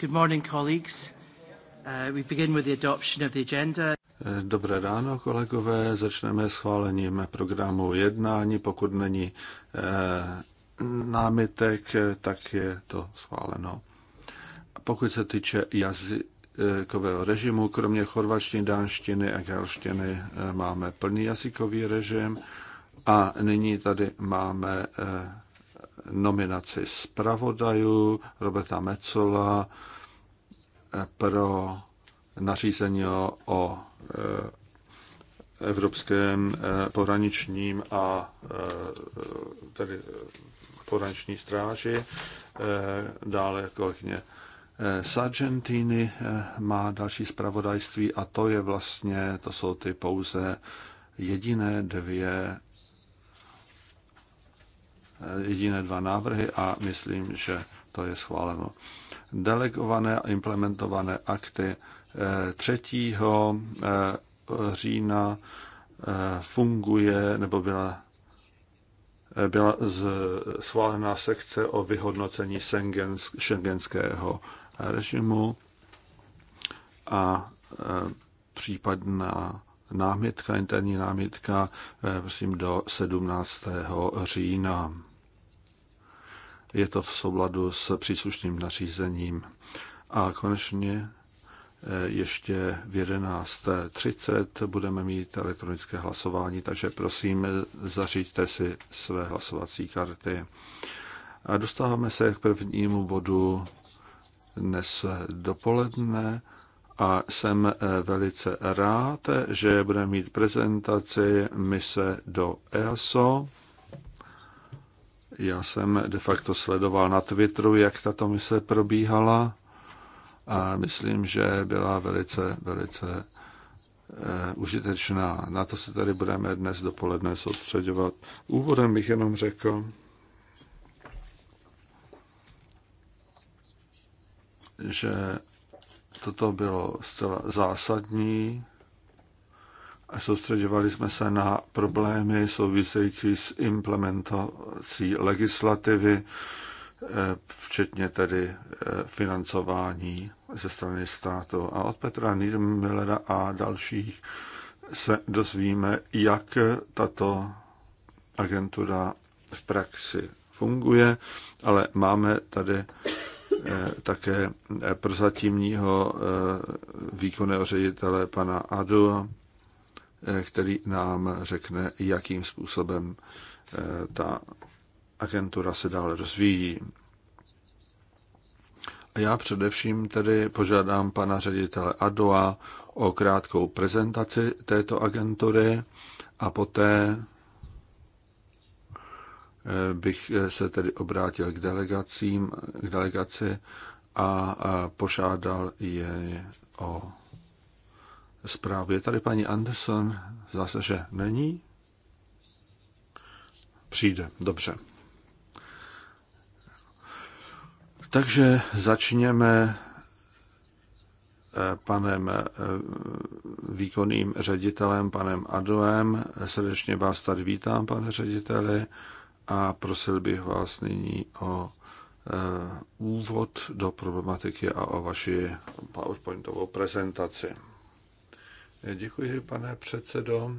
Good morning, colleagues. Uh, we begin with the adoption of the agenda. Eh, dobré ráno, kolegové. Začneme schválením programu jednání. Pokud není eh, námitek, tak je to schváleno. Pokud se týče jazykového režimu, kromě chorvačtiny, dánštiny a galštiny eh, máme plný jazykový režim. A nyní tady máme eh, nominaci zpravodajů Roberta Mecola eh, pro nařízení o eh, evropském eh, pohraničním a tedy pohraniční stráži, dále kolegyně z Argentíny má další zpravodajství a to je vlastně, to jsou ty pouze jediné dvě jediné dva návrhy a myslím, že to je schváleno. Delegované a implementované akty 3. Eh, eh, října eh, funguje nebo byla, byla z, sekce o vyhodnocení šengenského režimu a případná námitka, interní námitka, prosím, do 17. října je to v souladu s příslušným nařízením. A konečně eh, ještě v 11.30 budeme mít elektronické hlasování, takže prosím, eh, zařiďte si své hlasovací karty. A dostáváme se k prvnímu bodu dnes dopoledne a jsem eh, velice rád, že budeme mít prezentaci mise do EASO já jsem de facto sledoval na Twitteru, jak tato mise probíhala a myslím, že byla velice, velice eh, užitečná. Na to se tady budeme dnes dopoledne soustředovat. Úvodem bych jenom řekl, že toto bylo zcela zásadní soustředovali jsme se na problémy související s implementací legislativy, eh, včetně tedy eh, financování ze strany státu. A od Petra Niedermillera a dalších se dozvíme, jak tato agentura v praxi funguje, ale máme tady eh, také prozatímního výkonného ředitele pana Adu Eh, který nám řekne, jakým způsobem eh, ta agentura se dále rozvíjí. A já především tedy požádám pana ředitele Adoa o krátkou prezentaci této agentury a poté eh, bych se tedy obrátil k, delegacím, k delegaci a požádal je o zprávy. Je tady paní Anderson, zase, že není. Přijde, dobře. Takže začněme eh, panem eh, výkonným ředitelem, panem Adoem. Srdečně vás tady vítám, pane řediteli, a prosil bych vás nyní o eh, úvod do problematiky a o vaši PowerPointovou prezentaci. Děkuji, pane předsedo.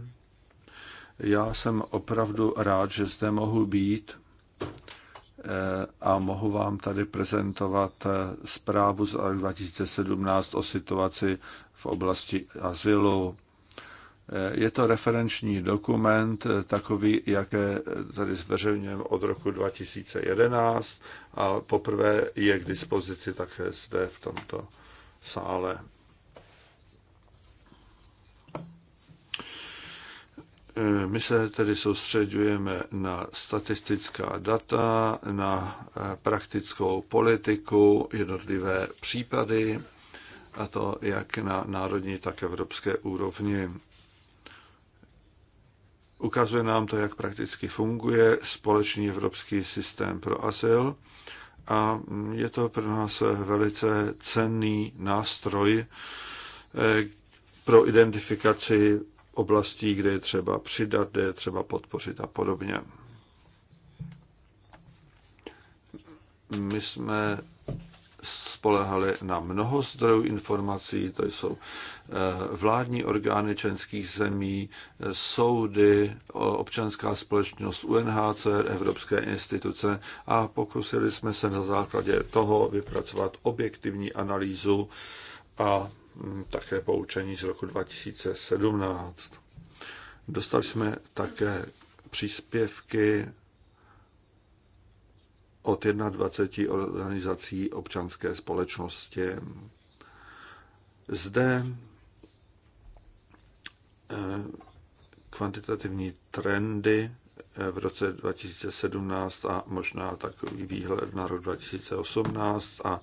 Já jsem opravdu rád, že zde mohu být eh, a mohu vám tady prezentovat eh, zprávu z roku 2017 o situaci v oblasti azylu. Eh, je to referenční dokument, takový, jaké tady zveřejňujeme od roku 2011 a poprvé je k dispozici také zde v tomto sále. Eh, my se tedy soustředujeme na statistická data, na eh, praktickou politiku, jednotlivé případy, a to jak na národní, tak evropské úrovni. Ukazuje nám to, jak prakticky funguje společný evropský systém pro azyl a je to pro nás velice cenný nástroj eh, pro identifikaci oblastí, kde je třeba přidat, kde je třeba podpořit a podobně. My jsme spolehali na mnoho zdrojů informací, to jsou eh, vládní orgány členských zemí, soudy, občanská společnost UNHCR, evropské instituce a pokusili jsme se na základě toho vypracovat objektivní analýzu a Mm, také poučení z roku 2017. Dostali jsme také příspěvky od 21 organizací občanské společnosti. Zde eh, kvantitativní trendy v roce 2017 a možná takový výhled na rok 2018 a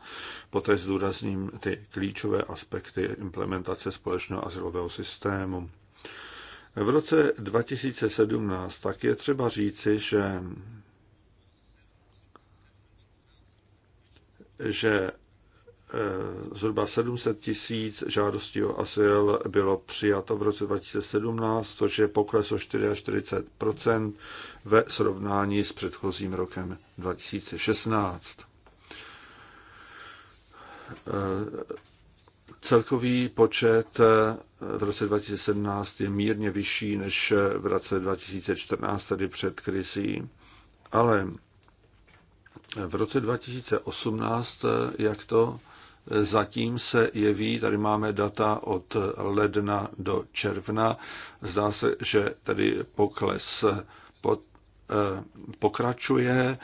poté zdůrazním ty klíčové aspekty implementace společného azylového systému. V roce 2017 tak je třeba říci, že že Eh, zhruba 700 tisíc žádostí o asyl bylo přijato v roce 2017, což je pokles o 44 ve srovnání s předchozím rokem 2016. Eh, celkový počet eh, v roce 2017 je mírně vyšší než v roce 2014, tedy před krizí, ale v roce 2018, jak to zatím se jeví, tady máme data od ledna do června, zdá se, že tady pokles pod, eh, pokračuje.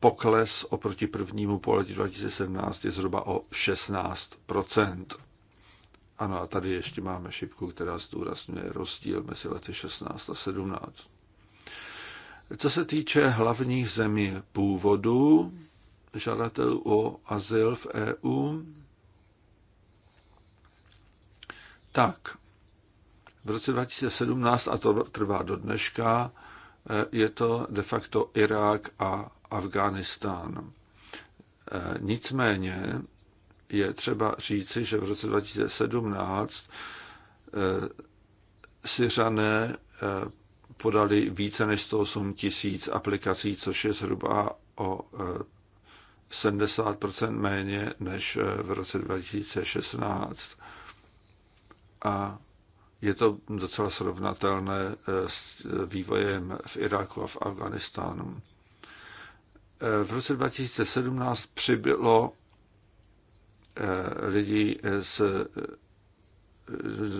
Pokles oproti prvnímu poletí 2017 je zhruba o 16 Ano, a tady ještě máme šipku, která zdůrazňuje rozdíl mezi lety 16 a 17. Co se týče hlavních zemí původu, žadatelů o azyl v EU, tak v roce 2017, a to trvá do dneška, eh, je to de facto Irák a Afghánistán. Eh, nicméně je třeba říci, že v roce 2017 eh, Syřané podali více než 108 tisíc aplikací, což je zhruba o 70 méně než eh, v roce 2016. A je to docela srovnatelné eh, s eh, vývojem v Iráku a v Afganistánu. V roce 2017 přibylo lidí z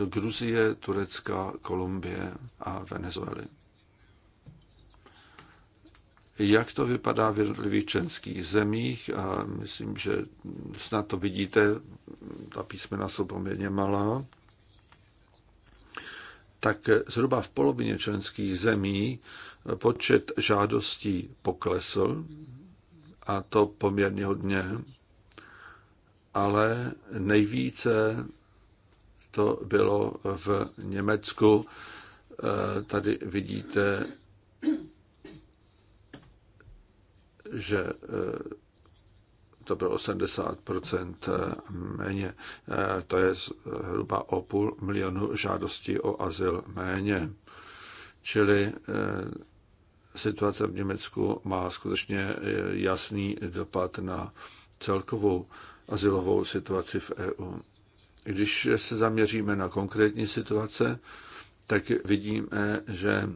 Gruzie, Turecka, Kolumbie a Venezuely jak to vypadá v jednotlivých členských zemích a myslím, že snad to vidíte, ta písmena jsou poměrně malá, tak zhruba v polovině členských zemí počet žádostí poklesl a to poměrně hodně, ale nejvíce to bylo v Německu. E, tady vidíte že eh, to bylo 80 eh, méně. Eh, to je zhruba o půl milionu žádostí o azyl méně. Čili situace v Německu má skutečně jasný dopad na celkovou azylovou situaci v EU. Když se zaměříme na konkrétní situace, tak vidíme, že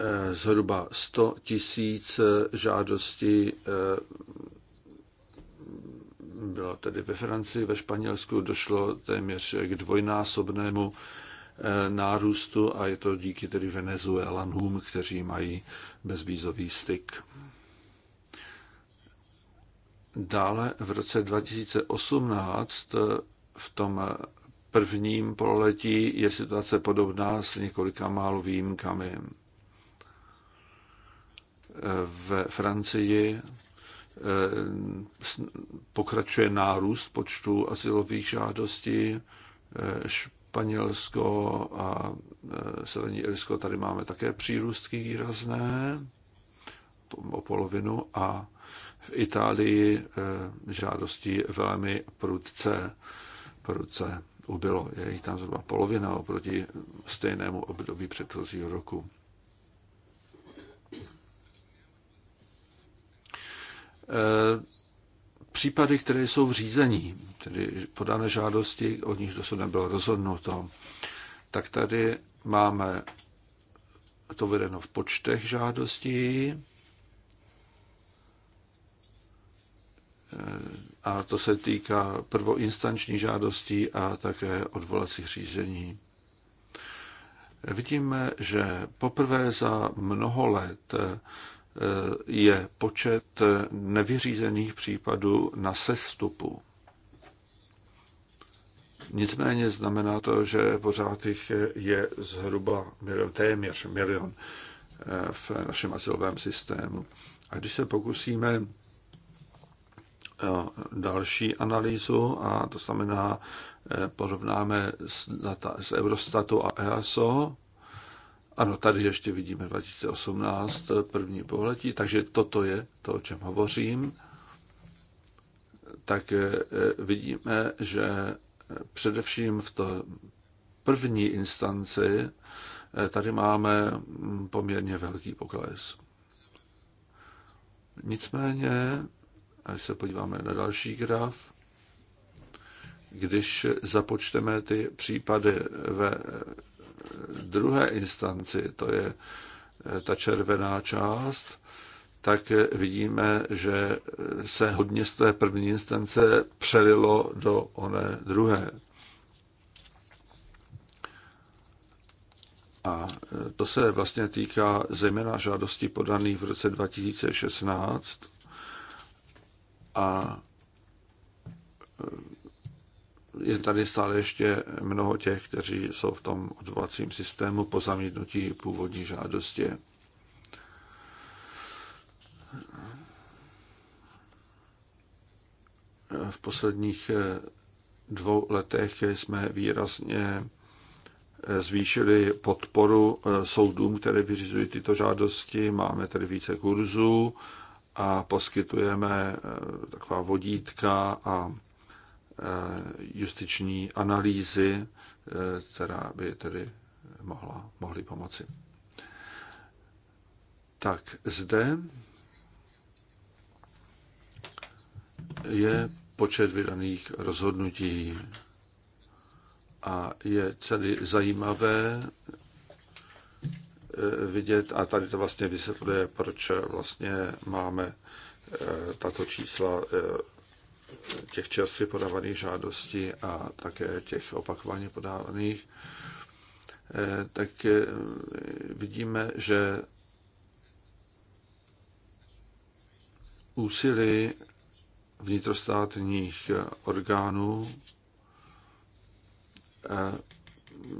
Eh, zhruba 100 tisíc eh, žádostí eh, bylo tedy ve Francii, ve Španělsku došlo téměř k dvojnásobnému nárůstu a je to díky tedy Venezuelanům, kteří mají bezvízový styk. Dále v roce 2018 v tom prvním pololetí je situace podobná s několika málo výjimkami ve Francii eh, pokračuje nárůst počtu asilových žádostí. Eh, Španělsko a eh, Severní Irsko, tady máme také přírůstky výrazné o polovinu a v Itálii žádostí velmi prudce, prudce ubylo. Je jich tam zhruba polovina oproti stejnému období předchozího roku. Eh, případy, které jsou v řízení, tedy podané žádosti, o nich dosud nebylo rozhodnuto, tak tady máme to vedeno v počtech žádostí. Eh, a to se týká prvoinstanční žádostí a také odvolacích řízení. Vidíme, že poprvé za mnoho let je počet nevyřízených případů na sestupu. Nicméně znamená to, že pořád jich je zhruba milion, téměř milion eh, v našem asilovém systému. A když se pokusíme eh, další analýzu, a to znamená, eh, porovnáme s, data, s Eurostatu a EASO, ano, tady ještě vidíme 2018, eh, první pohledí, takže toto je to, o čem hovořím. Tak eh, eh, vidíme, že především v té první instanci tady máme mm, poměrně velký pokles. Nicméně, až se podíváme na další graf, když započteme ty případy ve druhé instanci, to je eh, ta červená část, tak eh, vidíme, že eh, se hodně z té první instance přelilo do oné druhé. A to se vlastně týká zejména žádostí podaných v roce 2016 a je tady stále ještě mnoho těch, kteří jsou v tom odvolacím systému po zamítnutí původní žádosti. V posledních eh, dvou letech jsme výrazně eh, zvýšili podporu eh, soudům, které vyřizují tyto žádosti. Máme tedy více kurzů a poskytujeme taková vodítka a Eh, justiční analýzy, eh, která by tedy mohla, mohly pomoci. Tak zde je počet vydaných rozhodnutí a je tedy zajímavé eh, vidět, a tady to vlastně vysvětluje, proč vlastně máme tato čísla těch čerstvě podávaných žádostí a také těch opakovaně podávaných, eh, tak eh, vidíme, že úsilí vnitrostátních orgánů eh,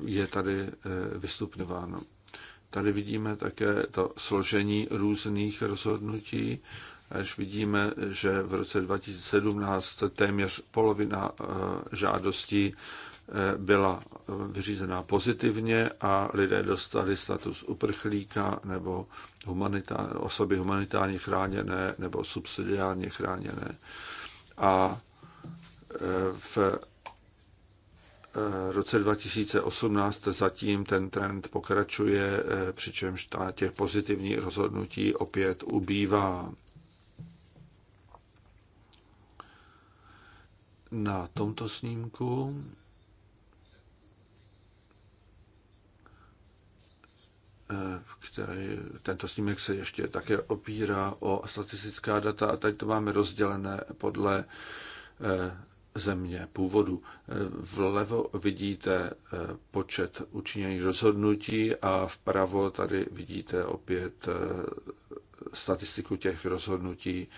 je tady vystupňováno. Tady vidíme také to složení různých rozhodnutí až vidíme, že v roce 2017 téměř polovina eh, žádostí eh, byla vyřízená pozitivně a lidé dostali status uprchlíka nebo humanitár, osoby humanitárně chráněné nebo subsidiárně chráněné. A eh, v roce 2018 zatím ten trend pokračuje, přičemž těch pozitivní rozhodnutí opět ubývá. na tomto snímku eh, který, tento snímek se ještě také opírá o statistická data a tady to máme rozdělené podle eh, země původu. Eh, vlevo vidíte počet učiněných rozhodnutí a vpravo tady vidíte opět statistiku těch rozhodnutí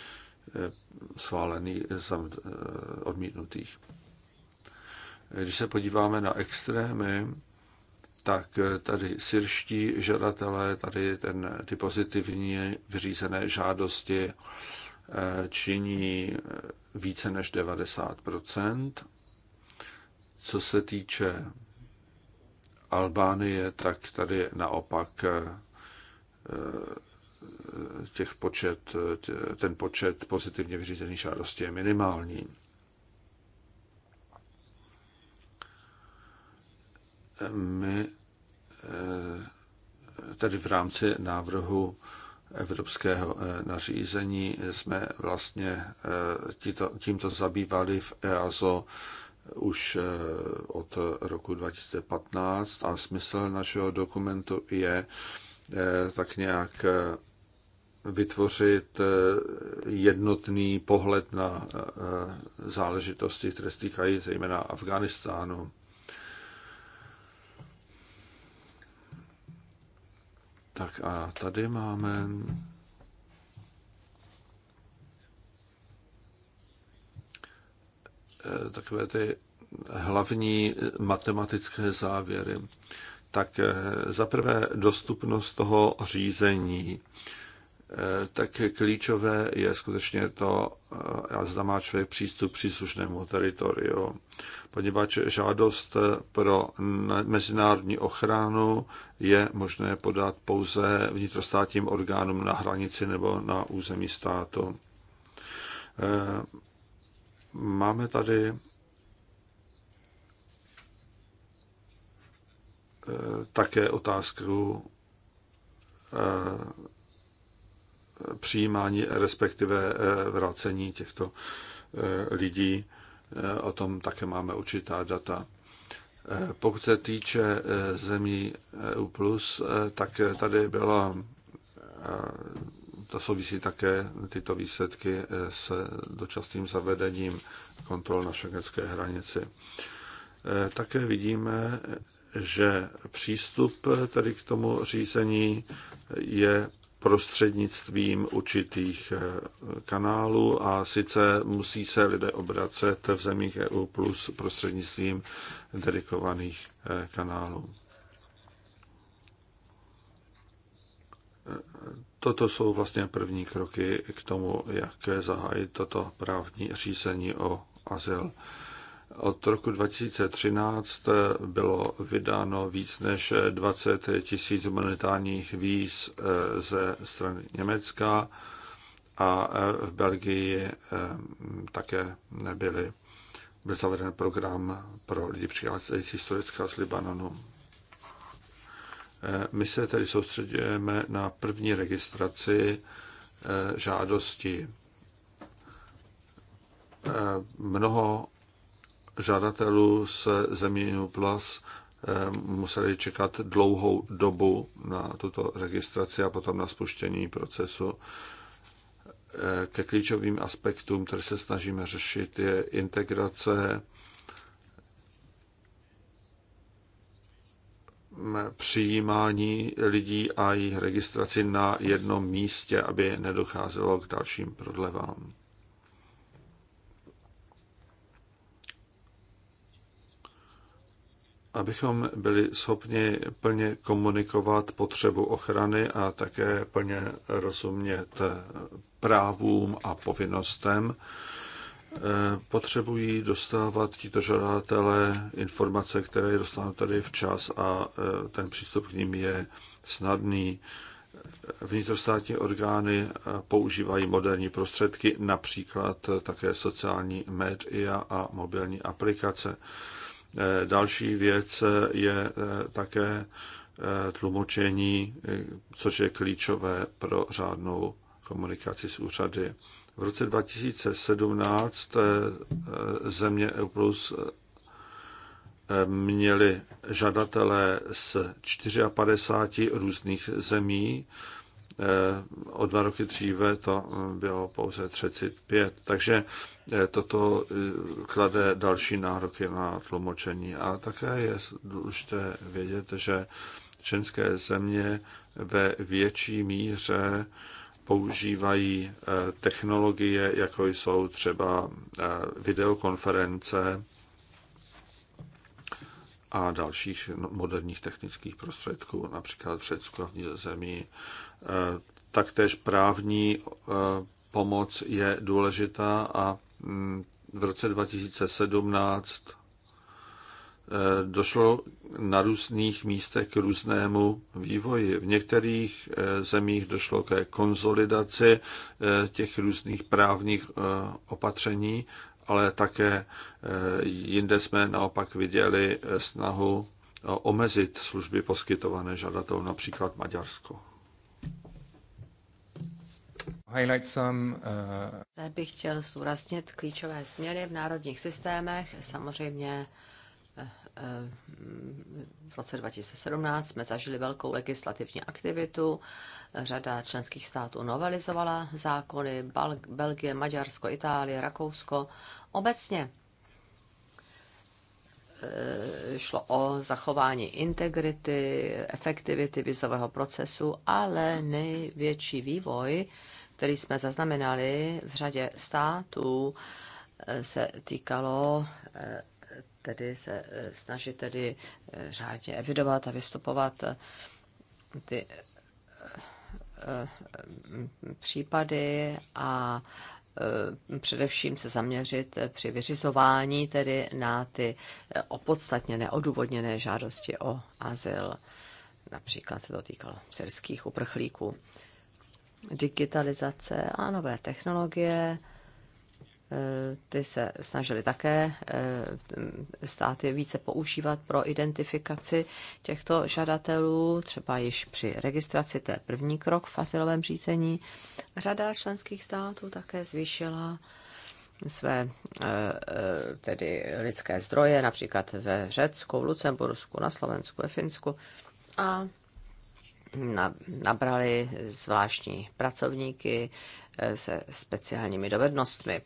Eh, schválený eh, eh, odmítnutých. Když se podíváme na extrémy, tak tady syrští žadatelé, tady ten, ty pozitivně vyřízené žádosti činí více než 90 Co se týče Albánie, tak tady naopak těch počet, ten počet pozitivně vyřízených žádostí je minimální. My eh, tedy v rámci návrhu evropského eh, nařízení jsme vlastně eh, tímto zabývali v EASO už od roku 2015 a smysl našeho dokumentu je tak nějak vytvořit eh, jednotný pohled na eh, záležitosti, které stýkají zejména Afganistánu. Tak a tady máme eh, takové ty hlavní matematické závěry. Tak za prvé dostupnost toho řízení Eh, tak klíčové je skutečně to, eh, zda má člověk přístup příslušnému teritoriu, poněvadž žádost eh, pro mezinárodní ochranu je možné podat pouze vnitrostátním orgánům na hranici nebo na území státu. Máme tady také otázku přijímání, respektive eh, vracení těchto eh, lidí. Eh, o tom také máme určitá data. Pokud se týče zemí EU+, tak tady byla, to souvisí také tyto výsledky s dočasným zavedením kontrol na šengenské hranici. Také vidíme, že přístup tedy k tomu řízení je prostřednictvím určitých eh, kanálů a sice musí se lidé obracet v zemích EU plus prostřednictvím dedikovaných eh, kanálů. Eh, toto jsou vlastně první kroky k tomu, jak zahájit toto právní řízení o azyl. Od roku 2013 bylo vydáno víc než 20 tisíc humanitárních víz eh, ze strany Německa a eh, v Belgii eh, také nebyly. Byl zaveden program pro lidi přicházející z Turecka z Libanonu. My se tedy soustředujeme na první registraci žádosti. Mnoho žadatelů z zemí Plus eh, museli čekat dlouhou dobu na tuto registraci a potom na spuštění procesu. Eh, ke klíčovým aspektům, které se snažíme řešit, je integrace přijímání lidí a jejich registraci na jednom místě, aby nedocházelo k dalším prodlevám. abychom byli schopni plně komunikovat potřebu ochrany a také plně rozumět právům a povinnostem, eh, potřebují dostávat tito žadatelé informace, které dostanou tady včas a eh, ten přístup k ním je snadný. Vnitrostátní orgány eh, používají moderní prostředky, například také sociální média a mobilní aplikace. Eh, další věc eh, je eh, také tlumočení, což je klíčové pro řádnou komunikaci s úřady. V roce 2017 země EU plus měli žadatelé z 54 různých zemí Eh, o dva roky dříve to eh, bylo pouze 35. Takže eh, toto klade další nároky na tlumočení. A také je důležité vědět, že členské země ve větší míře používají technologie, jako jsou třeba videokonference a dalších no, moderních technických prostředků, například v Řecku a v Nizozemí Eh, taktéž právní eh, pomoc je důležitá a mm, v roce 2017 eh, došlo na různých místech k různému vývoji. V některých zemích došlo ke konzolidaci těch různých právních opatření, ale také jinde jsme naopak viděli snahu omezit služby poskytované žadatelům, například Maďarsko highlight uh, bych chtěl zúraznit klíčové směry v národních systémech. Samozřejmě eh, eh, v roce 2017 jsme zažili velkou legislativní aktivitu. Řada členských států novelizovala zákony Bal- Belgie, Maďarsko, Itálie, Rakousko. Obecně eh, šlo o zachování integrity, efektivity vizového procesu, ale největší vývoj který jsme zaznamenali v řadě států, eh, se týkalo eh, tedy se eh, snažit tedy řádně evidovat a vystupovat ty případy a především se zaměřit při vyřizování tedy na ty opodstatněné, odůvodněné žádosti o azyl. Například se to týkalo syrských uprchlíků digitalizace a nové technologie, eh, ty se snažili také eh, státy více používat pro identifikaci těchto žadatelů, třeba již při registraci, to je první krok v asilovém řízení. Řada členských států také zvýšila své eh, tedy lidské zdroje, například ve Řecku, v Lucembursku, na Slovensku, ve Finsku. A nabrali zvláštní pracovníky eh, se speciálními dovednostmi.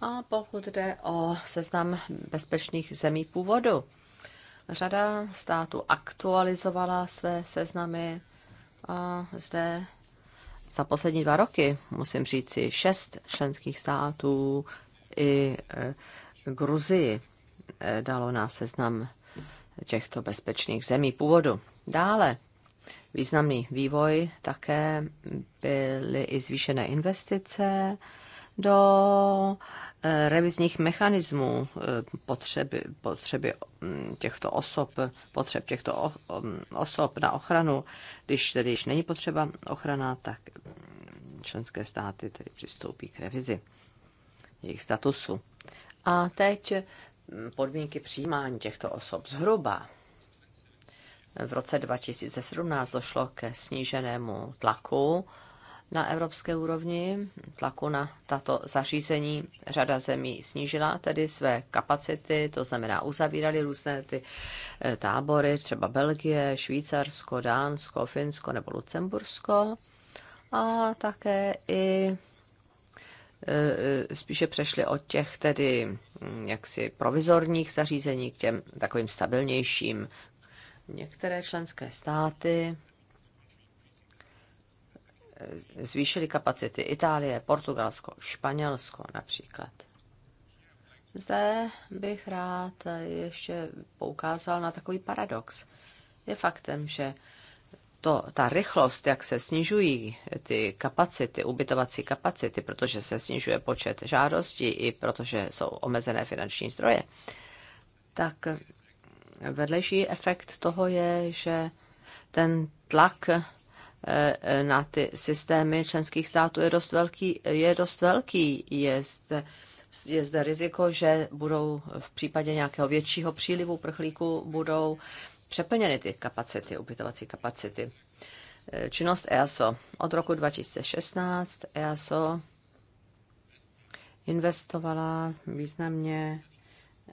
A pokud jde o seznam bezpečných zemí původu, řada států aktualizovala své seznamy a zde za poslední dva roky, musím říci, šest členských států i eh, Gruzii eh, dalo na seznam těchto bezpečných zemí původu. Dále významný vývoj také byly i zvýšené investice do eh, revizních mechanismů eh, potřeby, potřeby mm, těchto osob, potřeb těchto mm, osob na ochranu. Když tedy již není potřeba ochrana, tak mm, členské státy tedy přistoupí k revizi jejich statusu. A teď podmínky přijímání těchto osob zhruba v roce 2017 došlo ke sníženému tlaku na evropské úrovni, tlaku na tato zařízení. Řada zemí snížila tedy své kapacity, to znamená uzavírali různé ty e, tábory, třeba Belgie, Švýcarsko, Dánsko, Finsko nebo Lucembursko. A také i e, e, spíše přešli od těch tedy mm, jaksi provizorních zařízení k těm takovým stabilnějším, Některé členské státy eh, zvýšily kapacity Itálie, Portugalsko, Španělsko například. Zde bych rád ještě poukázal na takový paradox. Je faktem, že to, ta rychlost, jak se snižují ty kapacity, ubytovací kapacity, protože se snižuje počet žádostí i protože jsou omezené finanční zdroje, tak vedlejší efekt toho je, že ten tlak eh, eh, na ty systémy členských států je dost velký. Je, dost velký. je zde je zde riziko, že budou v případě nějakého většího přílivu prchlíků budou přeplněny ty kapacity, ubytovací kapacity. Eh, činnost EASO. Od roku 2016 EASO investovala významně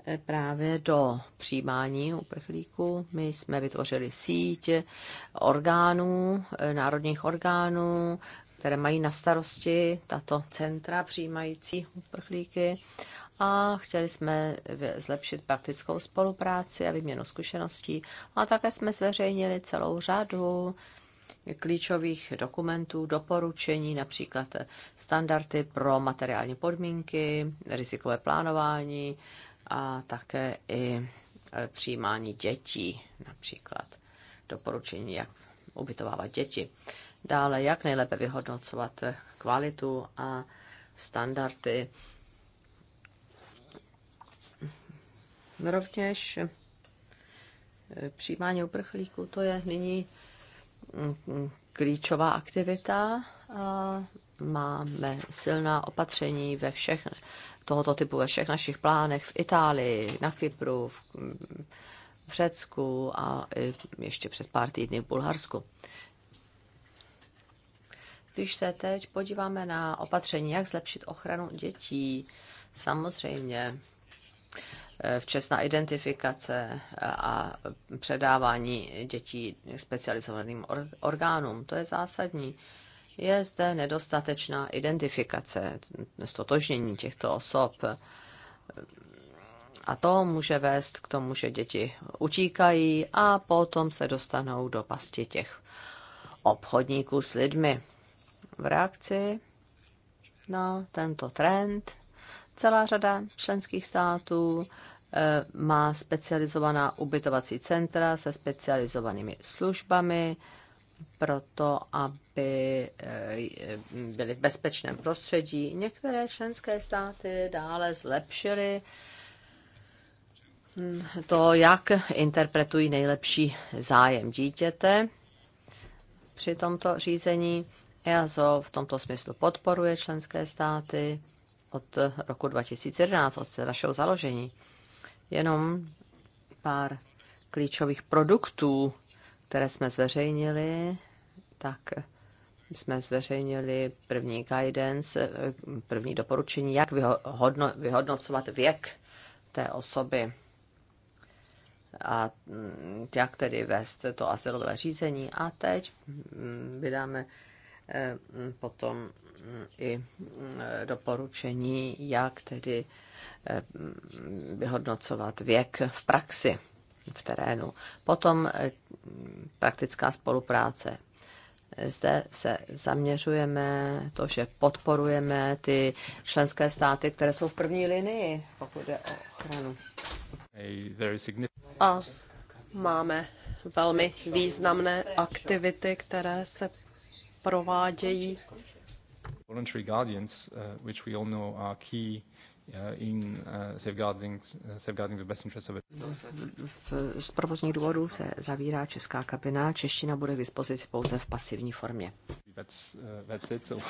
Eh, právě do přijímání uprchlíků. My jsme vytvořili síť orgánů, eh, národních orgánů, které mají na starosti tato centra přijímající uprchlíky a chtěli jsme zlepšit praktickou spolupráci a výměnu zkušeností. A také jsme zveřejnili celou řadu klíčových dokumentů, doporučení, například standardy pro materiální podmínky, rizikové plánování, a také i e, přijímání dětí, například doporučení, jak ubytovávat děti. Dále, jak nejlépe vyhodnocovat e, kvalitu a standardy. Rovněž e, přijímání uprchlíků, to je nyní klíčová aktivita a máme silná opatření ve všech tohoto typu ve všech našich plánech v Itálii, na Kypru, v, v Řecku a ještě před pár týdny v Bulharsku. Když se teď podíváme na opatření, jak zlepšit ochranu dětí, samozřejmě eh, včasná identifikace a předávání dětí specializovaným orgánům. To je zásadní je zde nedostatečná identifikace, stotožnění těchto osob. A to může vést k tomu, že děti utíkají a potom se dostanou do pasti těch obchodníků s lidmi. V reakci na tento trend celá řada členských států eh, má specializovaná ubytovací centra se specializovanými službami pro to, aby aby eh, byly v bezpečném prostředí. Některé členské státy dále zlepšily hm, to, jak interpretují nejlepší zájem dítěte při tomto řízení. EASO v tomto smyslu podporuje členské státy od roku 2011, od našeho založení. Jenom pár klíčových produktů, které jsme zveřejnili, tak jsme zveřejnili první guidance, první doporučení, jak vyhodno, vyhodnocovat věk té osoby a mm, jak tedy vést to asilové řízení. A teď mm, vydáme eh, mm, potom i doporučení, jak tedy eh, vyhodnocovat věk v praxi, v terénu. Potom eh, praktická spolupráce zde se zaměřujeme, to, že podporujeme ty členské státy, které jsou v první linii, pokud jde o ochranu. A máme velmi významné aktivity, které se provádějí. Voluntary guardians, uh, which we all know are key uh, in uh, safeguarding, uh, safeguarding the best interest of it. V, z provozních důvodů se zavírá česká kabina, čeština bude k dispozici pouze v pasivní formě. That's, uh, that's it. So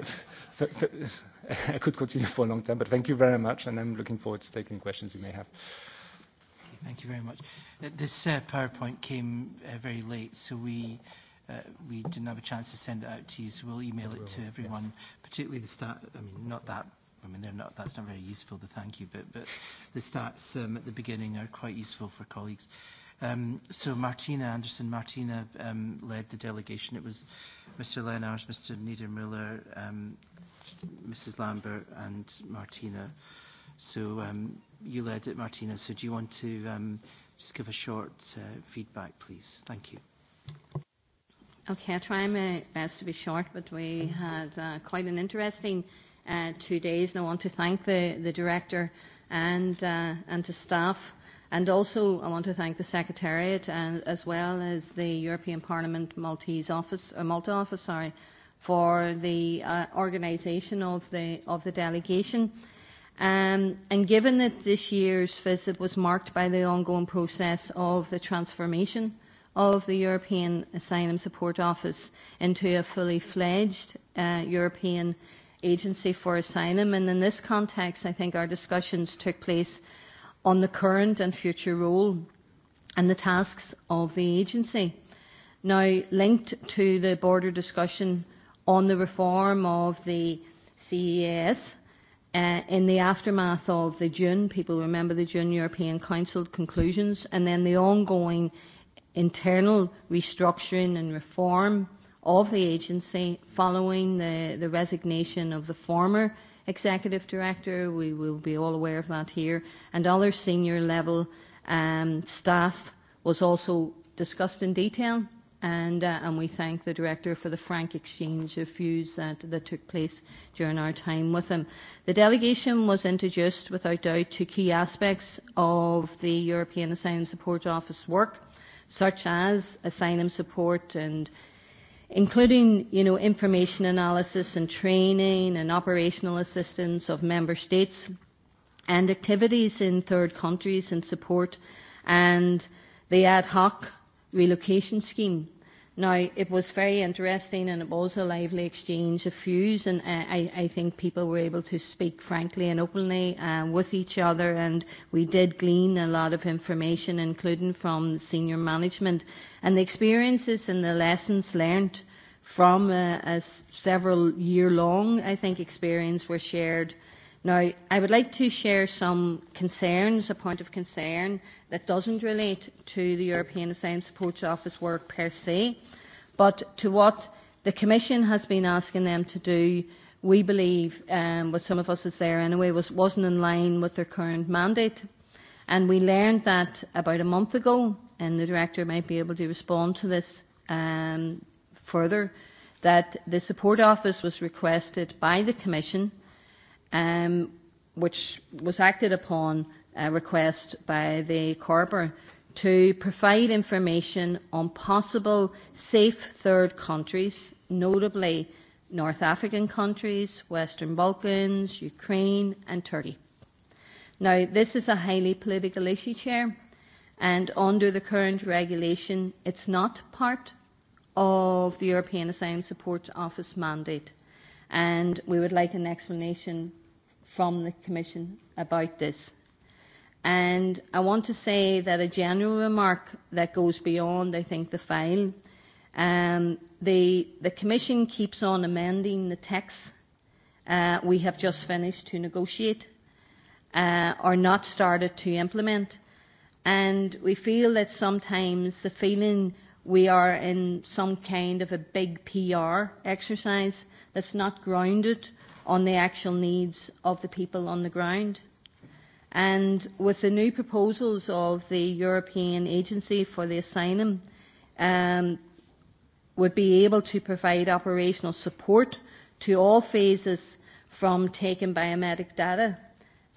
I could continue for a long time, but thank you very much, and I'm looking forward to taking questions you may have. thank you very much. Uh, this uh, PowerPoint came uh, very late, so we uh, we didn't have a chance to send it out to you, so we'll email it to everyone, yes. particularly the staff. I mean, not that i mean, they're not, that's not very useful, the thank you bit, but the stats um, at the beginning are quite useful for colleagues. Um, so Martina Anderson, Martina um, led the delegation. It was Mr. Lennart, Mr. Niedermüller, um, Mrs. Lambert and Martina. So um, you led it, Martina. So do you want to um, just give a short uh, feedback, please? Thank you. Okay, I'll try my best to be short, but we had uh, quite an interesting uh, two days. And I want to thank the, the Director and, uh, and to staff. And also I want to thank the Secretariat and, uh, as well as the European Parliament Maltese office, or uh, Malta office, sorry, for the uh, organisation of the, of the delegation. Um, and given that this year's visit was marked by the ongoing process of the transformation of the European Asylum Support Office into a fully fledged uh, European Agency for Asylum. And in this context, I think our discussions took place on the current and future role and the tasks of the agency. Now, linked to the border discussion on the reform of the CES, uh, in the aftermath of the June, people remember the June European Council conclusions, and then the ongoing internal restructuring and reform of the agency following the, the resignation of the former executive director. We will be all aware of that here. And other senior level um, staff was also discussed in detail. And, uh, and we thank the director for the frank exchange of views that, that took place during our time with him. The delegation was introduced without doubt to key aspects of the European Asylum Support Office work, such as asylum support and including, you know, information analysis and training and operational assistance of member states and activities in third countries and support and the ad hoc relocation scheme Now, it was very interesting and it was a lively exchange of views, and uh, I, I think people were able to speak frankly and openly uh, with each other, and we did glean a lot of information, including from senior management. And the experiences and the lessons learned from uh, a, a several year long, I think, experience were shared Now, I would like to share some concerns, a point of concern, that doesn't relate to the European Asylum Support Office work per se, but to what the Commission has been asking them to do, we believe, um, what some of us is there anyway, was, wasn't in line with their current mandate. And we learned that about a month ago, and the Director might be able to respond to this um, further, that the Support Office was requested by the Commission um, which was acted upon a uh, request by the Corber to provide information on possible safe third countries, notably North African countries, Western Balkans, Ukraine and Turkey. Now, this is a highly political issue, Chair, and under the current regulation, it's not part of the European Asylum Support Office mandate and we would like an explanation from the Commission about this. And I want to say that a general remark that goes beyond, I think, the file. Um, the, the Commission keeps on amending the text uh, we have just finished to negotiate uh, or not started to implement. And we feel that sometimes the feeling we are in some kind of a big PR exercise – that's not grounded on the actual needs of the people on the ground. And with the new proposals of the European Agency for the Asylum, um, would be able to provide operational support to all phases from taken biometric data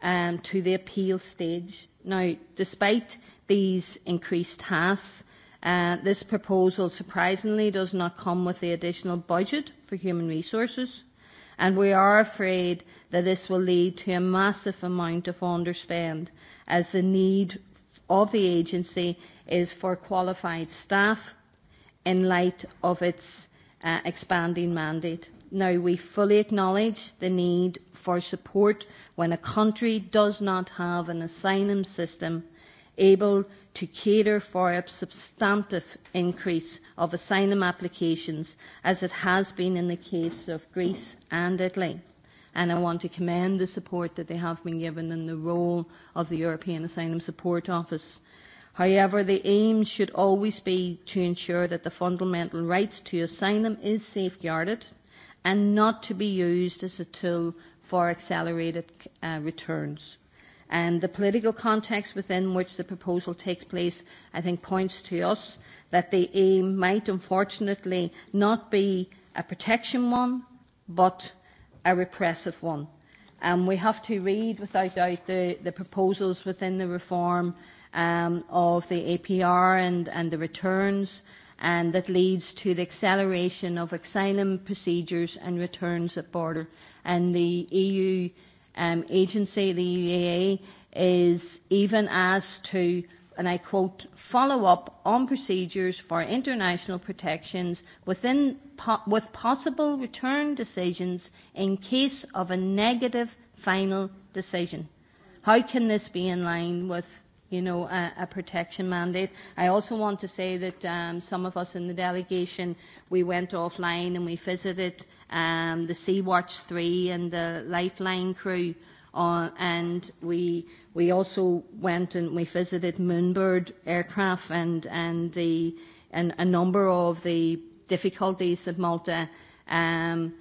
um, to the appeal stage. Now, despite these increased tasks, Uh, this proposal surprisingly does not come with the additional budget for human resources, and we are afraid that this will lead to a massive amount of underspend as the need of the agency is for qualified staff in light of its uh, expanding mandate. Now, we fully acknowledge the need for support when a country does not have an asylum system able to cater for a substantive increase of asylum applications, as it has been in the case of Greece and Italy. And I want to commend the support that they have been given in the role of the European Asylum Support Office. However, the aim should always be to ensure that the fundamental rights to asylum is safeguarded and not to be used as a tool for accelerated uh, returns. And the political context within which the proposal takes place, I think, points to us that the aim might unfortunately not be a protection one, but a repressive one. Um, we have to read, without doubt, the, the proposals within the reform um, of the APR and, and the returns, and that leads to the acceleration of asylum procedures and returns at border. And the EU um, agency, the UAA, e is even asked to, and I quote, follow up on procedures for international protections within po- with possible return decisions in case of a negative final decision. How can this be in line with you know, a, a protection mandate. I also want to say that um, some of us in the delegation, we went offline and we visited um, the Sea Watch 3 and the Lifeline crew. Uh, and we, we also went and we visited Moonbird aircraft and, and, the, and a number of the difficulties that Malta um,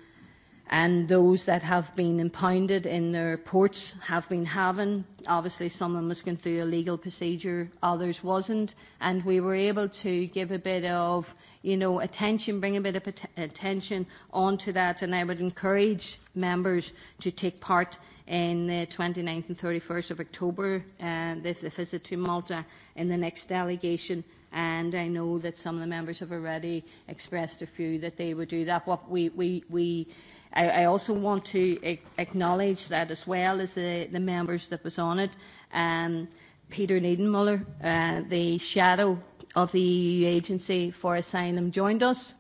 and those that have been impounded in their ports have been having. Obviously, some of them was going through a legal procedure, others wasn't, and we were able to give a bit of, you know, attention, bring a bit of attention onto that, and I would encourage members to take part in the 29th and 31st of October, uh, the, the visit to Malta, in the next delegation and I know that some of the members have already expressed a few that they would do that. What we, we, we i, also want to acknowledge that as well as the, members that was on it, um, Peter Niedermuller, uh, the shadow of the EU Agency for Asylum, joined us.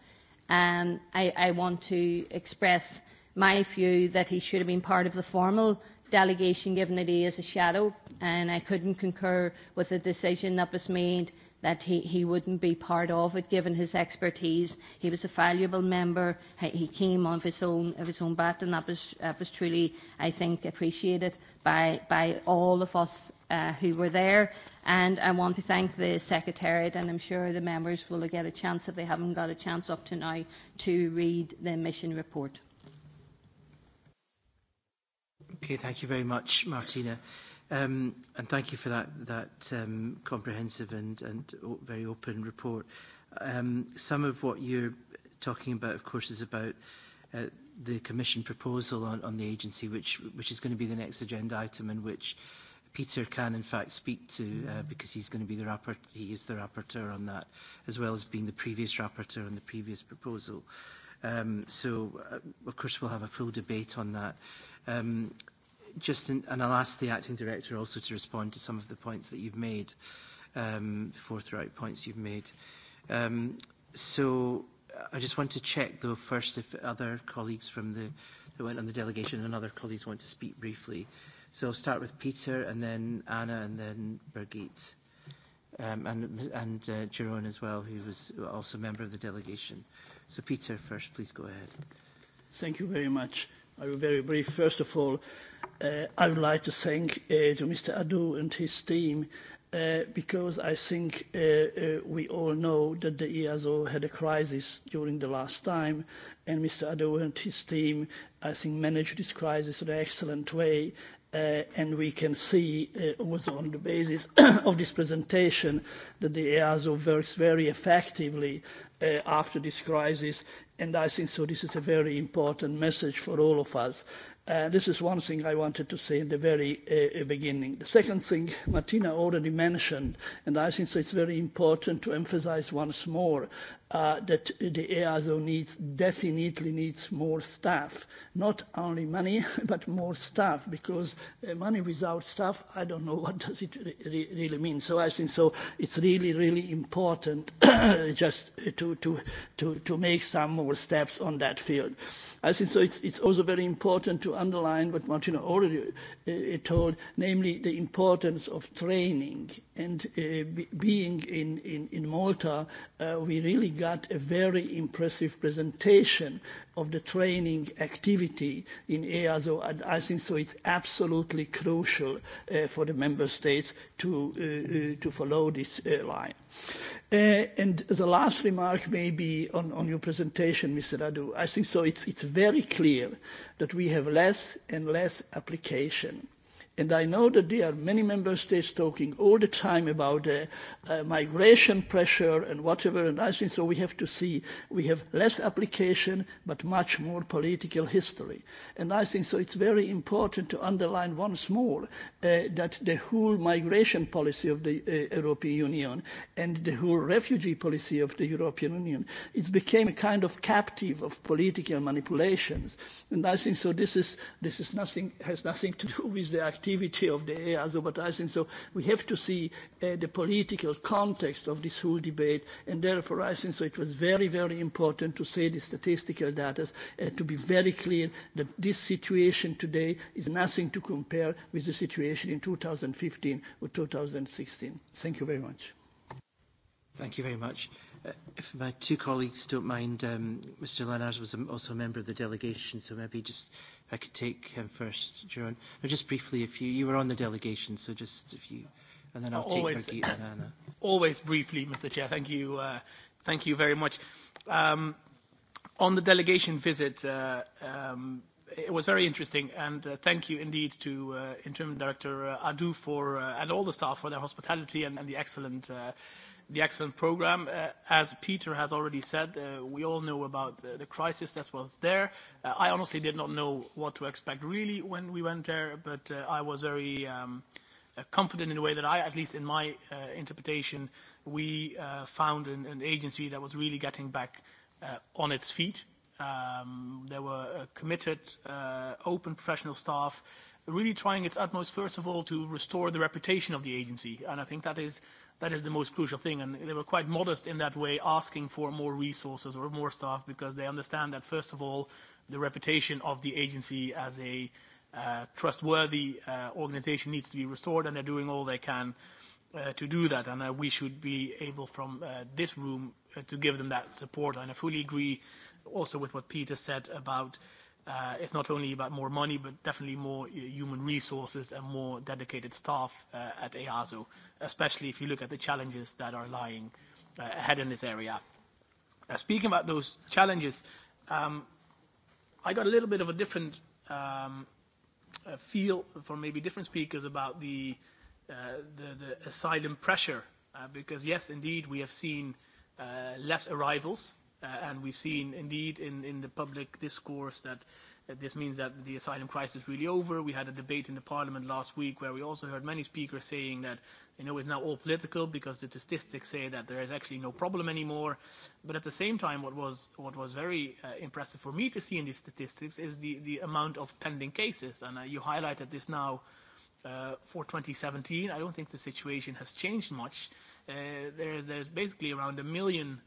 Um, I want to express my view that he should have been part of the formal delegation given that he is a shadow and I couldn't concur with the decision that was made that he, he wouldn't be part of it, given his expertise. He was a valuable member. He came on his own, of his own bat, and that was, that was truly, I think, appreciated by, by all of us uh, who were there. And I want to thank the Secretariat, and I'm sure the members will get a chance, if they haven't got a chance up to now, to read the mission report. Okay, thank you very much, Martina. Um, and thank you for that, that um, comprehensive and, and very open report. Um, some of what you're talking about, of course, is about uh, the Commission proposal on, on the agency, which, which is going to be the next agenda item and which Peter can, in fact, speak to uh, mm-hmm. because he's going to be the rapporteur, he is the rapporteur on that, as well as being the previous rapporteur on the previous proposal. Um, so, uh, of course, we'll have a full debate on that. Um, just in, and I'll ask the acting director also to respond to some of the points that you've made, um, forthright points you've made. Um, so I just want to check though first if other colleagues from the that went on the delegation and other colleagues want to speak briefly. So I'll start with Peter and then Anna and then Birgit um, and, and uh, Jerome as well, who was also a member of the delegation. So Peter first, please go ahead. Thank you very much. I will be very brief. First of all, uh, I would like to thank uh, to Mr. Adu and his team uh, because I think uh, uh, we all know that the EASO had a crisis during the last time, and Mr. Adu and his team, I think, managed this crisis in an excellent way, Uh, and we can see uh, also on the basis of this presentation that the EASO works very effectively uh, after this crisis. And I think so this is a very important message for all of us. Uh, this is one thing I wanted to say in the very uh, beginning. The second thing Martina already mentioned, and I think so it's very important to emphasize once more, that the EASO needs, definitely needs more staff. Not only money, but more staff, because uh, money without staff, I don't know what does it really mean. So I think so it's really, really important just to, to, to, to make some more steps on that field. I think so it's, it's also very important to underline what Martino already uh, told, namely the importance of training and uh, being in, in, in Malta, uh, we really got a very impressive presentation of the training activity in EASO, and I think so it's absolutely crucial uh, for the member states to, uh, uh to follow this uh, line. Uh, and the last remark may be on, on your presentation, Mr. Radu. I think so it's, it's very clear that we have less and less application And I know that there are many member states talking all the time about uh, uh, migration pressure and whatever. And I think so we have to see we have less application but much more political history. And I think so it's very important to underline once more uh, that the whole migration policy of the uh, European Union and the whole refugee policy of the European Union, it became a kind of captive of political manipulations. And I think so this is, this is nothing, has nothing to do with the activity activity of the air advertising. So we have to see uh, the political context of this whole debate, and therefore I think so it was very, very important to say the statistical data uh, to be very clear that this situation today is nothing to compare with the situation in 2015 or 2016. Thank you very much. Thank you very much. Uh, if my two colleagues don't mind, um, Mr. Lennart was also a member of the delegation, so maybe just i could take him first, Jerome. Or just briefly, if you, you were on the delegation, so just if you, and then I'll always, take Hargeet and Anna. Always briefly, Mr. Chair. Thank you. Uh, thank you very much. Um, on the delegation visit, uh, um, it was very interesting, and uh, thank you indeed to uh, Interim Director uh, Adu for uh, and all the staff for their hospitality and, and the excellent. Uh, the excellent program. Uh, as Peter has already said, uh, we all know about uh, the crisis that was there. Uh, I honestly did not know what to expect really when we went there, but uh, I was very um, uh, confident in the way that I, at least in my uh, interpretation, we uh, found an, an agency that was really getting back uh, on its feet. Um, there were uh, committed, uh, open professional staff really trying its utmost, first of all, to restore the reputation of the agency. And I think that is uh, That is the most crucial thing, and they were quite modest in that way, asking for more resources or more staff, because they understand that, first of all, the reputation of the agency as a uh, trustworthy uh, organization needs to be restored, and they're doing all they can uh, to do that. And uh, we should be able from uh, this room uh, to give them that support. And I fully agree also with what Peter said about uh, uh, it's not only about more money, but definitely more uh, human resources and more dedicated staff uh, at EASO, especially if you look at the challenges that are lying uh, ahead in this area. Uh, speaking about those challenges, um, I got a little bit of a different um, uh, feel from maybe different speakers about the, uh, the, the asylum pressure, uh, because yes, indeed, we have seen uh, less arrivals Uh, and we've seen indeed in, in the public discourse that uh, this means that the asylum crisis is really over. We had a debate in the parliament last week where we also heard many speakers saying that you know it's now all political because the statistics say that there is actually no problem anymore. But at the same time, what was what was very uh, impressive for me to see in these statistics is the the amount of pending cases, and uh, you highlighted this now. Uh, for 2017, I don't think the situation has changed much. Uh, there's, there's basically around a million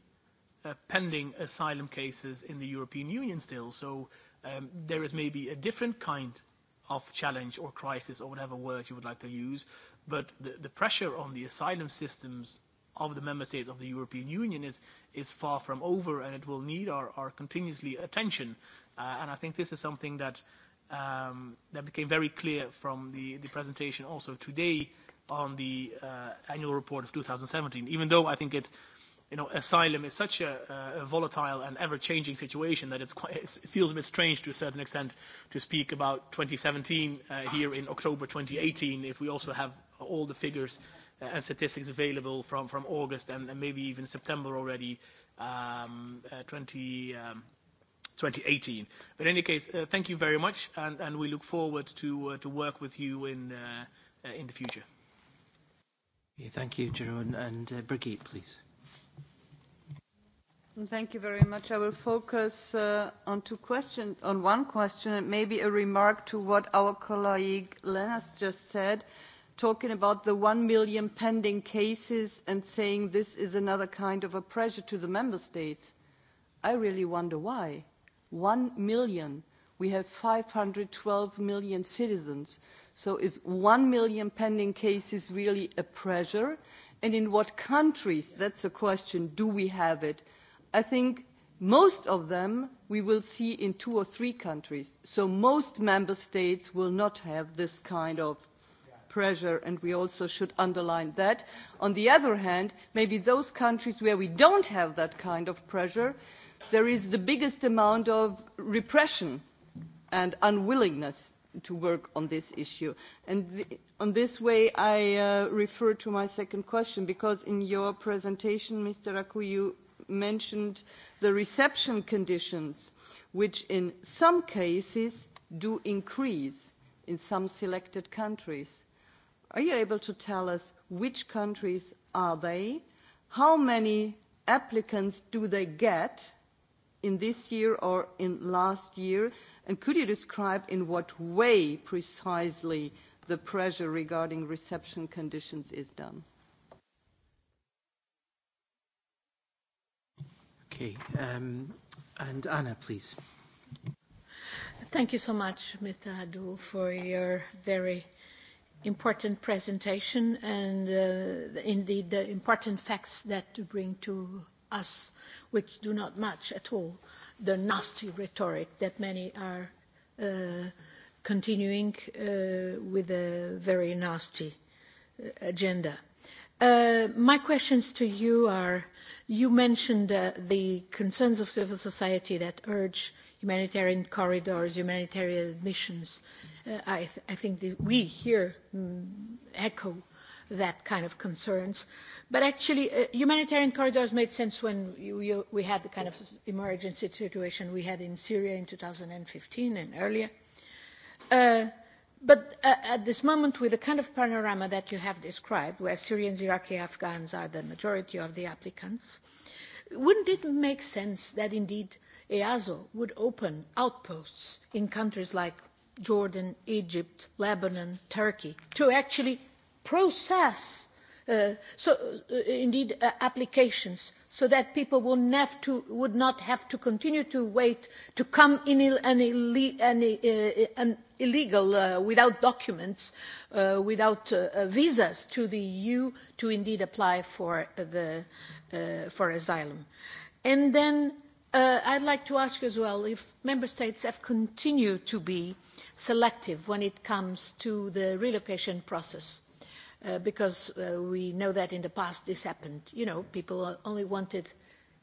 Uh, pending asylum cases in the European Union still. So um, there is maybe a different kind of challenge or crisis or whatever word you would like to use, but the, the pressure on the asylum systems of the member states of the European Union is is far from over, and it will need our, our continuously attention. Uh, and I think this is something that um, that became very clear from the, the presentation also today on the uh, annual report of 2017. Even though I think it's you know, asylum is such a, a volatile and ever-changing situation that it's quite, it feels a bit strange to a certain extent to speak about 2017 uh, here in October 2018 if we also have all the figures uh, and statistics available from, from August and, and maybe even September already um, uh, 20, um, 2018. But in any case, uh, thank you very much and, and we look forward to, uh, to work with you in, uh, uh, in the future. Yeah, thank you, Jerome. And uh, Brigitte, please. Thank you very much. I will focus uh, on two questions, on one question and maybe a remark to what our colleague Lennart just said, talking about the 1 million pending cases and saying this is another kind of a pressure to the member states. I really wonder why. 1 million. We have 512 million citizens. So is 1 million pending cases really a pressure? And in what countries, that's a question, do we have it? I think most of them we will see in two or three countries. So most member states will not have this kind of pressure, and we also should underline that. On the other hand, maybe those countries where we don't have that kind of pressure, there is the biggest amount of repression and unwillingness to work on this issue. And th on this way, I uh, refer to my second question, because in your presentation, Mr. Raku, you mentioned the reception conditions, which in some cases do increase in some selected countries. Are you able to tell us which countries are they? How many applicants do they get in this year or in last year? And could you describe in what way precisely the pressure regarding reception conditions is done? Okay. Um, and Anna, please. Thank you so much, Mr. Hadou, for your very important presentation and uh, indeed the important facts that you bring to us, which do not match at all the nasty rhetoric that many are uh, continuing uh, with a very nasty uh, agenda. Uh, my questions to you are, you mentioned uh, the concerns of civil society that urge humanitarian corridors, humanitarian admissions. Uh, I, th I think that we here mm, echo that kind of concerns. But actually, uh, humanitarian corridors made sense when you, you, we had the kind of emergency situation we had in Syria in 2015 and earlier. Uh, But uh, at this moment, with the kind of panorama that you have described, where Syrians, Iraqi, Afghans are the majority of the applicants, wouldn't it make sense that indeed EASO would open outposts in countries like Jordan, Egypt, Lebanon, Turkey, to actually process uh, so uh, indeed uh, applications so that people will have to, would not have to continue to wait to come in an, an, uh, an illegal uh, without documents, uh, without uh, uh visas to the EU to indeed apply for, the, uh, for asylum. And then uh, I'd like to ask you as well if member states have continued to be selective when it comes to the relocation process. because we know that in the past this happened. You know, people only wanted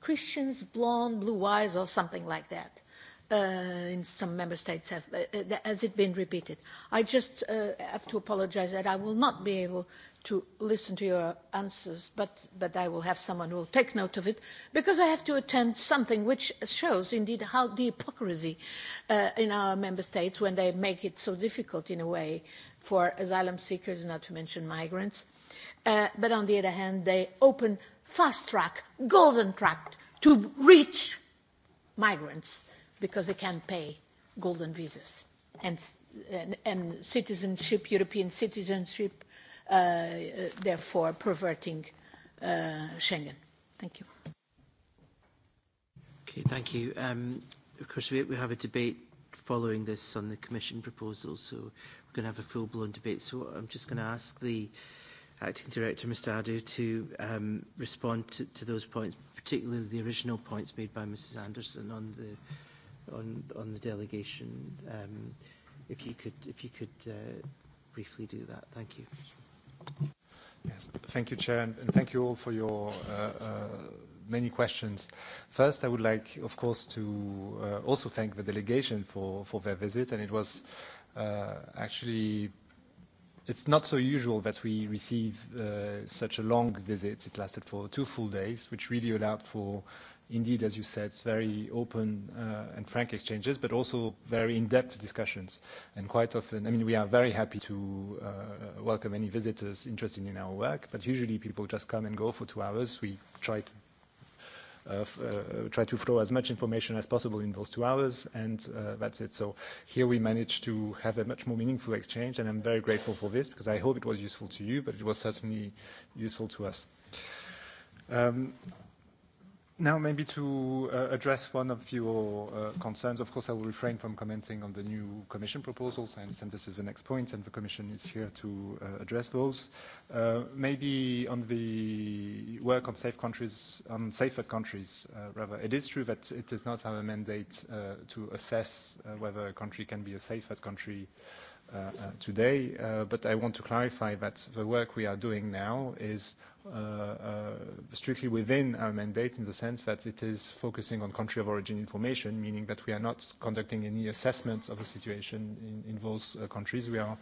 Christians, blonde, blue eyes, or something like that uh, in some member states have, uh, uh has it been repeated? I just uh, have to apologize that I will not be able to listen to your answers, but, but I will have someone who will take note of it, because I have to attend something which shows indeed how the hypocrisy uh, in our member states when they make it so difficult in a way for asylum seekers, not to mention migrants. Uh, but on the other hand, they open fast track, golden track to reach migrants because they can't pay golden visas and, and, and citizenship, European citizenship, uh, uh, therefore perverting uh, Schengen. Thank you. Okay, thank you. Um, of course, we, we have a debate following this on the Commission proposal, so we're going to have a full-blown debate. So I'm just going to ask the Acting Director, Mr Adu, to um, respond to, to those points, particularly the original points made by Mrs Anderson on the on on the delegation. Um, if you could if you could uh, briefly do that, thank you. Yes, thank you, Chair, and, thank you all for your. Uh, uh, many questions. First, I would like, of course, to uh, also thank the delegation for, for their visit, and it was uh, actually it's not so usual that we receive uh, such a long visit. It lasted for two full days, which really allowed for indeed, as you said, very open uh, and frank exchanges, but also very in-depth discussions. And quite often, I mean, we are very happy to uh, welcome any visitors interested in our work, but usually people just come and go for two hours. We try to Uh, uh, try to throw as much information as possible in those two hours, and uh, that's it. So here we managed to have a much more meaningful exchange, and I'm very grateful for this because I hope it was useful to you, but it was certainly useful to us. Um, Now, maybe to uh, address one of your uh, concerns, of course, I will refrain from commenting on the new Commission proposals. I understand this is the next point, and the Commission is here to uh, address those. Uh, maybe on the work on safe countries, on safer countries, uh, rather. It is true that it is not our mandate uh, to assess whether a country can be a safer country Uh, uh, today. Uh, but I want to clarify that the work we are doing now is strictly within our mandate in the sense that it is focusing on country of origin information, meaning that we are not conducting any assessment of the situation in, those countries. We are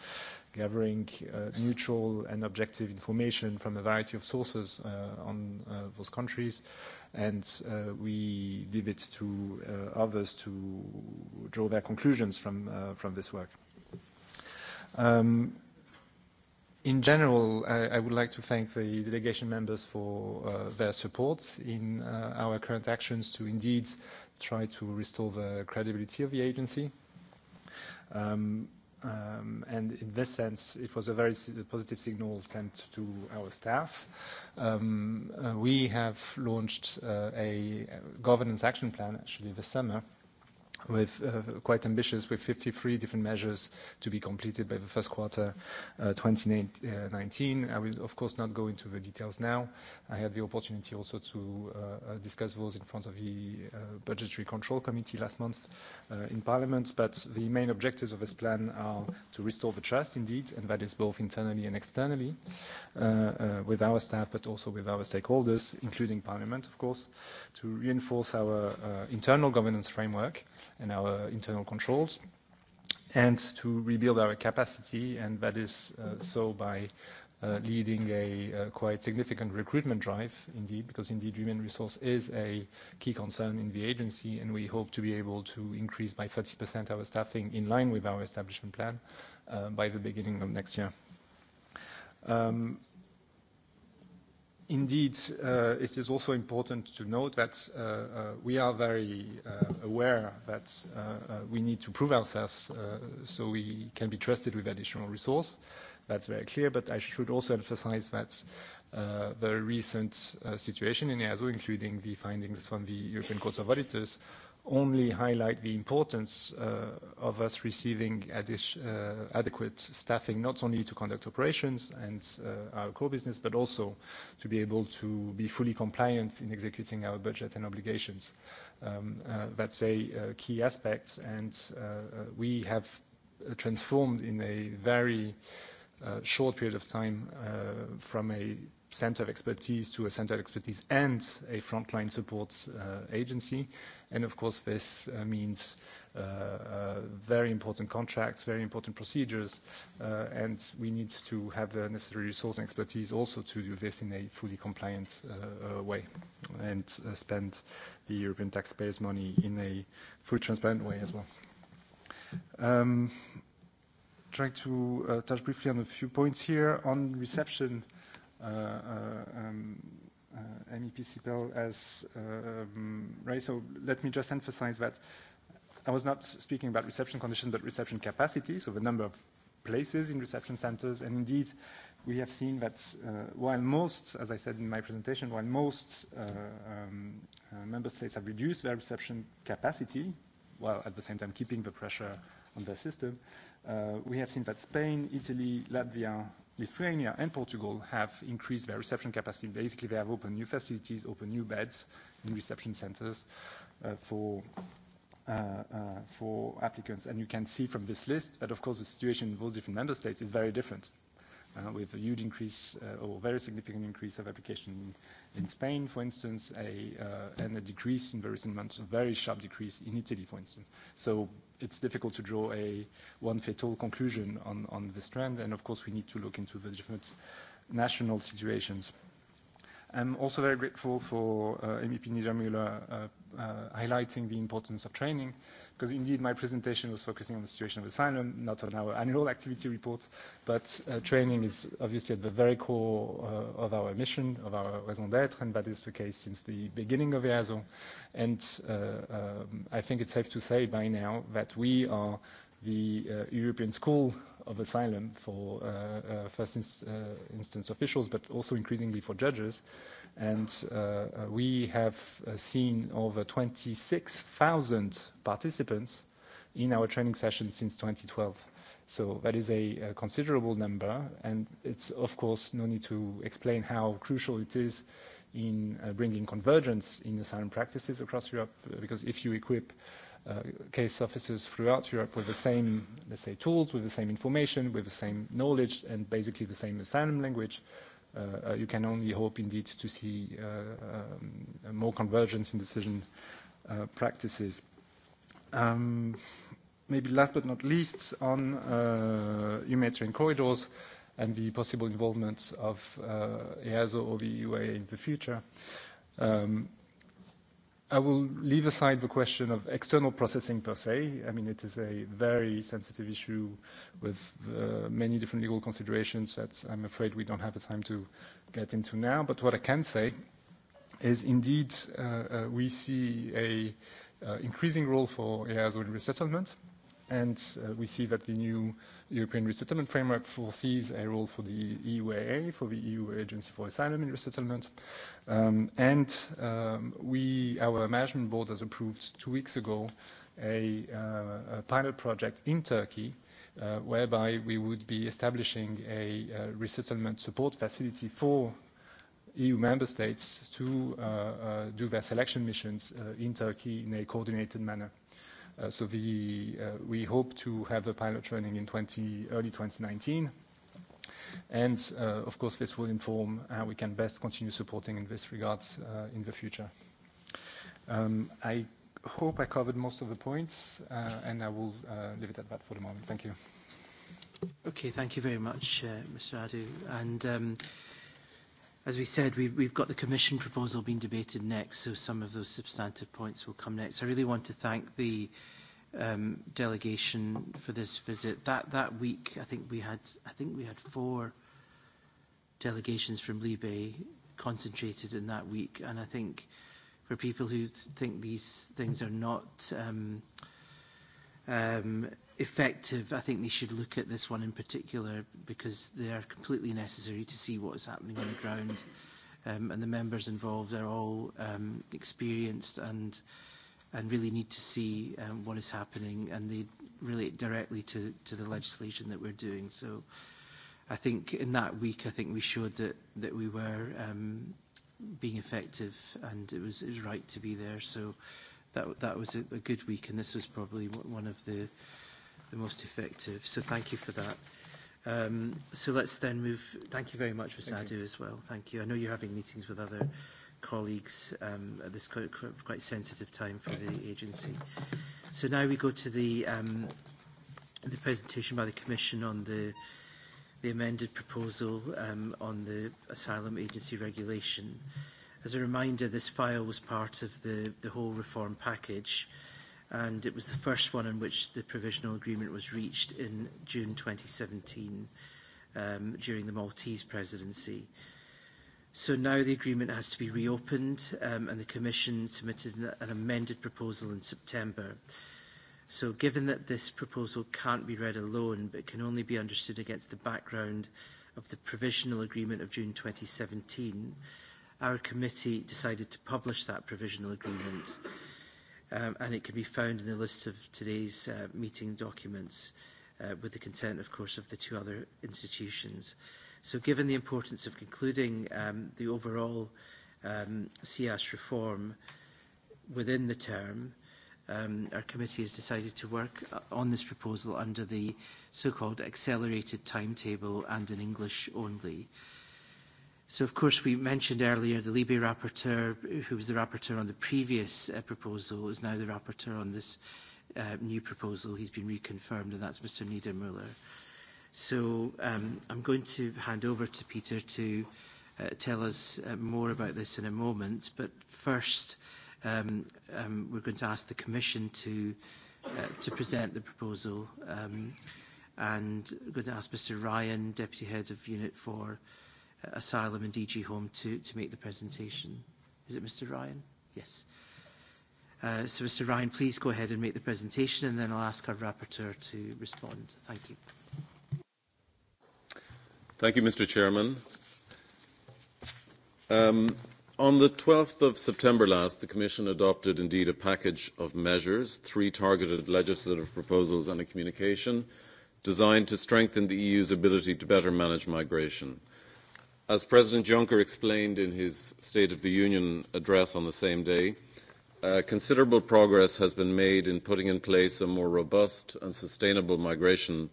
gathering neutral and objective information from a variety of sources on those countries, and we leave it to others to draw their conclusions from this work. Um, in general, I, I would like to thank the delegation members for uh, their support in uh, our current actions to indeed try to restore the credibility of the agency. Um, um, and in this sense, it was a very positive signal sent to our staff. Um, uh, we have launched uh, a governance action plan actually this summer, uh, with uh, quite ambitious, with 53 different measures to be completed by the first quarter uh, 2019. I will, of course, not go into the details now. I had the opportunity also to uh, uh discuss those in front of the uh, Budgetary Control Committee last month uh, in Parliament. But the main objectives of this plan are to restore the trust, indeed, and that is both internally and externally, with our staff, but also with our stakeholders, including Parliament, of course, to reinforce our internal governance framework, and our internal controls, and to rebuild our capacity, and that is uh, so by uh, leading a uh, quite significant recruitment drive indeed, because indeed human resource is a key concern in the agency, and we hope to be able to increase by 30% our staffing in line with our establishment plan uh, by the beginning of next year. Um, Indeed, uh, it is also important to note that uh, uh, we are very aware that we need to prove ourselves so we can be trusted with additional resource. That's very clear, but I should also emphasize that the recent situation in EASO, including the findings from the European Court of Auditors, only highlight the importance uh, of us receiving uh, adequate staffing, not only to conduct operations and uh, our core business, but also to be able to be fully compliant in executing our budget and obligations. Um, that's a key aspect, and we have transformed in a very short period of time from a center of expertise to a center of expertise and a frontline support uh, agency. And of course, this uh, means uh, uh, very important contracts, very important procedures, uh, and we need to have the necessary resource and expertise also to do this in a fully compliant uh, uh, way and uh, spend the European taxpayers' money in a fully transparent way as well. Um, trying to uh, touch briefly on a few points here on reception. Uh, um, uh, MEP Sipel as uh, um, right. So let me just emphasize that I was not speaking about reception conditions, but reception capacity, so the number of places in reception centers. And indeed, we have seen that uh, while most, as I said in my presentation, while most uh, um, uh, member states have reduced their reception capacity, while at the same time keeping the pressure on their system, uh, we have seen that Spain, Italy, Latvia, Lithuania and Portugal have increased their reception capacity. Basically, they have opened new facilities, opened new beds in reception centers uh, uh, uh, for applicants. And you can see from this list that, of course, the situation in those different member states is very different, with a huge increase or very significant increase of application in Spain, for instance, and a decrease in the recent months, a very sharp decrease in Italy, for instance. So it's difficult to draw a one fit all conclusion on, on this trend. And of course, we need to look into the different national situations. I'm also very grateful for uh, MEP Nijamula uh, uh, highlighting the importance of training, because indeed my presentation was focusing on the situation of asylum, not on our annual activity report, but uh, training is obviously at the very core uh, of our mission, of our raison d'être, and that is the case since the beginning of EASO. And uh, um, I think it's safe to say by now that we are the uh, European School of Asylum for uh, uh, first in uh, instance officials, but also increasingly for judges. Uh, and uh, uh, we have uh, seen over 26,000 participants in our training sessions since 2012. So that is a, considerable number, and it's of course no need to explain how crucial it is in bringing convergence in asylum practices across Europe, because if you equip case officers throughout Europe with the same, let's say, tools, with the same information, with the same knowledge, and basically the same asylum language, Uh, uh, you can only hope indeed to see uh, um, more convergence in decision practices. Um, maybe last but not least, on humanitarian corridors and the possible involvement of EASO or the EUA in the future. Um, i will leave aside the question of external processing per se. I mean, it is a very sensitive issue with uh, many different legal considerations that I'm afraid we don't have the time to get into now. But what I can say is indeed, uh, uh, we see a uh, increasing role for AI EASO in resettlement. And uh, we see that the new European resettlement framework foresees a role for the EUAA, for the EU Agency for Asylum and Resettlement. Um, and um, we, our management board has approved two weeks ago a, uh, a pilot project in Turkey uh, whereby we would be establishing a, a uh, resettlement support facility for EU member states to uh, uh, do their selection missions uh, in Turkey in a coordinated manner. Uh, so the, uh, we hope to have the pilot running in early 2019. And uh, of course, this will inform how we can best continue supporting in this regard in the future. Um, I hope I covered most of the points, and I will leave it at that for the moment. Thank you. Okay, thank you very much, Mr. Adu. Um, As we said, we've, we've got the Commission proposal being debated next, so some of those substantive points will come next. I really want to thank the um, delegation for this visit. That that week, I think we had I think we had four delegations from Libe concentrated in that week, and I think for people who think these things are not um, uh, um, effective, I think they should look at this one in particular because they are completely necessary to see what is happening on the ground. Um, and the members involved are all um, experienced and and really need to see um, what is happening and they relate directly to, to the legislation that we're doing. So I think in that week, I think we showed that, that we were um, being effective and it was, it was right to be there. So that, that was a, a good week, and this was probably one of the, the most effective. So thank you for that. Um, so let's then move. Thank you very much, Mr. Thank Adu, as well. Thank you. I know you're having meetings with other colleagues um, at this quite, quite sensitive time for the agency. So now we go to the, um, the presentation by the Commission on the, the amended proposal um, on the Asylum Agency Regulation. As a reminder, this file was part of the, the whole reform package and it was the first one in which the provisional agreement was reached in June 2017 um, during the Maltese presidency. So now the agreement has to be reopened um, and the Commission submitted an, an amended proposal in September. So given that this proposal can't be read alone but can only be understood against the background of the provisional agreement of June 2017, Our committee decided to publish that provisional agreement, um, and it can be found in the list of today's uh, meeting documents, uh, with the consent, of course, of the two other institutions. So given the importance of concluding um, the overall um, CS reform within the term, um, our committee has decided to work uh, on this proposal under the so-called accelerated timetable and in English only. Uh, So, of course, we mentioned earlier the Libya rapporteur, who was the rapporteur on the previous uh, proposal, is now the rapporteur on this uh, new proposal. He's been reconfirmed, and that's Mr. Niedermüller. So um, I'm going to hand over to Peter to uh, tell us uh, more about this in a moment. But first, um, um, we're going to ask the Commission to, uh, to present the proposal. Um, and I'm going to ask Mr. Ryan, Deputy Head of Unit 4, Asylum and DG Home to, to make the presentation. Is it Mr. Ryan? Yes. Uh, so, Mr. Ryan, please go ahead and make the presentation, and then I'll ask our rapporteur to respond. Thank you. Thank you, Mr. Chairman. Um, on the 12th of September last, the Commission adopted indeed a package of measures, three targeted legislative proposals and a communication designed to strengthen the EU's ability to better manage migration. As President Juncker explained in his State of the Union address on the same day, uh, considerable progress has been made in putting in place a more robust and sustainable migration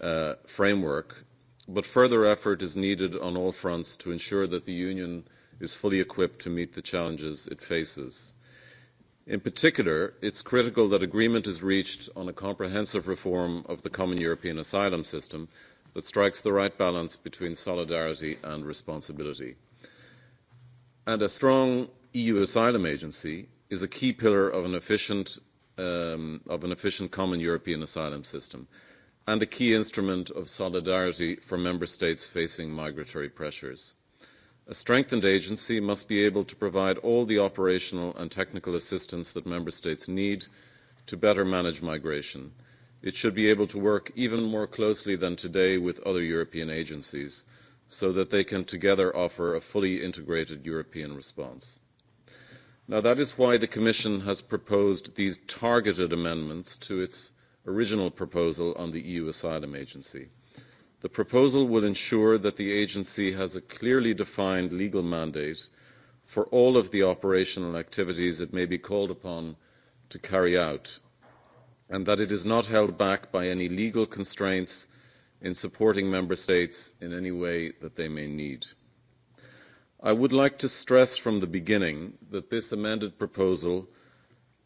uh, framework, but further effort is needed on all fronts to ensure that the Union is fully equipped to meet the challenges it faces. In particular, it's critical that agreement is reached on a comprehensive reform of the common European asylum system, that strikes the right balance between solidarity and responsibility. And a strong EU asylum agency is a key pillar of an efficient, um, of an efficient common European asylum system and a key instrument of solidarity for member states facing migratory pressures. A strengthened agency must be able to provide all the operational and technical assistance that member states need to better manage migration – It should be able to work even more closely than today with other European agencies so that they can together offer a fully integrated European response. Now, that is why the Commission has proposed these targeted amendments to its original proposal on the EU Asylum Agency. The proposal will ensure that the agency has a clearly defined legal mandate for all of the operational activities it may be called upon to carry out and that it is not held back by any legal constraints in supporting member states in any way that they may need. I would like to stress from the beginning that this amended proposal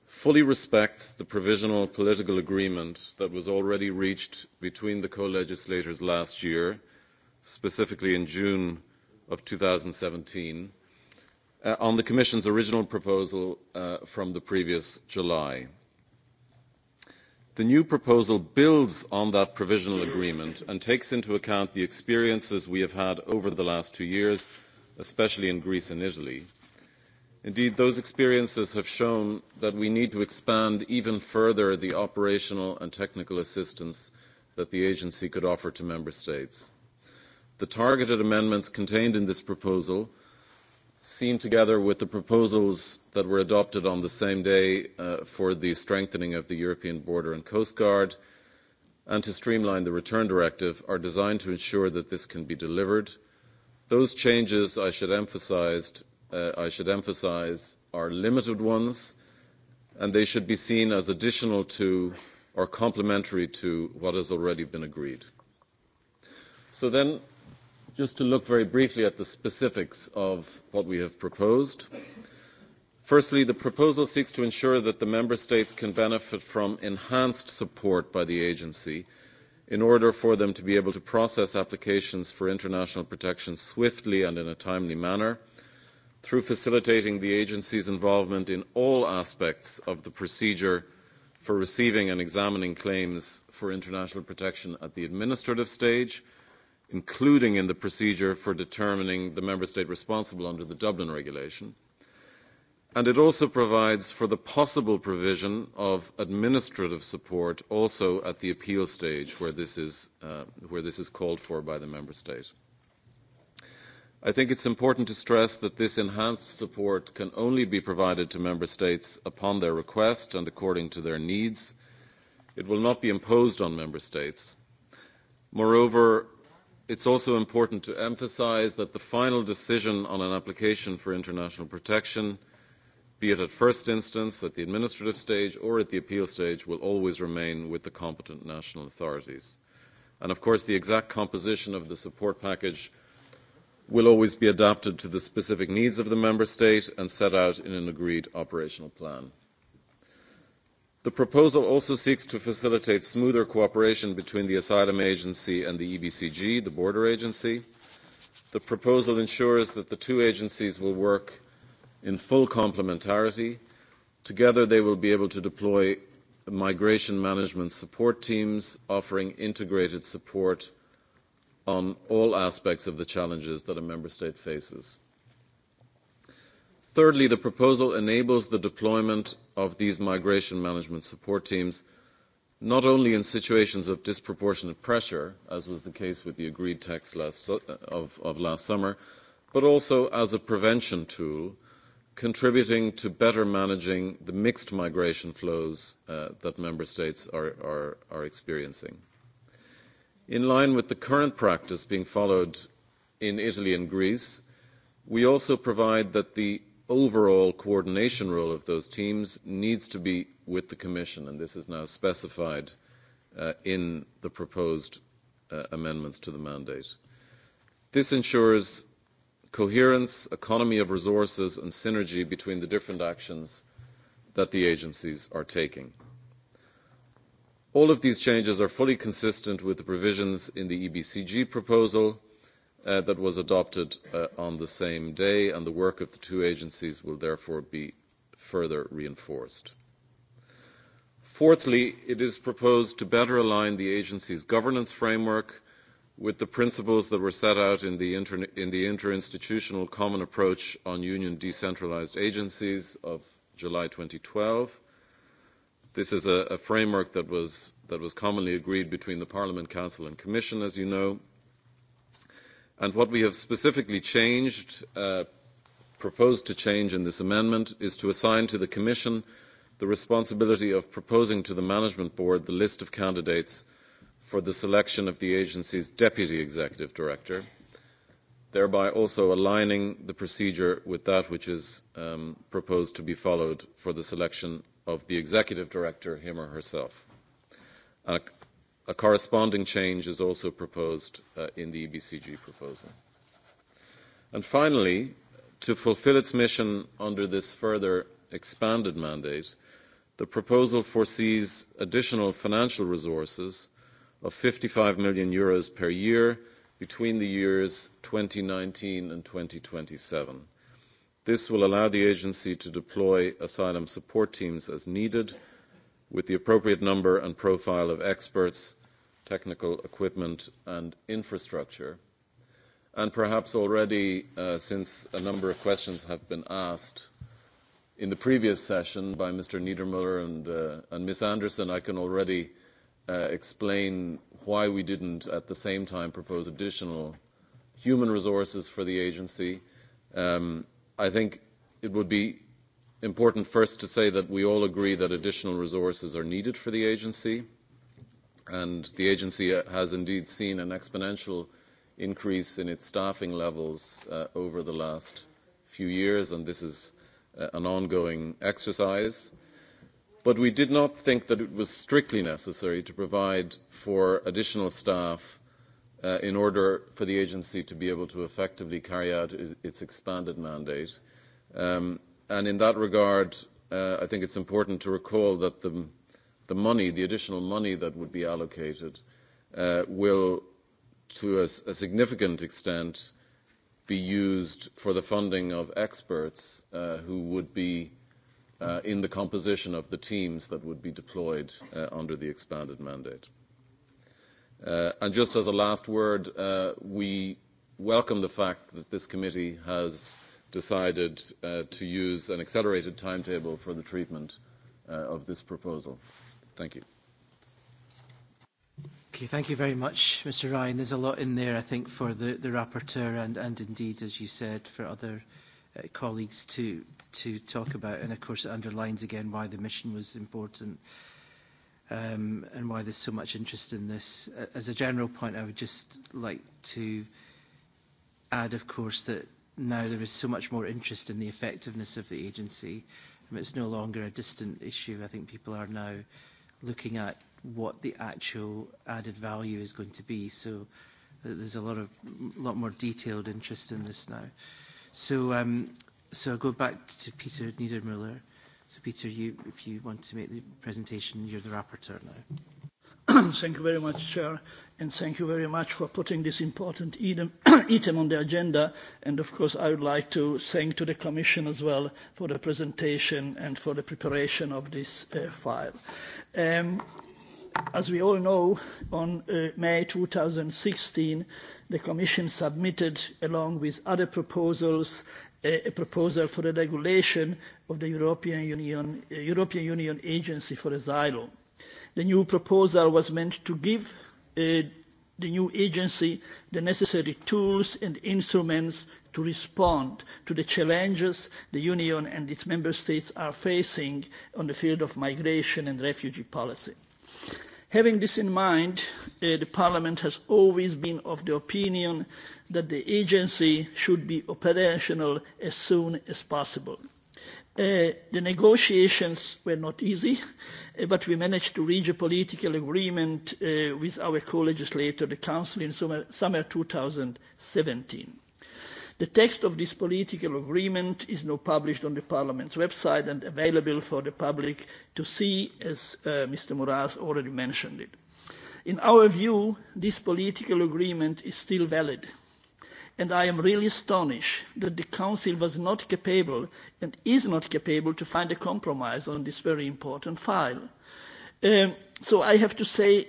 fully respects the provisional political agreement that was already reached between the co-legislators last year, specifically in June of 2017, uh, on the Commission's original proposal uh, from the previous July. The new proposal builds on that provisional agreement and takes into account the experiences we have had over the last two years, especially in Greece and Italy. Indeed, those experiences have shown that we need to expand even further the operational and technical assistance that the agency could offer to member states. The targeted amendments contained in this proposal – seen together with the proposals that were adopted on the same day uh, for the strengthening of the European Border and Coast Guard and to streamline the return directive are designed to ensure that this can be delivered. Those changes I should emphasize, uh, I should emphasize are limited ones and they should be seen as additional to or complementary to what has already been agreed. So then Just to look very briefly at the specifics of what we have proposed. Firstly, the proposal seeks to ensure that the member states can benefit from enhanced support by the agency in order for them to be able to process applications for international protection swiftly and in a timely manner through facilitating the agency's involvement in all aspects of the procedure for receiving and examining claims for international protection at the administrative stage including in the procedure for determining the member state responsible under the Dublin regulation. And it also provides for the possible provision of administrative support also at the appeal stage where this is, uh, where this is called for by the member state. I think it's important to stress that this enhanced support can only be provided to member states upon their request and according to their needs. It will not be imposed on member states. Moreover, It's also important to emphasize that the final decision on an application for international protection, be it at first instance, at the administrative stage, or at the appeal stage, will always remain with the competent national authorities. And of course, the exact composition of the support package will always be adapted to the specific needs of the member state and set out in an agreed operational plan. The proposal also seeks to facilitate smoother cooperation between the Asylum Agency and the EBCG, the border agency. The proposal ensures that the two agencies will work in full complementarity. Together, they will be able to deploy migration management support teams offering integrated support on all aspects of the challenges that a member state faces. Thirdly, the proposal enables the deployment of these migration management support teams not only in situations of disproportionate pressure, as was the case with the agreed text last, uh, of, of last summer, but also as a prevention tool, contributing to better managing the mixed migration flows uh, that member states are, are, are experiencing. In line with the current practice being followed in Italy and Greece, we also provide that the overall coordination role of those teams needs to be with the Commission, and this is now specified uh, in the proposed uh, amendments to the mandate. This ensures coherence, economy of resources, and synergy between the different actions that the agencies are taking. All of these changes are fully consistent with the provisions in the EBCG proposal Uh, that was adopted uh, on the same day, and the work of the two agencies will therefore be further reinforced. Fourthly, it is proposed to better align the agency's governance framework with the principles that were set out in the, inter- in the Interinstitutional Common Approach on Union Decentralized Agencies of July 2012. This is a, a framework that was, that was commonly agreed between the Parliament, Council and Commission, as you know, And what we have specifically changed, uh, proposed to change in this amendment, is to assign to the Commission the responsibility of proposing to the Management Board the list of candidates for the selection of the agency's Deputy Executive Director, thereby also aligning the procedure with that which is um, proposed to be followed for the selection of the Executive Director, him or herself. Uh, a corresponding change is also proposed uh, in the EBCG proposal. And finally, to fulfill its mission under this further expanded mandate, the proposal foresees additional financial resources of 55 million euros per year between the years 2019 and 2027. This will allow the agency to deploy asylum support teams as needed – with the appropriate number and profile of experts, technical equipment, and infrastructure. And perhaps already, uh, since a number of questions have been asked in the previous session by Mr. Niedermüller and, uh, and Ms. Anderson, I can already uh, explain why we didn't at the same time propose additional human resources for the agency. Um, I think it would be important first to say that we all agree that additional resources are needed for the agency, and the agency has indeed seen an exponential increase in its staffing levels uh, over the last few years, and this is uh, an ongoing exercise. But we did not think that it was strictly necessary to provide for additional staff uh, in order for the agency to be able to effectively carry out its expanded mandate. Um, And in that regard, uh, I think it's important to recall that the, the money, the additional money that would be allocated, uh, will, to a, a significant extent, be used for the funding of experts uh, who would be uh, in the composition of the teams that would be deployed uh, under the expanded mandate. Uh, and just as a last word, uh, we welcome the fact that this committee has uh, decided uh, to use an accelerated timetable for the treatment uh, of this proposal. Thank you. Okay, thank you very much, Mr. Ryan. There's a lot in there, I think, for the, the rapporteur and, and indeed, as you said, for other uh, colleagues to, to talk about. And of course, it underlines again why the mission was important um, and why there's so much interest in this. As a general point, I would just like to add, of course, that now there is so much more interest in the effectiveness of the agency. I um, mean, it's no longer a distant issue. I think people are now looking at what the actual added value is going to be. So uh, there's a lot of lot more detailed interest in this now. So um, so I'll go back to Peter Niedermüller. So Peter, you, if you want to make the presentation, you're the rapporteur now. thank you very much, Chair, and thank you very much for putting this important item, item on the agenda. And of course, I would like to thank to the Commission as well for the presentation and for the preparation of this uh, file. Um, as we all know, on uh, May 2016, the Commission submitted, along with other proposals, a, a proposal for the regulation of the European Union, uh, European Union Agency for Asylum. The new proposal was meant to give uh, the new agency the necessary tools and instruments to respond to the challenges the Union and its member states are facing on the field of migration and refugee policy. Having this in mind, uh, the Parliament has always been of the opinion that the agency should be operational as soon as possible. Uh, the negotiations were not easy, uh, but we managed to reach a political agreement uh, with our co-legislator, the Council, in summer, summer 2017. The text of this political agreement is now published on the Parliament's website and available for the public to see, as uh, Mr. Moraz already mentioned it. In our view, this political agreement is still valid and I am really astonished that the Council was not capable and is not capable to find a compromise on this very important file. Um, so I have to say uh,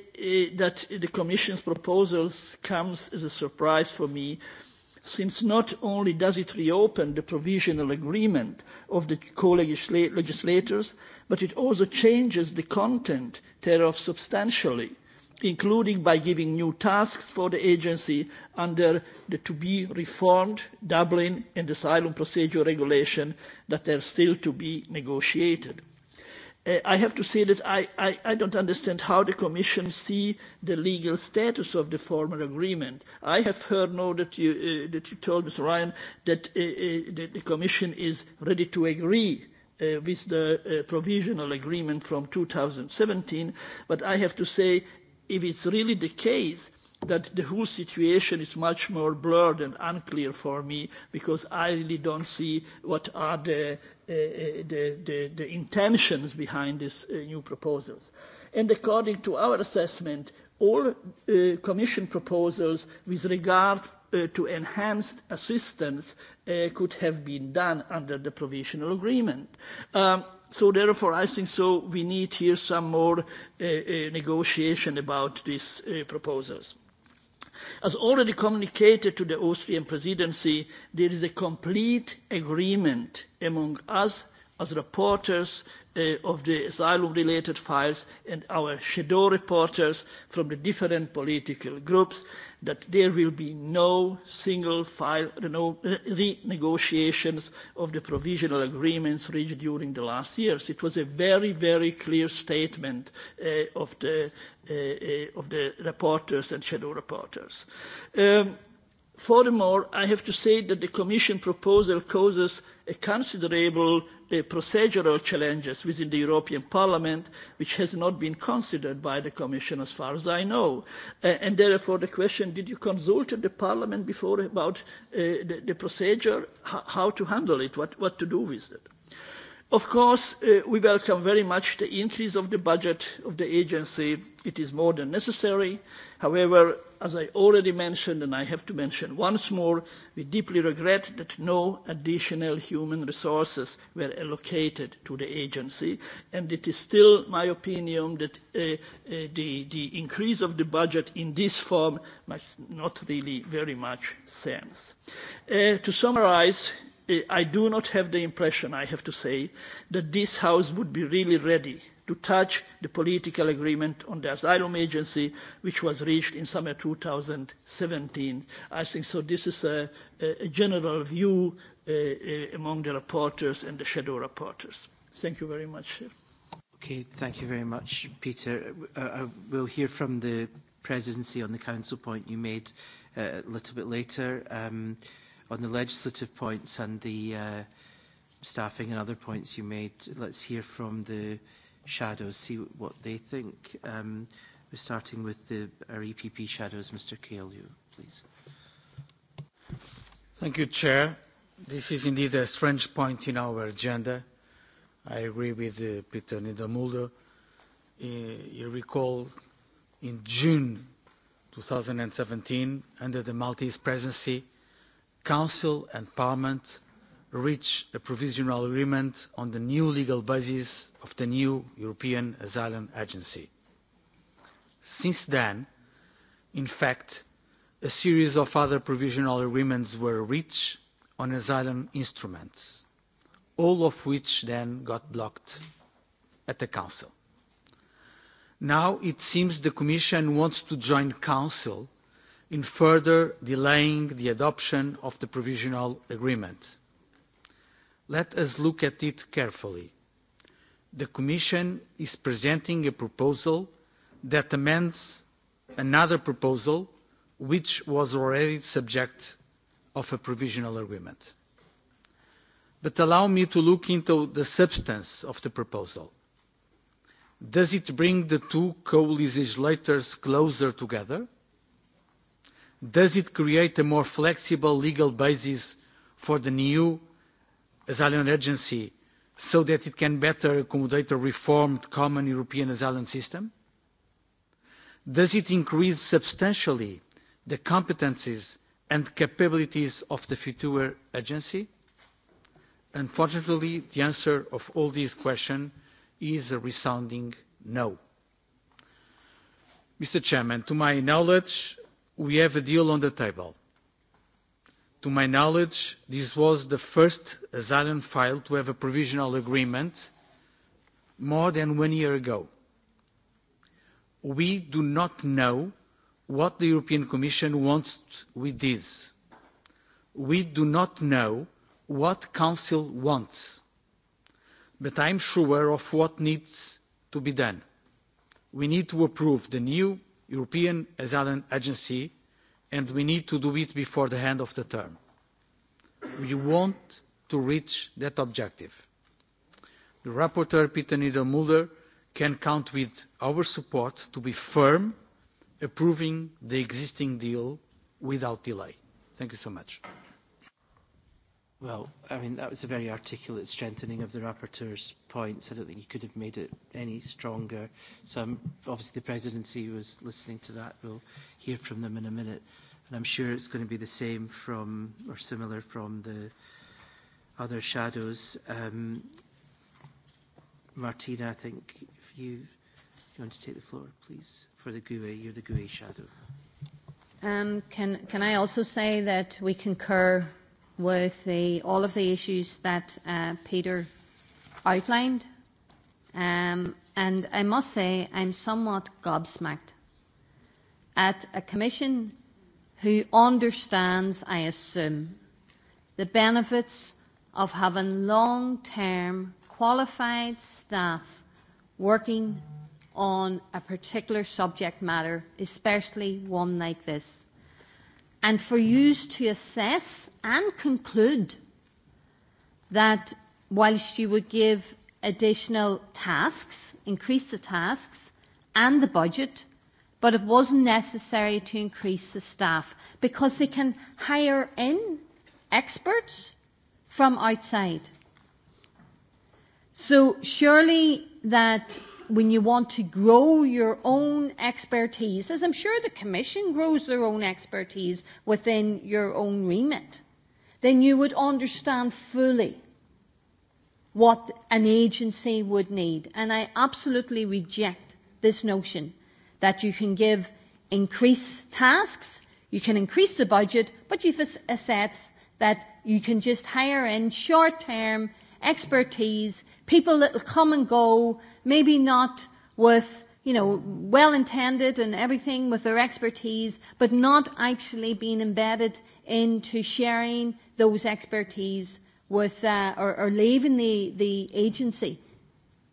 that the Commission's proposals comes as a surprise for me since not only does it reopen the provisional agreement of the co-legislators, but it also changes the content thereof substantially including by giving new tasks for the agency under the to be reformed Dublin and asylum procedure regulation that are still to be negotiated. Uh, I have to say that I, I, I don't understand how the Commission see the legal status of the former agreement. I have heard now that you, uh, that you told Mr. Ryan that, uh, uh, that the Commission is ready to agree uh, with the uh, provisional agreement from 2017, but I have to say if it's really the case that the whole situation is much more blurred and unclear for me because I really don't see what are the, uh, uh the, the, the intentions behind these uh, new proposals. And according to our assessment, all uh, Commission proposals with regard uh, to enhanced assistance uh, could have been done under the provisional agreement. Um, So therefore, I think so we need here some more uh, uh, negotiation about these uh, proposals. As already communicated to the Austrian presidency, there is a complete agreement among us as reporters uh, of the asylum-related files and our shadow reporters from the different political groups that there will be no single file renegotiations of the provisional agreements reached during the last years. It was a very, very clear statement uh, of, the, uh, uh of the reporters and shadow reporters. Um, furthermore, I have to say that the Commission proposal causes considerable uh, procedural challenges within the European Parliament, which has not been considered by the Commission as far as I know. Uh, and therefore the question, did you consult the Parliament before about uh, the, the procedure, H how to handle it, what, what to do with it? Of course, uh, we welcome very much the increase of the budget of the agency. It is more than necessary. However, as I already mentioned, and I have to mention once more, we deeply regret that no additional human resources were allocated to the agency, and it is still my opinion that uh, uh, the, the increase of the budget in this form makes not really very much sense. Uh, to summarize, uh, I do not have the impression, I have to say, that this House would be really ready to touch the political agreement on the asylum agency, which was reached in summer 2017. I think so this is a, a general view uh, uh among the rapporteurs and the shadow rapporteurs. Thank you very much. Okay, thank you very much, Peter. I, I will hear from the presidency on the council point you made uh, a little bit later. Um, on the legislative points and the uh, staffing and other points you made, let's hear from the shadows, see what they think. Um, we're starting with the, our EPP shadows, Mr. you please. Thank you, Chair. This is indeed a strange point in our agenda. I agree with uh, Peter Niedermüller. Uh, you recall in June 2017, under the Maltese presidency, Council and Parliament reach a provisional agreement on the new legal basis of the new European Asylum Agency. Since then, in fact, a series of other provisional agreements were reached on asylum instruments, all of which then got blocked at the Council. Now it seems the Commission wants to join Council in further delaying the adoption of the provisional agreement Let us look at it carefully. The Commission is presenting a proposal that amends another proposal which was already subject of a provisional agreement. But allow me to look into the substance of the proposal. Does it bring the two co-legislators closer together? Does it create a more flexible legal basis for the new asylum agency so that it can better accommodate a reformed common European asylum system? Does it increase substantially the competences and capabilities of the future agency? Unfortunately, the answer of all these questions is a resounding no. Mr. Chairman, to my knowledge, we have a deal on the table to my knowledge, this was the first asylum file to have a provisional agreement more than one year ago. We do not know what the European Commission wants with this. We do not know what Council wants, but I am sure of what needs to be done. We need to approve the new European Asylum Agency and we need to do it before the end of the term. We want to reach that objective. The rapporteur, Peter Niedermüller, can count with our support to be firm, approving the existing deal without delay. Thank you so much. Well, I mean, that was a very articulate strengthening of the rapporteur's points. I don't think you could have made it any stronger. So I'm, um, obviously the presidency was listening to that. We'll hear from them in a minute. And I'm sure it's going to be the same from, or similar from the other shadows. Um, Martina, I think if you, if you want to take the floor, please, for the GUE, you're the GUE shadow. Um, can, can I also say that we concur with the, all of the issues that uh, Peter outlined. Um, and I must say, I'm somewhat gobsmacked at a commission who understands, I assume, the benefits of having long-term qualified staff working on a particular subject matter, especially one like this and for you to assess and conclude that whilst you would give additional tasks, increase the tasks and the budget, but it wasn't necessary to increase the staff because they can hire in experts from outside. So surely that when you want to grow your own expertise, as I'm sure the Commission grows their own expertise within your own remit, then you would understand fully what an agency would need. And I absolutely reject this notion that you can give increased tasks, you can increase the budget, but you've assessed that you can just hire in short-term expertise, people that will come and go, maybe not with you know, well intended and everything with their expertise, but not actually being embedded into sharing those expertise with uh, or, or leaving the, the agency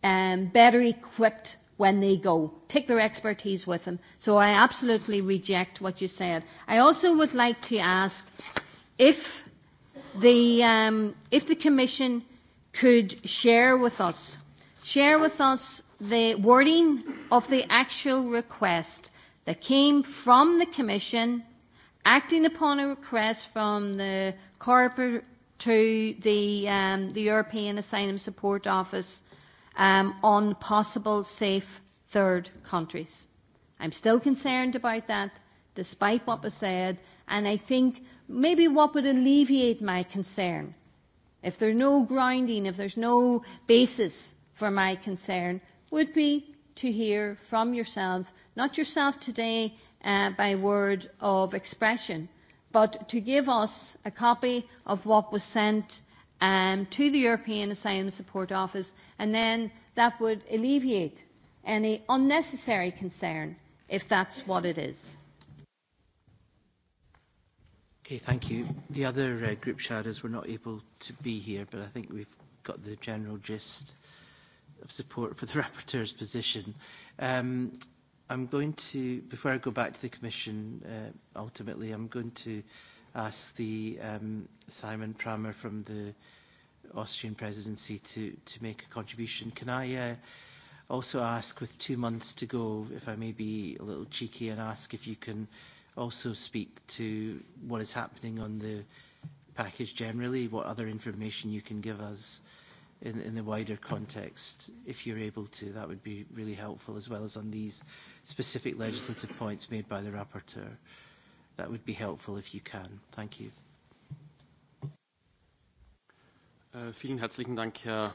um, better equipped when they go. Take their expertise with them. So I absolutely reject what you said. I also would like to ask if the, um, if the Commission could share with us share with us the wording of the actual request that came from the Commission, acting upon a request from the Corporate to the, um, the European Asylum Support Office um, on possible safe third countries. I'm still concerned about that, despite what was said, and I think maybe what would alleviate my concern, if there's no grounding, if there's no basis for my concern would be to hear from yourself, not yourself today uh, by word of expression, but to give us a copy of what was sent um, to the European Asylum Support Office, and then that would alleviate any unnecessary concern, if that's what it is. Okay, thank you. The other uh, group shadows were not able to be here, but I think we've got the general gist of support for the rapporteur's position. Um, I'm going to, before I go back to the Commission, uh, ultimately, I'm going to ask the um, Simon Prammer from the Austrian presidency to, to make a contribution. Can I uh, also ask, with two months to go, if I may be a little cheeky and ask if you can also speak to what is happening on the package generally, what other information you can give us uh, in, in the wider context, if you're able to, that would be really helpful, as well as on these specific legislative points made by the rapporteur. That would be helpful if you can. Thank you. Uh, vielen herzlichen Dank, Herr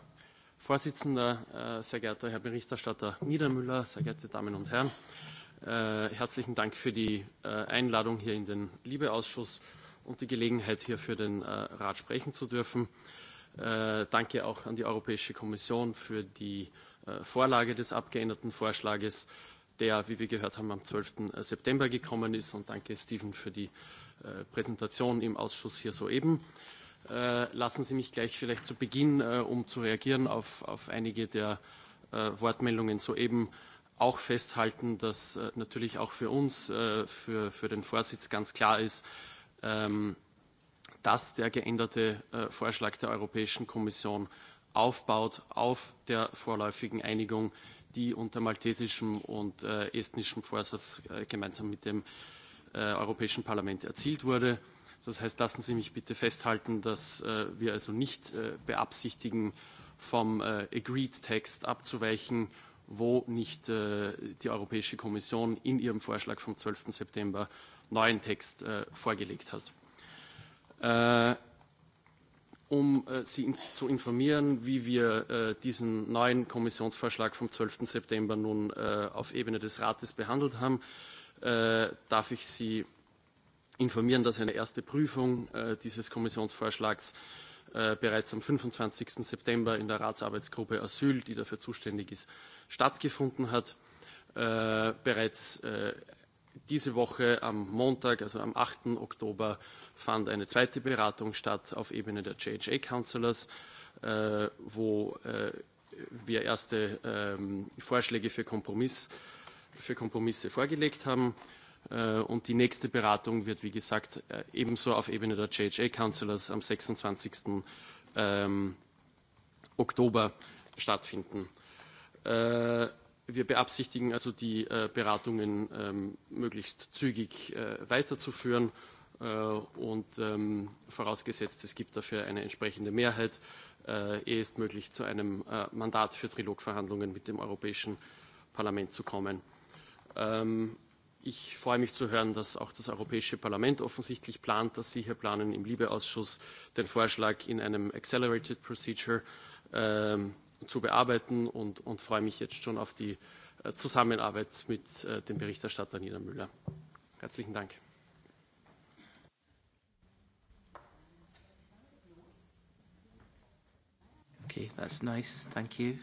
Vorsitzender, uh, sehr geehrter Herr Berichterstatter Niedermüller, sehr geehrte Damen und Herren. Uh, herzlichen Dank für die uh, Einladung hier in den Liebeausschuss und die Gelegenheit, hier für den uh, Rat sprechen zu dürfen. Äh, Äh, danke auch an die Europäische Kommission für die äh, Vorlage des abgeänderten Abgeändertenvorschlages, der, wie wir gehört haben, am 12. September gekommen ist. Und danke, Steven, für die äh, Präsentation im Ausschuss hier soeben. lassen Sie mich gleich vielleicht zu Beginn, um zu reagieren auf, auf einige der Wortmeldungen soeben, auch festhalten, dass natürlich auch für uns, für, für den Vorsitz ganz klar ist, ähm, dass der geänderte äh, Vorschlag der Europäischen Kommission aufbaut auf der vorläufigen Einigung, die unter maltesischem und äh, estnischem Vorsatz äh, gemeinsam mit dem Europäischen Parlament erzielt wurde. Das heißt, lassen Sie mich bitte festhalten, dass wir also nicht beabsichtigen, vom Agreed-Text abzuweichen, wo nicht die Europäische Kommission in ihrem Vorschlag vom 12. September neuen Text vorgelegt hat. Äh, um äh, Sie zu informieren, wie wir äh, diesen neuen Kommissionsvorschlag vom 12. September nun auf Ebene des Rates behandelt haben, darf ich Sie informieren, dass eine erste Prüfung dieses Kommissionsvorschlags bereits am 25. September in der Ratsarbeitsgruppe Asyl, die dafür zuständig ist, stattgefunden hat. Äh, bereits äh, Diese Woche am Montag, also am 8. Oktober, fand eine zweite Beratung statt auf Ebene der JHA Councillors, äh, wo äh, wir erste ähm, Vorschläge für, Kompromiss, für Kompromisse vorgelegt haben. Äh, und die nächste Beratung wird, wie gesagt, äh, ebenso auf Ebene der JHA Councillors am 26. Ähm, Oktober stattfinden. Äh, Wir beabsichtigen also, die äh, Beratungen ähm, möglichst zügig äh, weiterzuführen. Äh, und ähm, vorausgesetzt, es gibt dafür eine entsprechende Mehrheit, äh, ehe es möglich zu einem Mandat für Trilogverhandlungen mit dem Europäischen Parlament zu kommen. Ähm, ich freue mich zu hören, dass auch das Europäische Parlament offensichtlich plant, dass Sie hier planen, im Liebeausschuss den Vorschlag in einem Accelerated Procedure ähm, zu bearbeiten und, und freue mich jetzt schon auf die äh, Zusammenarbeit mit äh, dem Berichterstatter Nina Müller. Herzlichen Dank. Okay, that's nice. Thank you.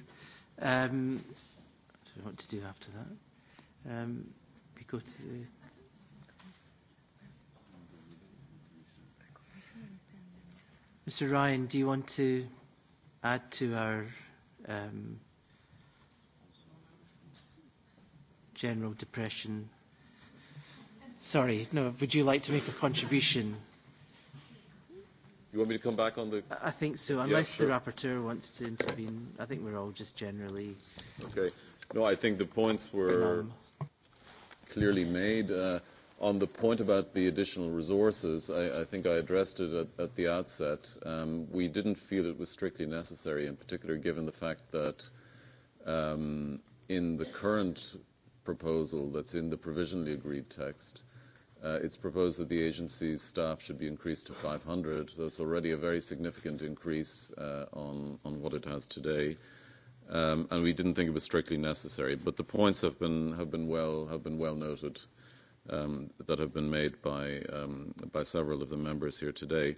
Um, do you want to do after that? Um, we go to the Mr. Ryan, do you want to add to our um, general depression. Sorry, no, would you like to make a contribution? You want me to come back on the... I think so, unless yeah, sure. the rapporteur wants to intervene. I think we're all just generally... Okay. No, I think the points were clearly made. Uh, On the point about the additional resources, I, I think I addressed it at, at the outset. Um, we didn't feel it was strictly necessary, in particular given the fact that um, in the current proposal that's in the provisionally agreed text, uh, it's proposed that the agency's staff should be increased to 500. That's already a very significant increase uh, on, on what it has today. Um, and we didn't think it was strictly necessary, but the points have been, have been, well, have been well noted um, that have been made by, um, by several of the members here today.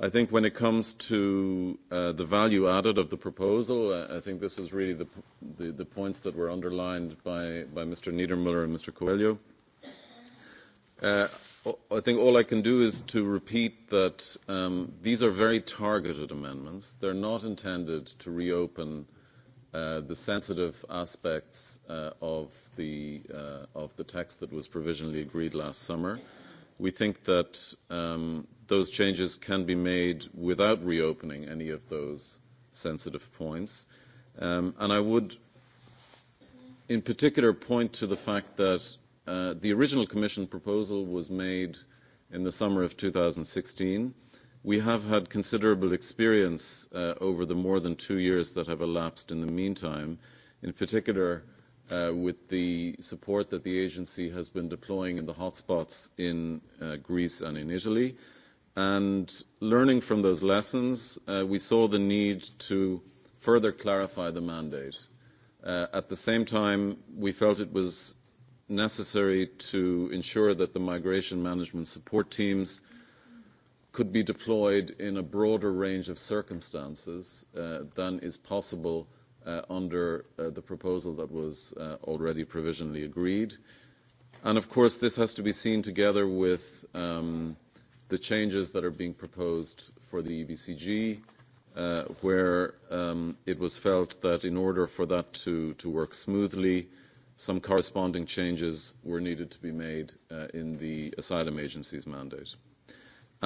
I think when it comes to uh, the value added of the proposal, I think this was really the, the, the points that were underlined by, by Mr. Niedermüller and Mr. Coelho. Uh, I think all I can do is to repeat that um, these are very targeted amendments. They're not intended to reopen Uh, the sensitive aspects uh, of, the, uh, of the text that was provisionally agreed last summer. We think that um, those changes can be made without reopening any of those sensitive points. Um, and I would, in particular, point to the fact that uh, the original Commission proposal was made in the summer of 2016 We have had considerable experience uh, over the more than two years that have elapsed in the meantime, in particular uh, with the support that the agency has been deploying in the hotspots in uh, Greece and in Italy. And learning from those lessons, we saw the need to further clarify the mandate. at the same time, we felt it was necessary to ensure that the migration management support teams – could be deployed in a broader range of circumstances uh, than is possible uh, under uh, the proposal that was uh, already provisionally agreed. And of course, this has to be seen together with um, the changes that are being proposed for the EBCG, uh, where um, it was felt that in order for that to, to work smoothly, some corresponding changes were needed to be made uh, in the asylum agency's mandate.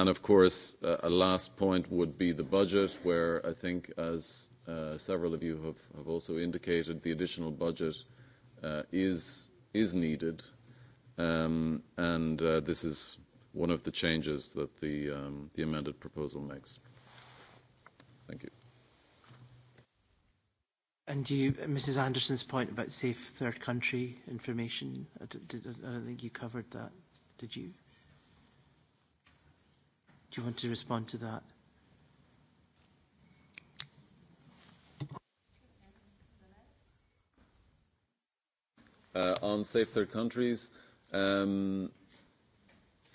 Of course, a last point would be the budget, where I think as uh, several of you have also indicated, the additional budget uh, is needed. Um, uh, this is one of the changes that the um, amended proposal makes. Thank you. And you, Mrs. Anderson's point about safe third country information, I don't think you covered that, did you? Do you want to respond to that? Uh, on safe third countries, um,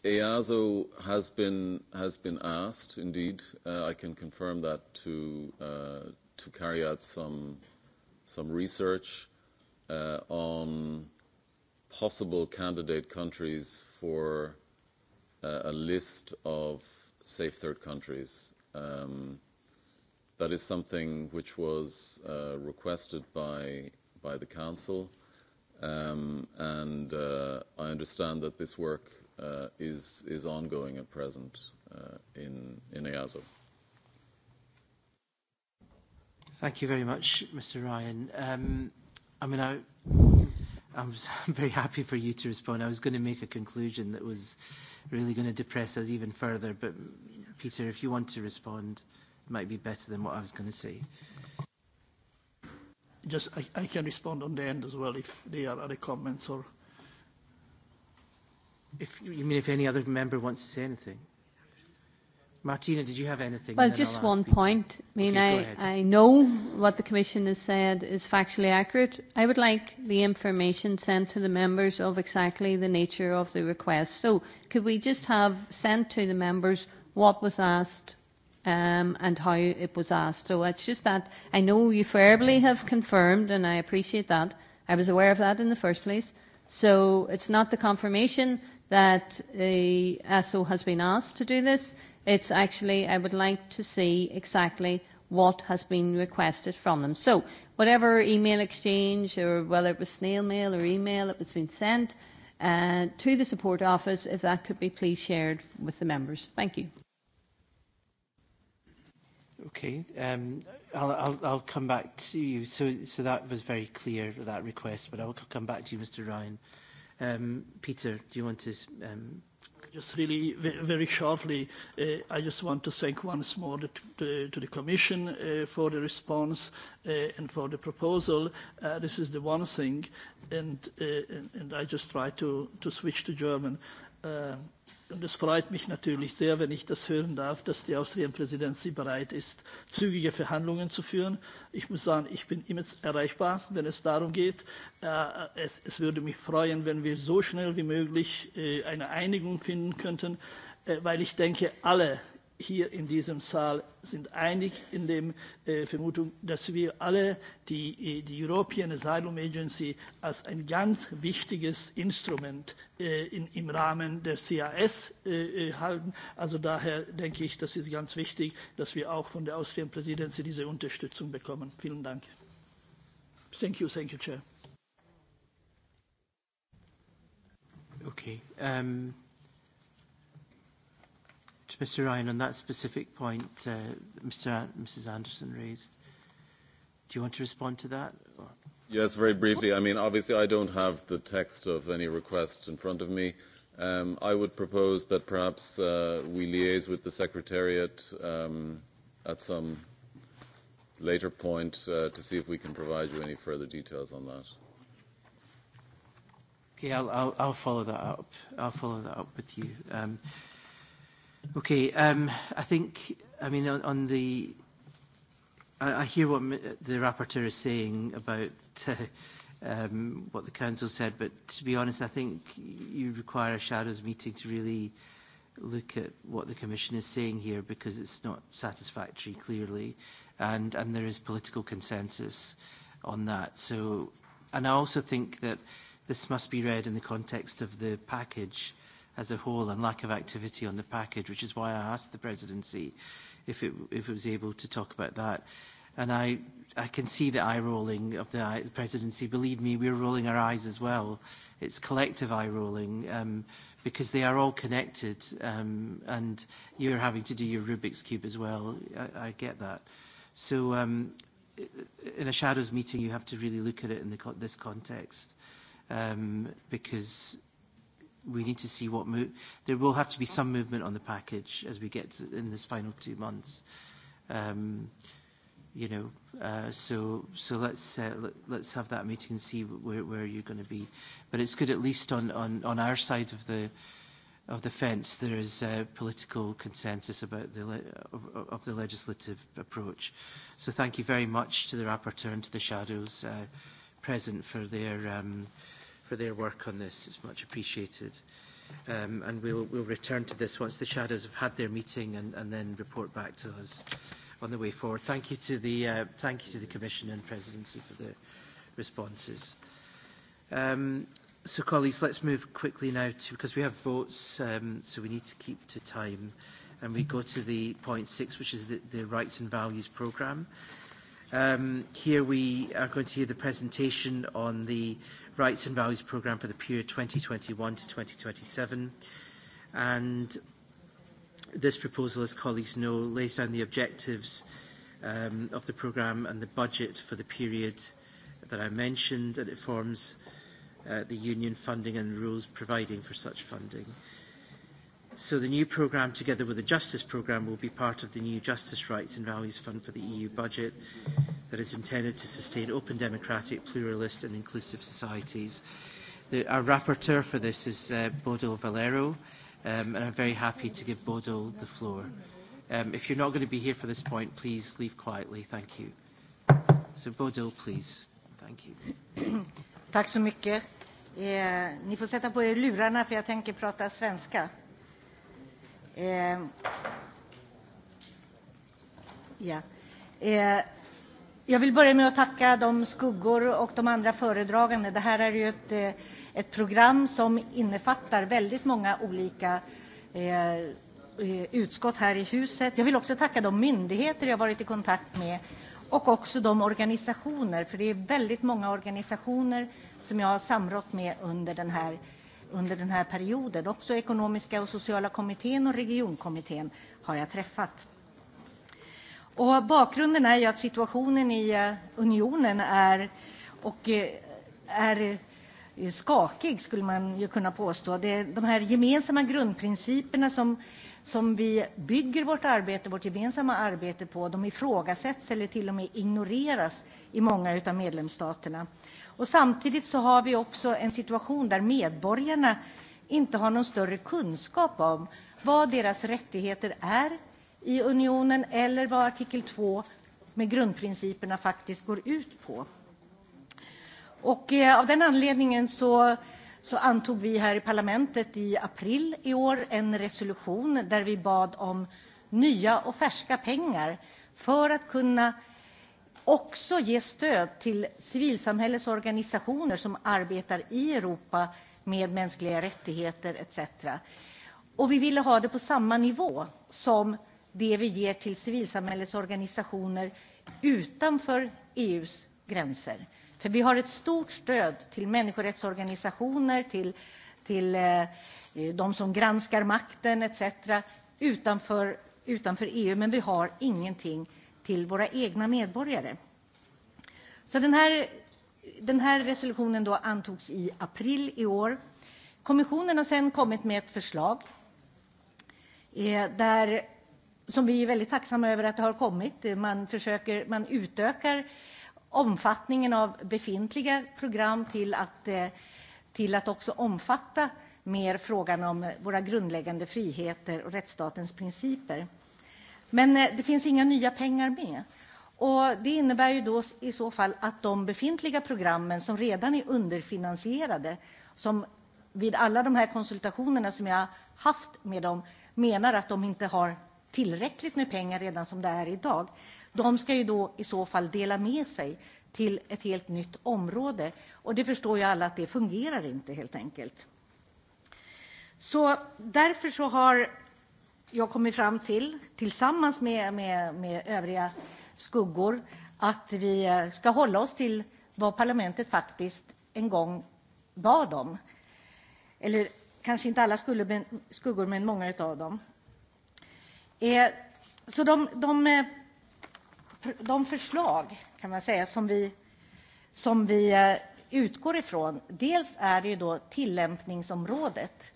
EASO has been has been asked. Indeed, uh, I can confirm that to uh, to carry out some some research uh, on possible candidate countries for uh, a list of safe third countries. Um, that is something which was uh, requested by, by the Council, um, and uh, I understand that this work uh, is, is ongoing at present uh, in, in EASO. Thank you very much, Mr. Ryan. Um, I mean, I I'm, I'm very happy for you to respond. I was going to make a conclusion that was really going to depress us even further, but Peter, if you want to respond, it might be better than what I was going to say. Just, I, I can respond on the end as well if there are other comments or. If you mean if any other member wants to say anything? Martina, did you have anything? Well, just one people. point. I mean, okay, I, I know what the Commission has said is factually accurate. I would like the information sent to the members of exactly the nature of the request. So could we just have sent to the members what was asked um, and how it was asked? So it's just that I know you fairly have confirmed, and I appreciate that. I was aware of that in the first place. So it's not the confirmation that the ESO has been asked to do this. It's actually, I would like to see exactly what has been requested from them. So whatever email exchange or whether it was snail mail or email that was being sent uh, to the support office, if that could be please shared with the members. Thank you. Okay, um, I'll, I'll, I'll come back to you. So, so that was very clear, that request, but I'll come back to you, Mr Ryan. Um, Peter, do you want to um, Just really very shortly, uh, I just want to thank once more the, the, to the Commission uh, for the response uh, and for the proposal. Uh, this is the one thing, and, uh, and, and I just try to, to switch to German. Uh, Und es freut mich natürlich sehr, wenn ich das hören darf, dass die Austrian-Präsidentschaft bereit ist, zügige Verhandlungen zu führen. Ich muss sagen, ich bin immer erreichbar, wenn es darum geht. Äh, es würde mich freuen, wenn wir so schnell wie möglich äh, eine Einigung finden könnten, äh, weil ich denke, alle hier in diesem Saal sind einig in der äh, Vermutung, dass wir alle die, äh, die European Asylum Agency als ein ganz wichtiges Instrument äh, in, im Rahmen der CAS äh, äh, halten. Also daher denke ich, das ist ganz wichtig, dass wir auch von der Austrian Presidency diese Unterstützung bekommen. Vielen Dank. Thank you, thank you, Chair. Okay. Um to Mr. Ryan on that specific point uh, Mr. An Mrs. Anderson raised. Do you want to respond to that? Or? Yes, very briefly. I mean, obviously, I don't have the text of any request in front of me. Um, I would propose that perhaps uh, we liaise with the Secretariat um, at some later point uh, to see if we can provide you any further details on that. Okay, I'll, I'll, I'll follow that up. I'll follow that up with you. Um, Okay, um, I think, I mean, on, on the, I, I hear what the rapporteur is saying about uh, um, what the council said, but to be honest, I think you require a shadows meeting to really look at what the commission is saying here because it's not satisfactory, clearly, and, and there is political consensus on that. So, and I also think that this must be read in the context of the package as a whole and lack of activity on the package, which is why I asked the presidency if it, if it was able to talk about that. And I, I can see the eye rolling of the, eye, the presidency. Believe me, we're rolling our eyes as well. It's collective eye rolling um, because they are all connected um, and you're having to do your Rubik's Cube as well. I, I get that. So um, in a shadows meeting, you have to really look at it in the co- this context um, because we need to see what move. There will have to be some movement on the package as we get to in this final two months. Um, you know, uh, so so let's uh, let, let's have that meeting and see where where you're going to be. But it's good at least on on on our side of the of the fence there is a political consensus about the le of, of the legislative approach. So thank you very much to the rapporteur and to the shadows uh, present for their. Um, for their work on this. It's much appreciated. Um, and we'll, we'll return to this once the shadows have had their meeting and, and then report back to us on the way forward. Thank you to the, uh, thank you to the Commission and Presidency for their responses. Um, so, colleagues, let's move quickly now to, because we have votes, um, so we need to keep to time. And we go to the point six, which is the, the Rights and Values Programme. Um, here we are going to hear the presentation on the Rights and Values Programme for the period 2021 to 2027. And this proposal, as colleagues know, lays down the objectives um, of the programme and the budget for the period that I mentioned, and it forms uh, the union funding and rules providing for such funding. Uh, So the new programme, together with the Justice programme, will be part of the new Justice Rights and Values Fund for the EU budget that is intended to sustain open, democratic, pluralist and inclusive societies. The, our rapporteur for this is uh, Bodo Valero, um, and I'm very happy to give Bodo the floor. Um, if you're not going to be here for this point, please leave quietly. Thank you. So Bodo, please. Thank you. Tack så mycket. Eh, ni får sätta på er lurarna för jag tänker prata svenska. Um, yeah. uh, jag vill börja med att tacka de skuggor och de andra föredragande. Det här är ju ett, eh, ett program som innefattar väldigt många olika eh, eh, utskott här i huset. Jag vill också tacka de myndigheter jag varit i kontakt med och också de organisationer, för det är väldigt många organisationer som jag har samrått med under den här under den här perioden. Också ekonomiska och sociala kommittén och regionkommittén har jag träffat. Och bakgrunden är ju att situationen i eh, unionen är, och eh, är eh, skakig, skulle man ju kunna påstå. Det är de här gemensamma grundprinciperna som, som vi bygger vårt, arbete, vårt gemensamma arbete på de ifrågasätts eller till och med ignoreras i många av medlemsstaterna. Och samtidigt så har vi också en situation där medborgarna inte har någon större kunskap om vad deras rättigheter är i unionen eller vad artikel 2 med grundprinciperna faktiskt går ut på. Och eh, av den anledningen så, så antog vi här i parlamentet i april i år en resolution där vi bad om nya och färska pengar för att kunna också ge stöd till civilsamhällets organisationer som arbetar i Europa med mänskliga rättigheter etc. Och vi ville ha det på samma nivå som det vi ger till civilsamhällets organisationer utanför EUs gränser. För vi har ett stort stöd till människorättsorganisationer, till, till eh, de som granskar makten etc. Utanför, utanför EU, men vi har ingenting till våra egna medborgare. Så den här, den här resolutionen då antogs i april i år. Kommissionen har sedan kommit med ett förslag eh, där, som vi är väldigt tacksamma över att det har kommit. Eh, man, försöker, man utökar omfattningen av befintliga program till att, eh, till att också omfatta mer frågan om våra grundläggande friheter och rättsstatens principer. Men eh, det finns inga nya pengar med. Och det innebär ju då i så fall att de befintliga programmen som redan är underfinansierade, som vid alla de här konsultationerna som jag haft med dem menar att de inte har tillräckligt med pengar redan som det är idag, de ska ju då i så fall dela med sig till ett helt nytt område. Och det förstår ju alla att det fungerar inte helt enkelt. Så därför så har jag kommit fram till, tillsammans med, med, med övriga skuggor, att vi eh, ska hålla oss till vad parlamentet faktiskt en gång bad om. Eller kanske inte alla skulle, men, skuggor, men många av dem. Eh, så de, de, eh, de förslag kan man säga som vi, som vi eh, utgår ifrån, dels är det ju då tillämpningsområdet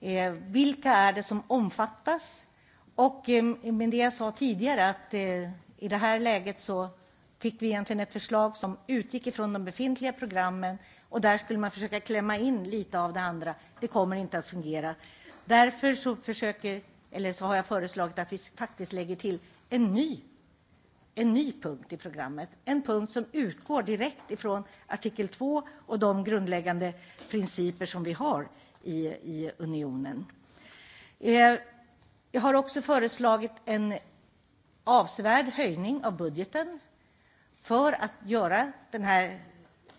Eh, vilka är det som omfattas? Och eh, med det jag sa tidigare att eh, i det här läget så fick vi egentligen ett förslag som utgick ifrån de befintliga programmen och där skulle man försöka klämma in lite av det andra. Det kommer inte att fungera. Därför så försöker, eller så har jag föreslagit att vi faktiskt lägger till en ny, en ny punkt i programmet. En punkt som utgår direkt ifrån artikel 2 och de grundläggande principer som vi har i, i unionen. Eh, jag har också föreslagit en avsevärd höjning av budgeten för att göra den här,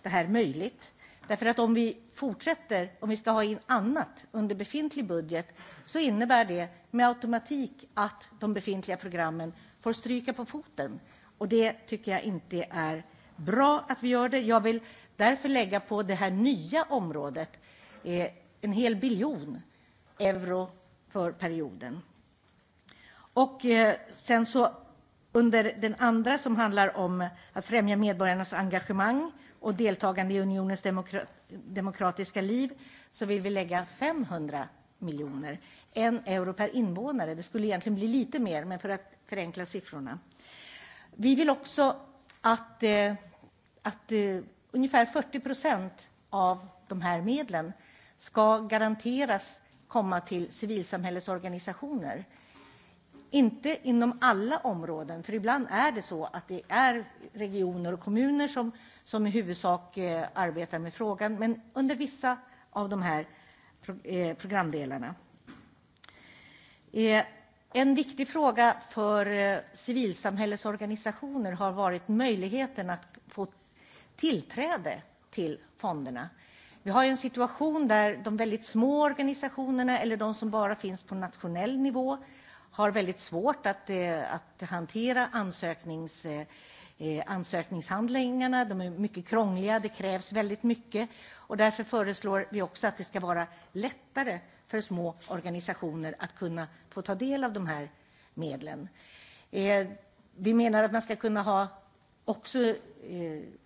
det här möjligt. Därför att om vi fortsätter, om vi ska ha in annat under befintlig budget så innebär det med automatik att de befintliga programmen får stryka på foten. Och det tycker jag inte är bra att vi gör det. Jag vill därför lägga på det här nya området eh, en hel biljon euro för perioden. Och eh, sen så under den andra som handlar om att främja medborgarnas engagemang och deltagande i unionens demokra demokratiska liv så vill vi lägga 500 miljoner, en euro per invånare. Det skulle egentligen bli lite mer, men för att förenkla siffrorna. Vi vill också att, eh, att eh, ungefär 40 procent av de här medlen ska garanteras komma till civilsamhällets organisationer. Inte inom alla områden, för ibland är det så att det är regioner och kommuner som, som i huvudsak eh, arbetar med frågan, men under vissa av de här eh, programdelarna. Eh, en viktig fråga för civilsamhällets organisationer har varit möjligheten att få tillträde till fonderna. Vi har ju en situation där de väldigt små organisationerna eller de som bara finns på nationell nivå har väldigt svårt att, eh, att hantera ansöknings, eh, ansökningshandlingarna. De är mycket krångliga, det krävs väldigt mycket. Och därför föreslår vi också att det ska vara lättare för små organisationer att kunna få ta del av de här medlen. Eh, vi menar att man ska kunna ha också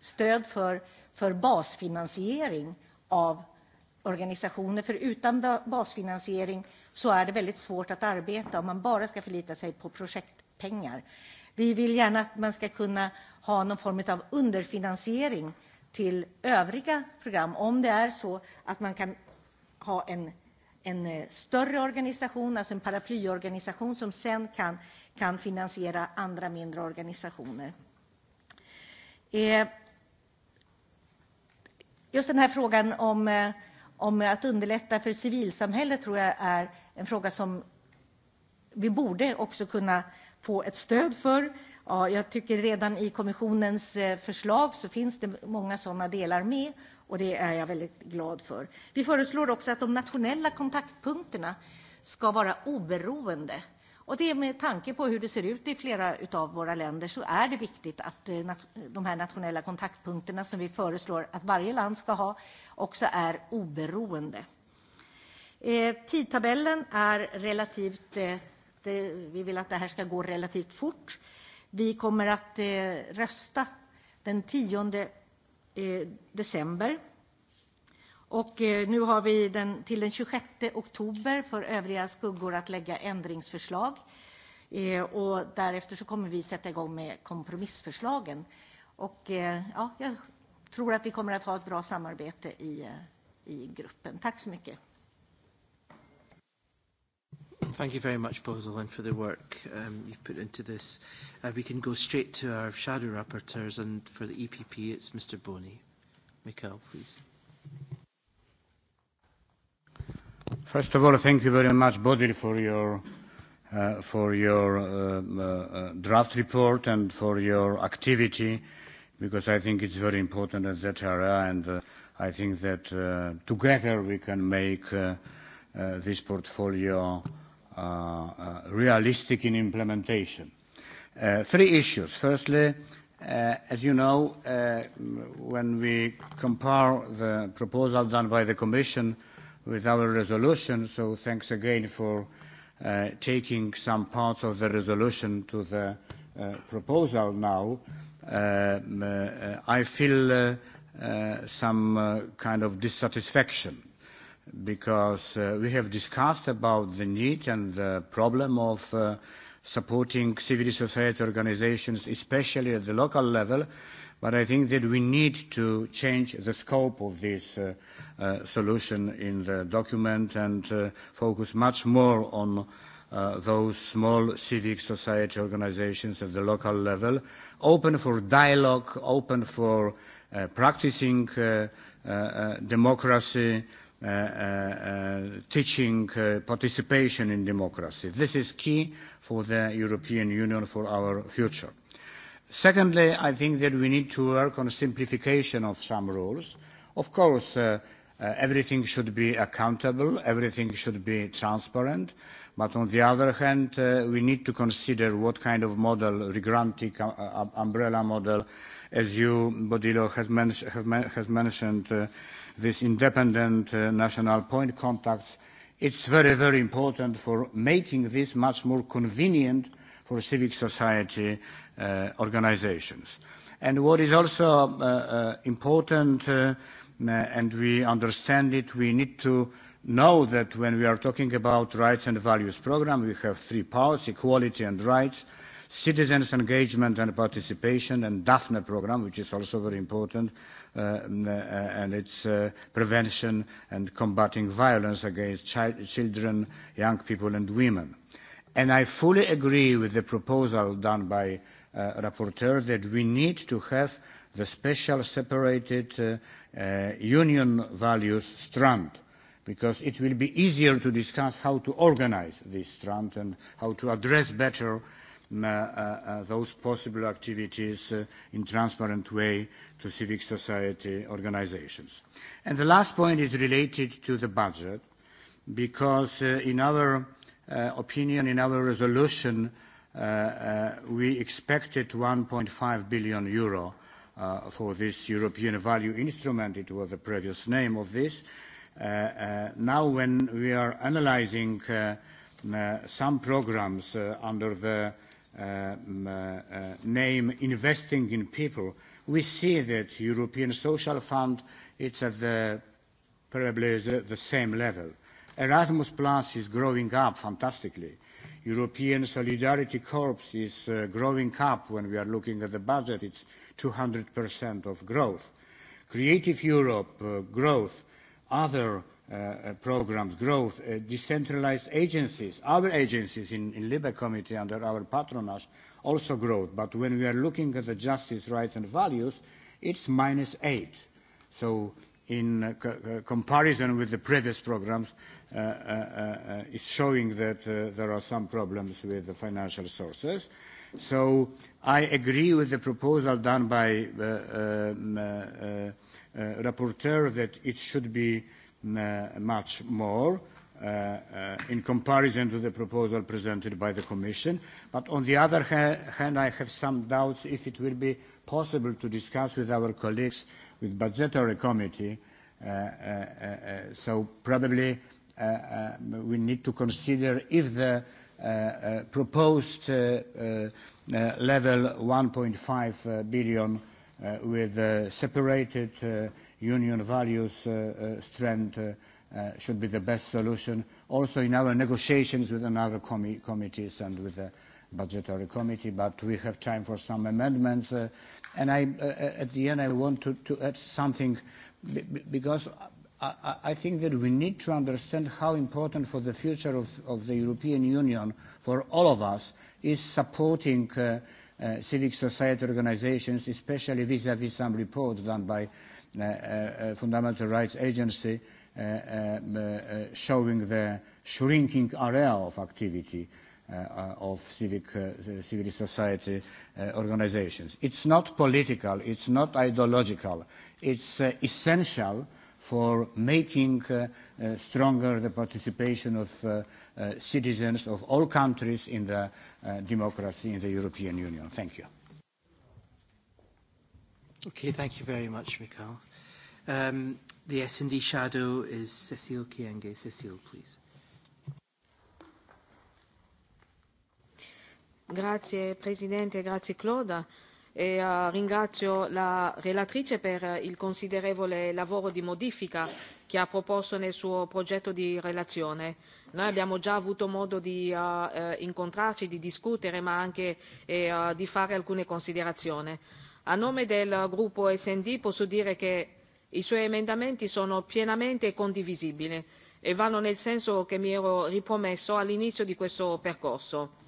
stöd för, för basfinansiering av organisationer. För utan basfinansiering så är det väldigt svårt att arbeta om man bara ska förlita sig på projektpengar. Vi vill gärna att man ska kunna ha någon form av underfinansiering till övriga program om det är så att man kan ha en, en eh, större organisation, alltså en paraplyorganisation som sen kan, kan finansiera andra mindre organisationer. Eh, just den här frågan om, eh, om att underlätta för civilsamhället tror jag är en fråga som vi borde också kunna få ett stöd för. Ja, jag tycker redan i kommissionens eh, förslag så finns det många sådana delar med och det är jag väldigt glad för. Vi föreslår också att de nationella kontaktpunkterna ska vara oberoende Och det med tanke på hur det ser ut i flera av våra länder så är det viktigt att eh, de här nationella kontaktpunkterna som vi föreslår att varje land ska ha också är oberoende. Eh, tidtabellen är relativt... Eh, vi vill att det här ska gå relativt fort. Vi kommer att rösta den 10 december. Och eh, nu har vi den, till den 26 oktober för övriga skuggor att lägga ändringsförslag. Eh, och därefter så kommer vi sätta igång med kompromissförslagen. Och, eh, ja, jag tror att vi kommer att ha ett bra samarbete i, eh, i gruppen. Tack så mycket. Thank you very much, Bozal, and for the work um, you've put into this. Uh, we can go straight to our shadow rapporteurs, and for the EPP, it's Mr. Boney. Mikhail, please. First of all, thank you very much, Bodil, for your uh, uh, uh, draft report and for your activity, because I think it's very important at that area, and I think that together we can make this portfolio realistic in implementation. three issues. Firstly, as you know, when we compare the proposal done by the Commission with our resolution. So thanks again for uh, taking some parts of the resolution to the uh, proposal now. Um, uh, I feel uh, uh, some uh, kind of dissatisfaction because uh, we have discussed about the need and the problem of uh, supporting civil society organizations, especially at the local level, but I think that we need to change the scope of this uh, Uh, solution in the document and uh, focus much more on uh, those small civic society organizations at the local level, open for dialogue, open for uh, practicing uh, uh, democracy, uh, uh, uh, teaching uh, participation in democracy. This is key for the European Union for our future. Secondly, I think that we need to work on simplification of some rules. Of course, uh, Uh, everything should be accountable, everything should be transparent. But on the other hand, uh, we need to consider what kind of model, regrantic uh, uh, umbrella model, as you, Bodilo, has, men have men has mentioned, uh, this independent uh, national point contacts. It's very, very important for making this much more convenient for civic society uh, organizations. And what is also uh, uh, important uh, Uh, and we understand it, we need to know that when we are talking about rights and values program, we have three powers, equality and rights, citizens engagement and participation, and Daphne program, which is also very important, uh, mm, uh and it's uh, prevention and combating violence against chi children, young people, and women. And I fully agree with the proposal done by uh, rapporteur that we need to have the special separated uh, uh, union values strand because it will be easier to discuss how to organize this strand and how to address better mm, uh, uh, those possible activities uh, in transparent way to civic society organizations. And the last point is related to the budget because uh, in our uh, opinion, in our resolution, uh, uh, we expected 1.5 billion euro Uh, for this European Value Instrument. It was the previous name of this. Uh, uh, now when we are analyzing uh, uh, some programs uh, under the uh, uh, uh, name Investing in People, we see that European Social Fund, it's at the, probably the, uh, the same level. Erasmus Plus is growing up fantastically. European Solidarity Corps is uh, growing up when we are looking at the budget. It's 200% of growth. Creative Europe uh, growth, other uh, uh, programs growth, uh, decentralized agencies, our agencies in, in LIBE committee under our patronage also growth. But when we are looking at the justice, rights and values, it's minus eight. So in uh, co uh, comparison with the previous programs, uh, uh, uh is showing that there are some problems with the financial sources. So I agree with the proposal done by the uh, uh, uh, uh, rapporteur that it should be uh, much more uh, in comparison to the proposal presented by the Commission. But on the other hand, I have some doubts if it will be possible to discuss with our colleagues with budgetary committee. So probably we need to consider if the Uh, uh, proposed uh, level 1.5 billion with separated union values strength should be the best solution. Also in our negotiations with another committees and with the budgetary committee, but we have time for some amendments. And I, at the end, I want to add something because i, think that we need to understand how important for the future of, of the European Union, for all of us, is supporting uh, uh, civic society organizations, especially vis-à-vis -vis some reports done by uh, uh, uh Fundamental Rights Agency uh, um, uh, uh, showing the shrinking area of activity uh, uh, of civic, uh, civil society uh, organizations. It's not political, it's not ideological, it's uh, essential for making uh, uh, stronger the participation of uh, uh, citizens of all countries in the uh, democracy in the European Union. Thank you. Okay, thank you very much, Mikhail. Um, the S&D shadow is Cecile Kienge. Cecile, please. Grazie Presidente, grazie Claude e uh, ringrazio la relatrice per il considerevole lavoro di modifica che ha proposto nel suo progetto di relazione. Noi abbiamo già avuto modo di uh, uh, incontrarci, di discutere, ma anche uh, di fare alcune considerazioni. A nome del gruppo SD posso dire che i suoi emendamenti sono pienamente condivisibili e vanno nel senso che mi ero ripromesso all'inizio di questo percorso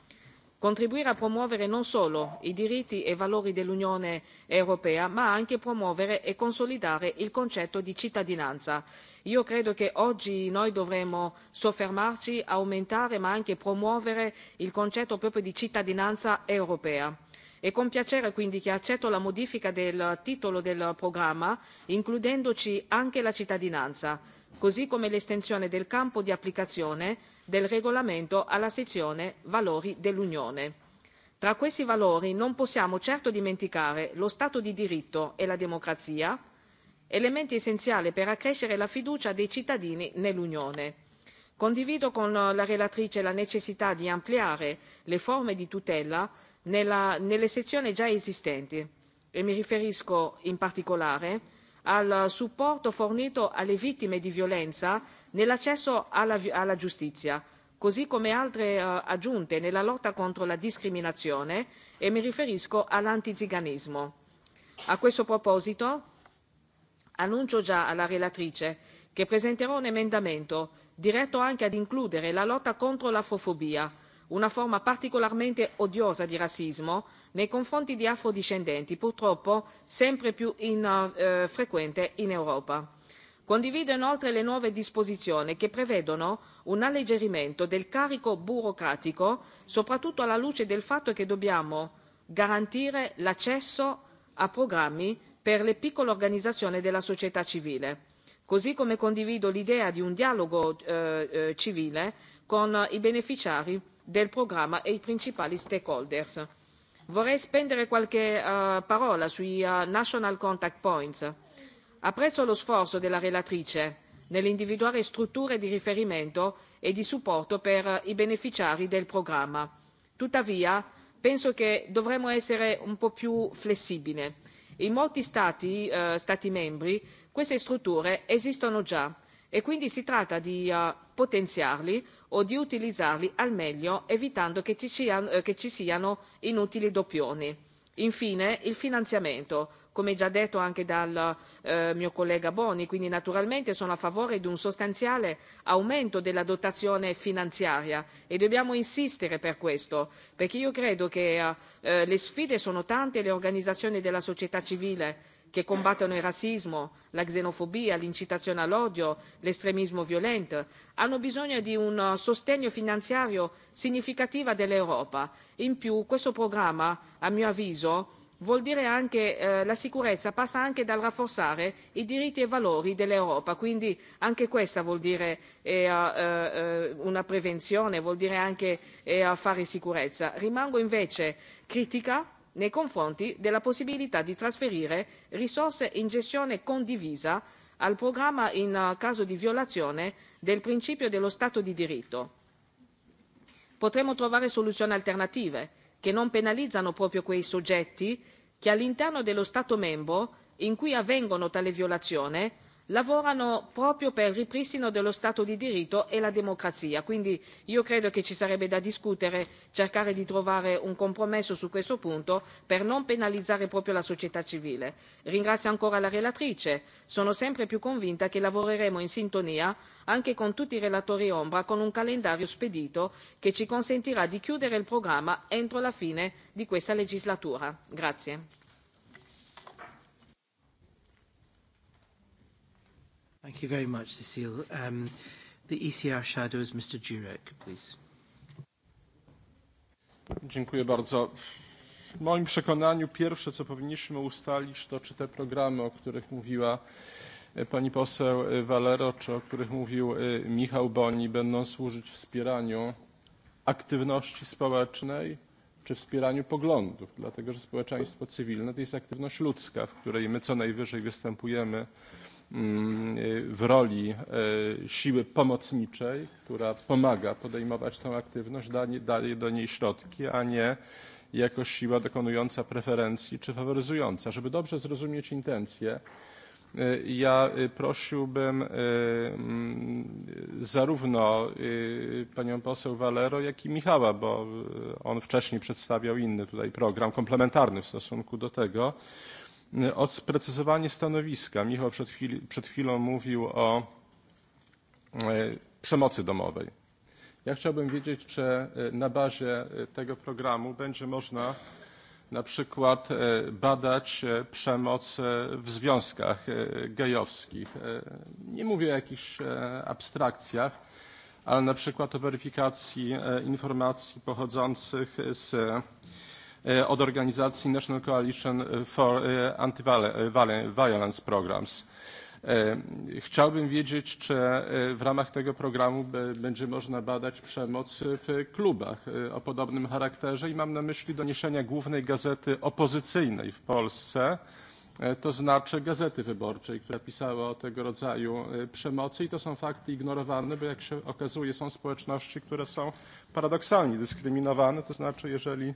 contribuire a promuovere non solo i diritti e i valori dell'Unione europea, ma anche promuovere e consolidare il concetto di cittadinanza. Io credo che oggi noi dovremmo soffermarci, aumentare ma anche promuovere il concetto proprio di cittadinanza europea. È e con piacere quindi che accetto la modifica del titolo del programma, includendoci anche la cittadinanza, così come l'estensione del campo di applicazione del regolamento alla sezione Valori dell'Unione. Tra questi valori non possiamo certo dimenticare lo Stato di diritto e la democrazia, elementi essenziali per accrescere la fiducia dei cittadini nell'Unione. Condivido con la relatrice la necessità di ampliare le forme di tutela nella, nelle sezioni già esistenti e mi riferisco in particolare al supporto fornito alle vittime di violenza nell'accesso alla, alla giustizia, così come altre uh, aggiunte nella lotta contro la discriminazione e mi riferisco all'antiziganismo. A questo proposito annuncio già alla relatrice che presenterò un emendamento diretto anche ad includere la lotta contro l'afrofobia, una forma particolarmente odiosa di razzismo nei confronti di afrodiscendenti, purtroppo sempre più in, uh, frequente in Europa. Condivido inoltre le nuove disposizioni che prevedono un alleggerimento del carico burocratico, soprattutto alla luce del fatto che dobbiamo garantire l'accesso a programmi per le piccole organizzazioni della società civile. Così come condivido l'idea di un dialogo eh, eh, civile con i beneficiari del programma e i principali stakeholder. Vorrei spendere qualche eh, parola sui National Contact Points Apprezzo lo sforzo della relatrice nell'individuare strutture di riferimento e di supporto per eh, i beneficiari del programma. Tuttavia, penso che dovremmo essere un po' più flessibili. In molti stati, eh, stati membri queste strutture esistono già e quindi si tratta di uh, potenziarli o di utilizzarli al meglio evitando che ci, siano, eh, che ci siano inutili doppioni. Infine, il finanziamento come già detto anche dal eh, mio collega Boni. Quindi naturalmente sono a favore di un sostanziale aumento della dotazione finanziaria e dobbiamo insistere per questo, perché io credo che eh, eh le sfide sono tante e le organizzazioni della società civile che combattono il razzismo, la xenofobia, l'incitazione all'odio, l'estremismo violento, hanno bisogno di un sostegno finanziario significativo dell'Europa. In più questo programma, a mio avviso, vuol dire anche eh, la sicurezza passa anche dal rafforzare i diritti e i valori dell'Europa, quindi anche questa vuol dire eh, eh, eh una prevenzione, vuol dire anche eh, fare sicurezza. Rimango invece critica nei confronti della possibilità di trasferire risorse in gestione condivisa al programma in eh, caso di violazione del principio dello Stato di diritto. Potremmo trovare soluzioni alternative che non penalizzano proprio quei soggetti che all'interno dello Stato membro in cui avvengono tali violazioni lavorano proprio per il ripristino dello Stato di diritto e la democrazia. Quindi io credo che ci sarebbe da discutere, cercare di trovare un compromesso su questo punto per non penalizzare proprio la società civile. Ringrazio ancora la relatrice, sono sempre più convinta che lavoreremo in sintonia anche con tutti i relatori ombra con un calendario spedito che ci consentirà di chiudere il programma entro la fine di questa legislatura. Grazie. Thank you very much, Cecile. Um, the ECR shadows, Mr. Jurek, please. Dziękuję bardzo. W moim przekonaniu pierwsze, co powinniśmy ustalić, to czy te programy, o których mówiła e, pani poseł e, Valero, czy o których mówił e, Michał Boni, będą służyć wspieraniu aktywności społecznej, czy wspieraniu poglądów, dlatego że społeczeństwo cywilne to jest aktywność ludzka, w której my co najwyżej występujemy Mm, w roli e, siły pomocniczej, która pomaga podejmować tę aktywność, daje, daje do niej środki, a nie jako siła dokonująca preferencji czy faworyzująca. Żeby dobrze zrozumieć intencje, e, ja e, prosiłbym mm, zarówno panią poseł Valero, jak i Michała, bo on wcześniej przedstawiał inny tutaj program komplementarny w stosunku do tego, o sprecyzowanie stanowiska. Michał przed, chwili, przed chwilą mówił o e, przemocy domowej. Ja chciałbym wiedzieć, czy e, na bazie e, tego programu będzie można na przykład badać przemoc w związkach gejowskich. Nie mówię o jakichś abstrakcjach, ale na przykład o weryfikacji informacji pochodzących z E, od organizacji National Coalition e, for e, Anti-Violence Programs. Chciałbym wiedzieć, czy w ramach tego programu będzie można badać przemoc w klubach o podobnym charakterze i mam na myśli doniesienia głównej gazety opozycyjnej w Polsce, to znaczy Gazety Wyborczej, która pisała o tego rodzaju przemocy i to są fakty ignorowane, bo jak się okazuje są społeczności, które są paradoksalnie dyskryminowane, to znaczy jeżeli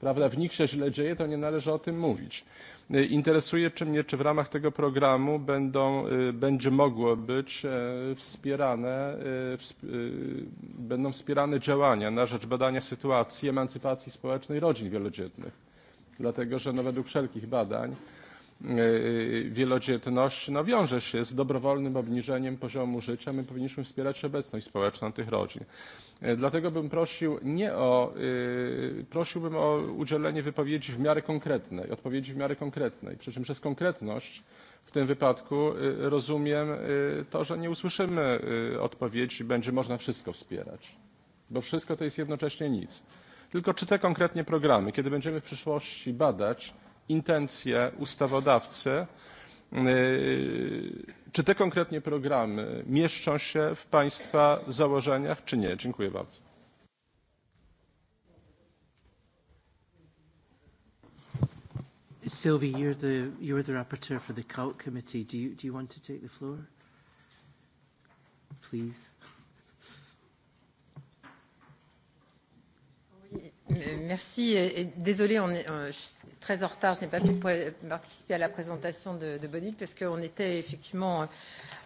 prawda, w nich się źle dzieje, to nie należy o tym mówić. E, interesuje czy mnie, czy w ramach tego programu będą, e, będzie mogło być e, wspierane, będą wspierane działania na rzecz badania sytuacji emancypacji społecznej rodzin wielodzietnych. Dlatego, że no według wszelkich badań wielodzietność no, wiąże się z dobrowolnym obniżeniem poziomu życia. My powinniśmy wspierać obecność społeczną tych rodzin. Dlatego bym prosił nie o, prosiłbym o udzielenie wypowiedzi w miarę konkretnej, odpowiedzi w miarę konkretnej. Przy czym przez konkretność w tym wypadku rozumiem to, że nie usłyszymy odpowiedzi, będzie można wszystko wspierać, bo wszystko to jest jednocześnie nic. Tylko czy te konkretnie programy, kiedy będziemy w przyszłości badać, intencje ustawodawcy. E, czy te konkretnie programy mieszczą się w Państwa założeniach, czy nie? Dziękuję bardzo. Sylvie, you're the, you're the rapporteur for the CULT committee. Do you, do you want to take the floor? Please. Euh, merci. Désolée, on est euh, très en retard. Je n'ai pas pu participer à la présentation de, de Bodil parce qu'on était effectivement euh,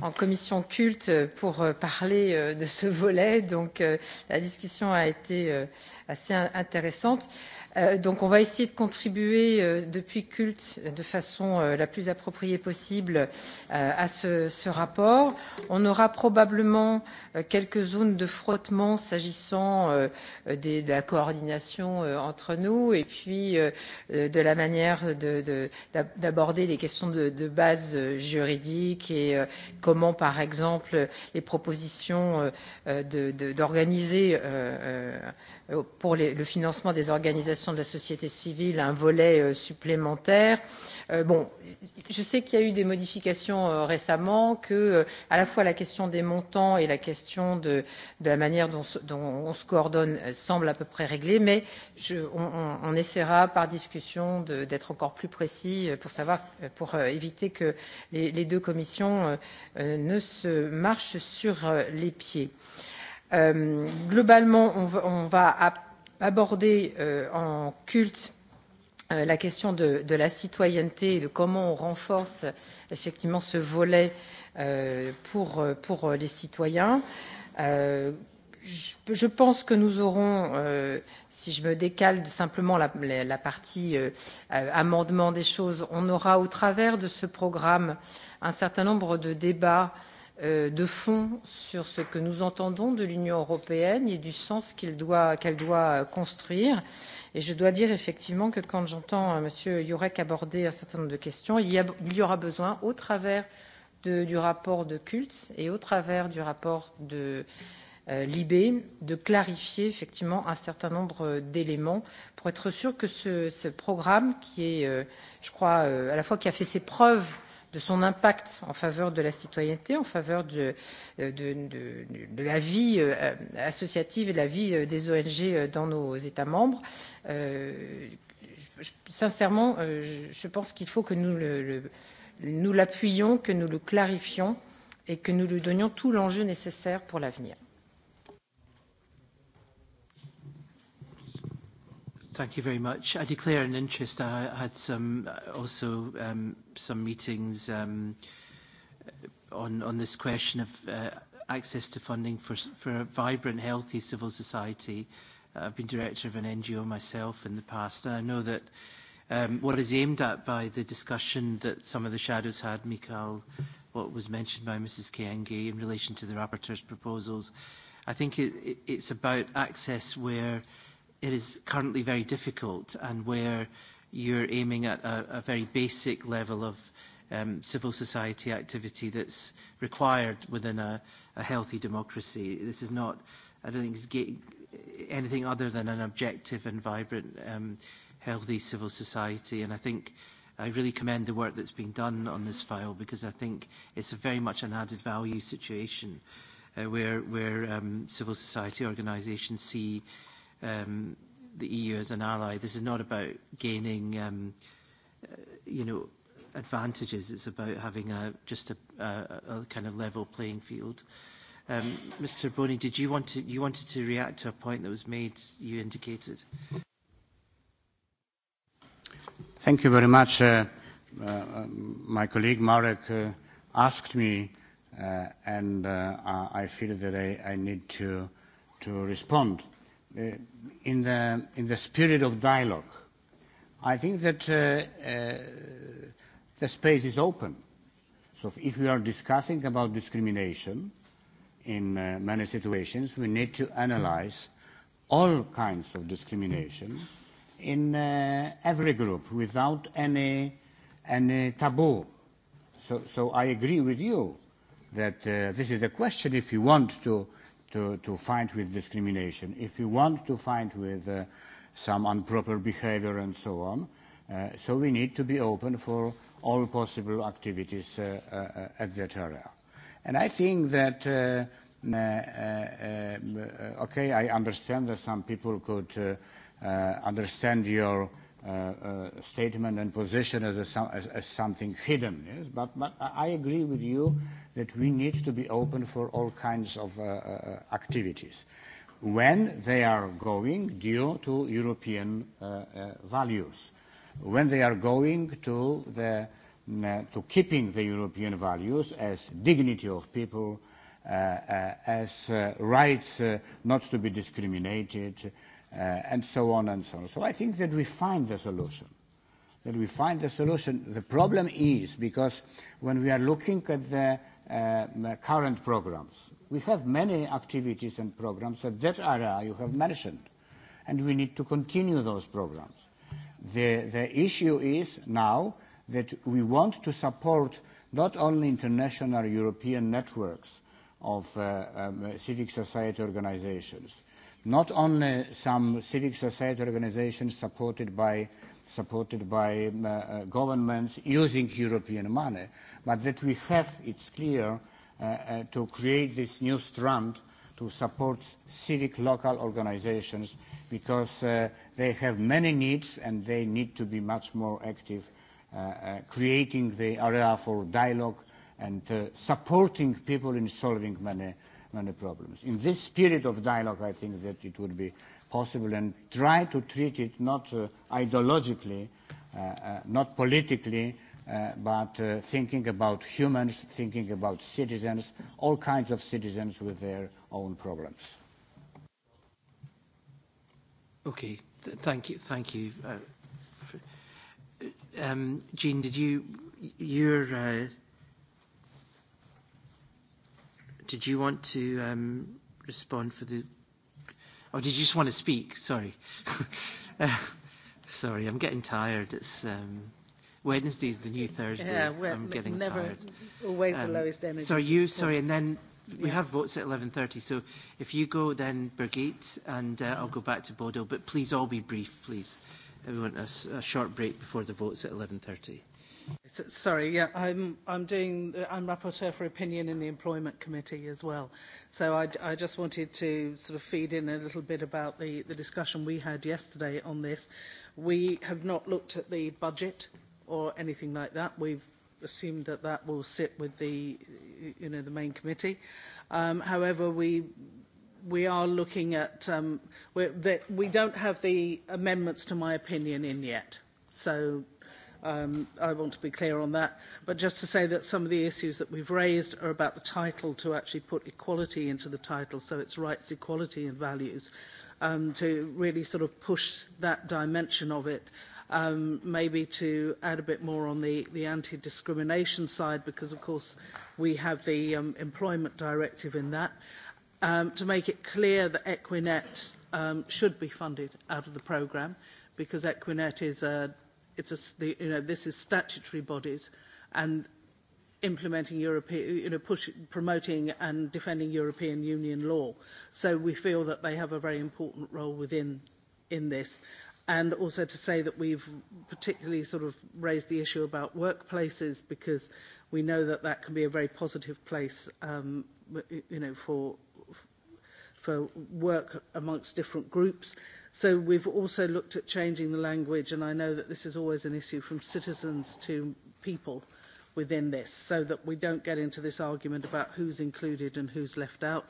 en commission culte pour euh, parler de ce volet. Donc euh, la discussion a été assez intéressante. Euh, Euh, donc on va essayer de contribuer euh, depuis culte de façon euh, la plus appropriée possible euh, à ce, ce rapport. On aura probablement euh, quelques zones de frottement s'agissant euh, de la coordination euh, entre nous et puis euh, de la manière d'aborder de, de, les questions de, de base euh, juridique et euh, comment par exemple les propositions euh, d'organiser euh, de, de, euh, pour les, le financement des organisations l'organisation de la société civile un volet euh, supplémentaire. Euh, bon, je sais qu'il y a eu des modifications euh, récemment, que à la fois la question des montants et la question de, de la manière dont, dont on se coordonne semble à peu près réglée, mais je, on, on, essaiera par discussion d'être encore plus précis pour savoir, pour éviter que les, les deux commissions ne se marchent sur les pieds. Euh, globalement, on va, on va abordé euh, en culte euh, la question de, de la citoyenneté et de comment on renforce effectivement ce volet euh, pour, pour les citoyens. Euh, je, pense que nous aurons, euh, si je me décale de simplement la, la, la partie euh, euh amendement des choses, on aura au travers de ce programme un certain nombre de débats Euh, de fond sur ce que nous entendons de l'Union européenne et du sens qu'elle doit, qu doit construire. Et je dois dire effectivement que quand j'entends euh, M. Jurek aborder un certain nombre de questions, il y, a, il y aura besoin, au travers de, du rapport de Kultz et au travers du rapport de euh, Libé, de clarifier effectivement un certain nombre euh, d'éléments pour être sûr que ce, ce programme qui est, euh, je crois, euh, à la fois qui a fait ses preuves de son impact en faveur de la citoyenneté, en faveur de, euh, de, de, de la vie euh, associative et de la vie euh, des ONG dans nos États membres. Euh, je, sincèrement, je pense qu'il faut que nous, le, le, nous l'appuyions, que nous le clarifions et que nous lui donnions tout l'enjeu nécessaire pour l'avenir. Thank you very much. I declare an interest. I had some uh, also um, some meetings um, on on this question of uh, access to funding for for a vibrant, healthy civil society. I've been director of an NGO myself in the past, and I know that um, what is aimed at by the discussion that some of the shadows had, Mikhail, what was mentioned by Mrs. Kienge in relation to the rapporteur's proposals, I think it, it, it's about access where it is currently very difficult and where you're aiming at a, a very basic level of um, civil society activity that's required within a, a healthy democracy. This is not, I don't think, it's anything other than an objective and vibrant, um, healthy civil society. And I think I really commend the work that's been done on this file because I think it's a very much an added value situation uh, where, where um, civil society organisations see um, the EU as an ally. This is not about gaining, um, uh, you know, advantages. It's about having a just a, a, a kind of level playing field. Um, Mr. Boney, did you want to you wanted to react to a point that was made? You indicated. Thank you very much. Uh, uh, um, my colleague Marek uh, asked me, uh, and uh, I feel that I, I need to to respond. Uh, in the, in the spirit of dialogue. I think that uh, uh, the space is open. So if we are discussing about discrimination in uh, many situations, we need to analyze all kinds of discrimination in uh, every group without any, any taboo. So, so I agree with you that uh, this is a question if you want to uh, to, to fight with discrimination. If you want to fight with uh, some improper behavior and so on, uh, so we need to be open for all possible activities uh, uh, at uh, that area. And I think that, uh, uh, uh, uh, okay, I understand that some people could uh, uh, understand your uh, Uh, uh, statement and position as, a, as, as something hidden. Yes? But, but I agree with you that we need to be open for all kinds of uh, uh, activities when they are going due to European uh, uh, values, when they are going to, the, mm, uh, to keeping the European values as dignity of people, uh, uh, as uh, rights uh, not to be discriminated, uh, Uh, and so on and so on. So I think that we find the solution. That we find the solution. The problem is because when we are looking at the uh, current programs, we have many activities and programs at that area you have mentioned, and we need to continue those programs. The, the issue is now that we want to support not only international European networks of uh, um, civic society organizations, uh, not only some civic society organizations supported by supported by uh, uh, governments using European money, but that we have, it's clear, uh, uh, to create this new strand to support civic local organizations because uh, they have many needs and they need to be much more active uh, uh, creating the area for dialogue and uh, supporting people in solving many many problems. In this spirit of dialogue, I think that it would be possible and try to treat it not uh, ideologically, uh, uh, not politically, uh, but uh, thinking about humans, thinking about citizens, all kinds of citizens with their own problems. Okay, Th thank you, thank you. Uh, uh um, Jean, did you, your uh, did you want to um, respond for the... Oh, did you just want to speak? Sorry. uh, sorry, I'm getting tired. It's... Um, wednesday is the new Thursday. Yeah, we're I'm getting never tired. Always um, the lowest energy. sorry you, sorry, and then we yeah. have votes at 11.30, so if you go then, Birgit, and uh, I'll go back to Bodo, but please all be brief, please. We want a, a short break before the votes at 11.30. Sorry, yeah, I'm, I'm doing, I'm rapporteur for opinion in the Employment Committee as well. So I, I just wanted to sort of feed in a little bit about the, the discussion we had yesterday on this. We have not looked at the budget or anything like that. We've assumed that that will sit with the, you know, the main committee. Um, however, we we are looking at um, we're, that we don't have the amendments to my opinion in yet. So Um, I want to be clear on that. But just to say that some of the issues that we've raised are about the title to actually put equality into the title, so it's rights, equality and values, um, to really sort of push that dimension of it. Um, maybe to add a bit more on the, the anti-discrimination side, because of course we have the um, employment directive in that, um, to make it clear that Equinet um, should be funded out of the programme because Equinet is a It's a, the, you know, this is statutory bodies, and implementing European, you know, push, promoting and defending European Union law. So we feel that they have a very important role within in this. And also to say that we've particularly sort of raised the issue about workplaces because we know that that can be a very positive place, um, you know, for for work amongst different groups. So we've also looked at changing the language, and I know that this is always an issue from citizens to people within this, so that we don't get into this argument about who's included and who's left out.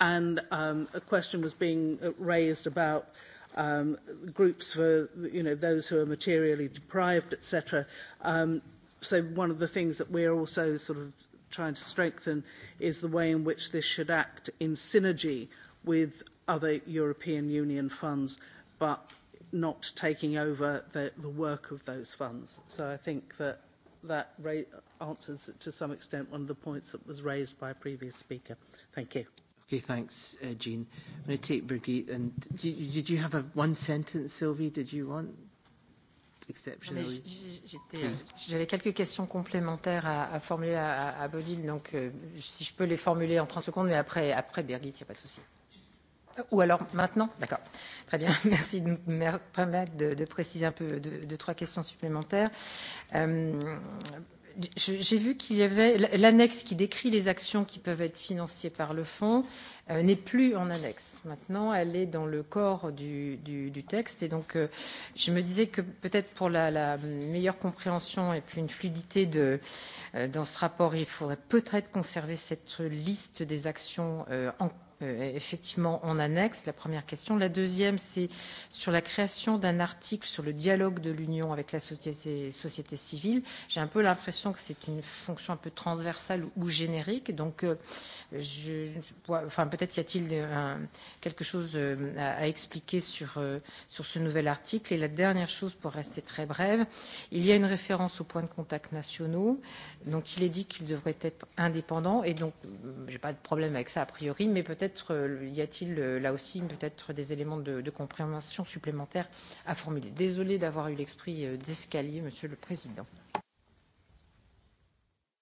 And um, a question was being raised about um, groups for you know those who are materially deprived, etc. Um, so one of the things that we're also sort of trying to strengthen is the way in which this should act in synergy with other European Union funds, but not taking over the, the work of those funds. So I think that that answers to some extent one of the points that was raised by a previous speaker. Thank you. Okay, thanks, uh, Jean. I'm going to take Brigitte. And did, did you have a one sentence, Sylvie? Did you want? Euh, j'avais quelques questions complémentaires à, à formuler à, à Bodil, donc euh, si je peux les formuler en 30 secondes, mais après, après Birgit, il n'y a pas de souci. Euh, Ou alors maintenant D'accord. Très bien. Merci de me permettre de, de préciser un peu deux, deux trois questions supplémentaires. Euh, J'ai vu qu'il y avait l'annexe qui décrit les actions qui peuvent être financées par le fonds euh, n'est plus en annexe. Maintenant, elle est dans le corps du, du, du texte. Et donc, euh, je me disais que peut-être pour la, la meilleure compréhension et puis une fluidité de, euh, dans ce rapport, il faudrait peut-être conserver cette liste des actions euh, en Euh, effectivement en annexe, la première question. La deuxième, c'est sur la création d'un article sur le dialogue de l'Union avec la société, société civile. J'ai un peu l'impression que c'est une fonction un peu transversale ou générique. Donc, euh, je, enfin, peut-être y a-t-il un, quelque chose euh, à, à expliquer sur, euh, sur ce nouvel article. Et la dernière chose, pour rester très brève, il y a une référence aux points de contact nationaux Donc, il est dit qu'ils devraient être indépendants. Et donc, euh, je n'ai pas de problème avec ça a priori, mais peut-être peut-être euh, y a-t-il euh, là aussi peut-être des éléments de, de compréhension supplémentaire à formuler. Désolé d'avoir eu l'esprit euh, d'escalier, Monsieur le Président.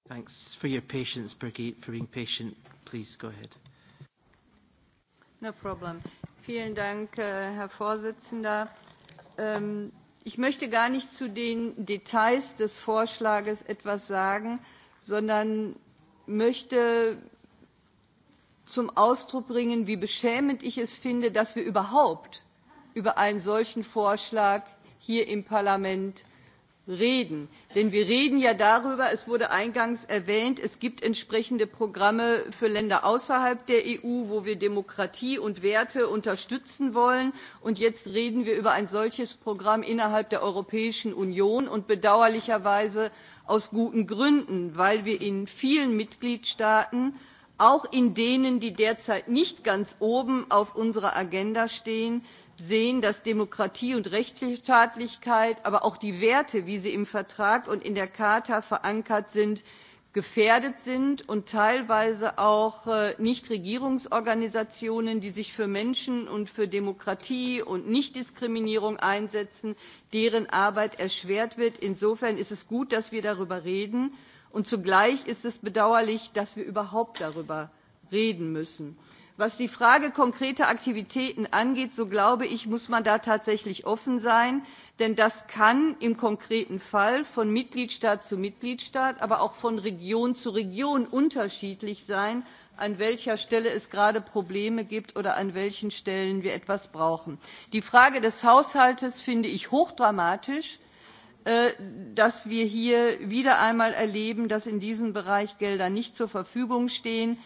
Thanks for your patience, Brigitte, for being patient. Please go ahead. No problem. Vielen Dank, äh, Herr Vorsitzender. Ähm, ich möchte gar nicht zu den Details des Vorschlages etwas sagen, sondern möchte zum Ausdruck bringen, wie beschämend ich es finde, dass wir überhaupt über einen solchen Vorschlag hier im Parlament reden. Denn wir reden ja darüber, es wurde eingangs erwähnt, es gibt entsprechende Programme für Länder außerhalb der EU, wo wir Demokratie und Werte unterstützen wollen. Und jetzt reden wir über ein solches Programm innerhalb der Europäischen Union und bedauerlicherweise aus guten Gründen, weil wir in vielen Mitgliedstaaten auch in denen, die derzeit nicht ganz oben auf unserer Agenda stehen, sehen, dass Demokratie und Rechtsstaatlichkeit, aber auch die Werte, wie sie im Vertrag und in der Charta verankert sind, gefährdet sind und teilweise auch äh, Nichtregierungsorganisationen, die sich für Menschen und für Demokratie und Nichtdiskriminierung einsetzen, deren Arbeit erschwert wird. Insofern ist es gut, dass wir darüber reden. Und zugleich ist es bedauerlich, dass wir überhaupt darüber reden müssen. Was die Frage konkreter Aktivitäten angeht, so glaube ich, muss man da tatsächlich offen sein, denn das kann im konkreten Fall von Mitgliedstaat zu Mitgliedstaat, aber auch von Region zu Region unterschiedlich sein, an welcher Stelle es gerade Probleme gibt oder an welchen Stellen wir etwas brauchen. Die Frage des Haushaltes finde ich hochdramatisch Äh, dass wir hier wieder einmal erleben, dass in diesem Bereich Gelder nicht zur Verfügung stehen.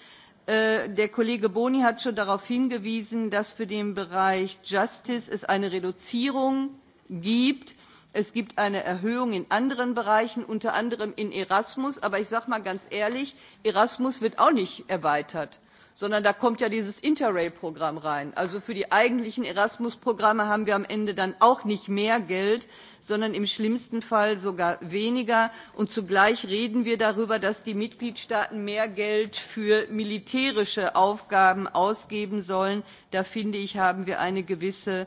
Äh, der Kollege Boni hat schon darauf hingewiesen, dass für den Bereich Justice es eine Reduzierung gibt. Es gibt eine Erhöhung in anderen Bereichen, unter anderem in Erasmus. Aber ich sage mal ganz ehrlich, Erasmus wird auch nicht erweitert sondern da kommt ja dieses Interrail-Programm rein. Also für die eigentlichen Erasmus-Programme haben wir am Ende dann auch nicht mehr Geld, sondern im schlimmsten Fall sogar weniger. Und zugleich reden wir darüber, dass die Mitgliedstaaten mehr Geld für militärische Aufgaben ausgeben sollen. Da finde ich, haben wir eine gewisse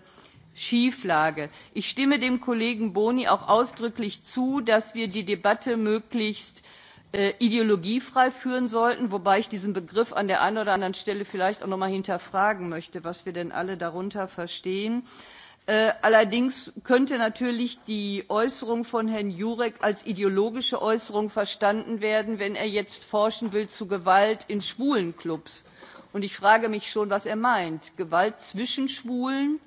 Schieflage. Ich stimme dem Kollegen Boni auch ausdrücklich zu, dass wir die Debatte möglichst äh, Äh, ideologiefrei führen sollten, wobei ich diesen Begriff an der einen oder anderen Stelle vielleicht auch noch nochmal hinterfragen möchte, was wir denn alle darunter verstehen. Äh, allerdings könnte natürlich die Äußerung von Herrn Jurek als ideologische Äußerung verstanden werden, wenn er jetzt forschen will zu Gewalt in schwulen Clubs. Und ich frage mich schon, was er meint. Gewalt zwischen Schwulen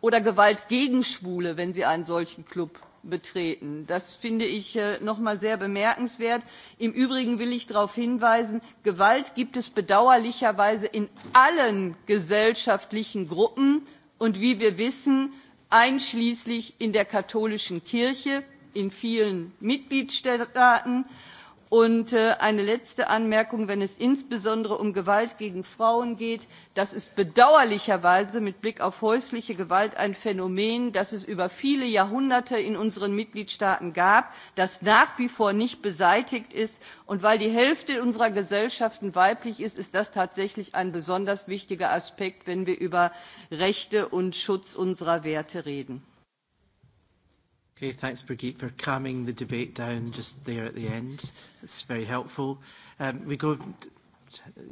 oder Gewalt gegen Schwule, wenn sie einen solchen Club betreten. Das finde ich äh, noch mal sehr bemerkenswert. Im Übrigen will ich darauf hinweisen, Gewalt gibt es bedauerlicherweise in allen gesellschaftlichen Gruppen und wie wir wissen, einschließlich in der katholischen Kirche in vielen Mitgliedstaaten. Und äh, eine letzte Anmerkung, wenn es insbesondere um Gewalt gegen Frauen geht, das ist bedauerlicherweise mit Blick auf häusliche Gewalt ein Phänomen, das es über viele Jahrhunderte in unseren Mitgliedstaaten gab, das nach wie vor nicht beseitigt ist. Und weil die Hälfte unserer Gesellschaften weiblich ist, ist das tatsächlich ein besonders wichtiger Aspekt, wenn wir über Rechte und Schutz unserer Werte reden. Okay, thanks, Brigitte, for calming the debate down just there at the end. It's very helpful. Um, we go,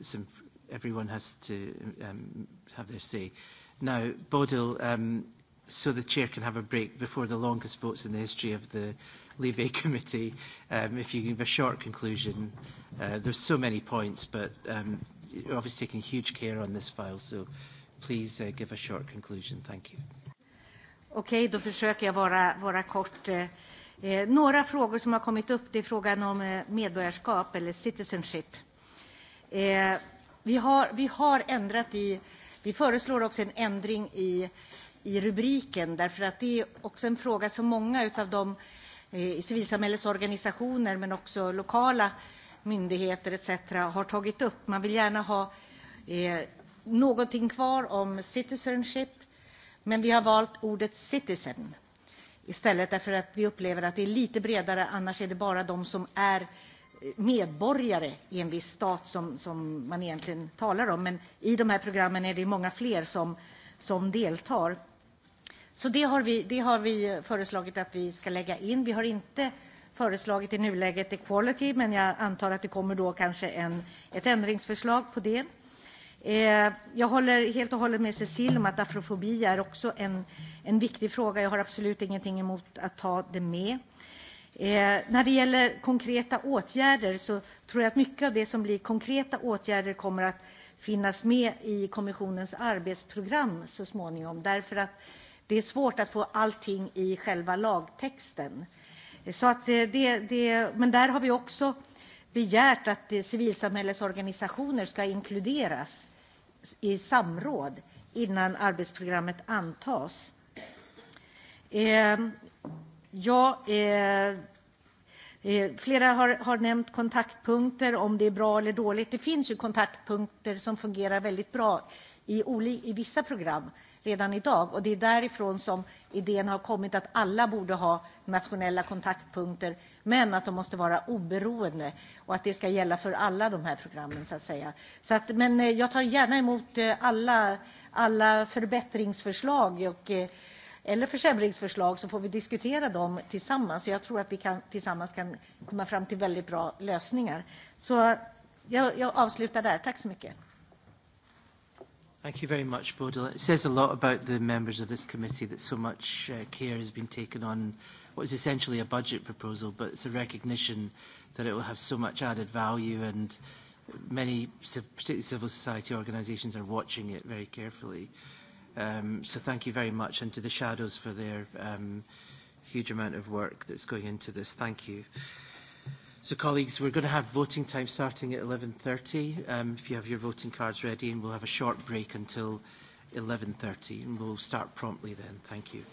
some, everyone has to um, have their say. Now, Bodil, um, so the chair can have a break before the longest votes in the history of the Leave Committee. Um, if you give a short conclusion, uh, there's so many points, but um, you're obviously taking huge care on this file, so please uh, give a short conclusion. Thank you. Okej, okay, då försöker jag vara, vara kort. Eh, eh, några frågor som har kommit upp det är frågan om eh, medborgarskap eller citizenship. Eh, vi, har, vi har ändrat i, vi föreslår också en ändring i, i rubriken därför att det är också en fråga som många av de eh, civilsamhällets organisationer men också lokala myndigheter etc. har tagit upp. Man vill gärna ha eh, någonting kvar om citizenship Men vi har valt ordet citizen istället därför att vi upplever att det är lite bredare. Annars är det bara de som är eh, medborgare i en viss stat som, som man egentligen talar om. Men i de här programmen är det många fler som, som deltar. Så det har, vi, det har vi föreslagit att vi ska lägga in. Vi har inte föreslagit i nuläget equality, men jag antar att det kommer då kanske en, ett ändringsförslag på det. Eh, jag håller helt och hållet med Cecil om att afrofobi är också en, en viktig fråga. Jag har absolut ingenting emot att ta det med. Eh, när det gäller konkreta åtgärder så tror jag att mycket av det som blir konkreta åtgärder kommer att finnas med i kommissionens arbetsprogram så småningom. Därför att det är svårt att få allting i själva lagtexten. Så att eh, det, det, men där har vi också begärt att civilsamhällesorganisationer ska inkluderas i samråd innan arbetsprogrammet antas. Ehm, eh, ja, eh, flera har, har nämnt kontaktpunkter, om det är bra eller dåligt. Det finns ju kontaktpunkter som fungerar väldigt bra i, i vissa program redan idag. Och det är därifrån som idén har kommit att alla borde ha nationella kontaktpunkter men att de måste vara oberoende och att det ska gälla för alla de här programmen så att säga. Så att, men eh, jag tar gärna emot eh, alla, alla förbättringsförslag och, eh, eller försämringsförslag så får vi diskutera dem tillsammans. Jag tror att vi kan, tillsammans kan komma fram till väldigt bra lösningar. Så jag, jag avslutar där. Tack så mycket. Thank you very much, Bodil. It says a lot about the members of this committee that so much uh, care has been taken on what is essentially a budget proposal, but it's a recognition that it will have so much added value and many, particularly civil society organisations, are watching it very carefully. Um, so thank you very much and to the shadows for their um, huge amount of work that's going into this. Thank you. So colleagues, we're going to have voting time starting at 11.30. Um, if you have your voting cards ready and we'll have a short break until 11.30 and we'll start promptly then. Thank you.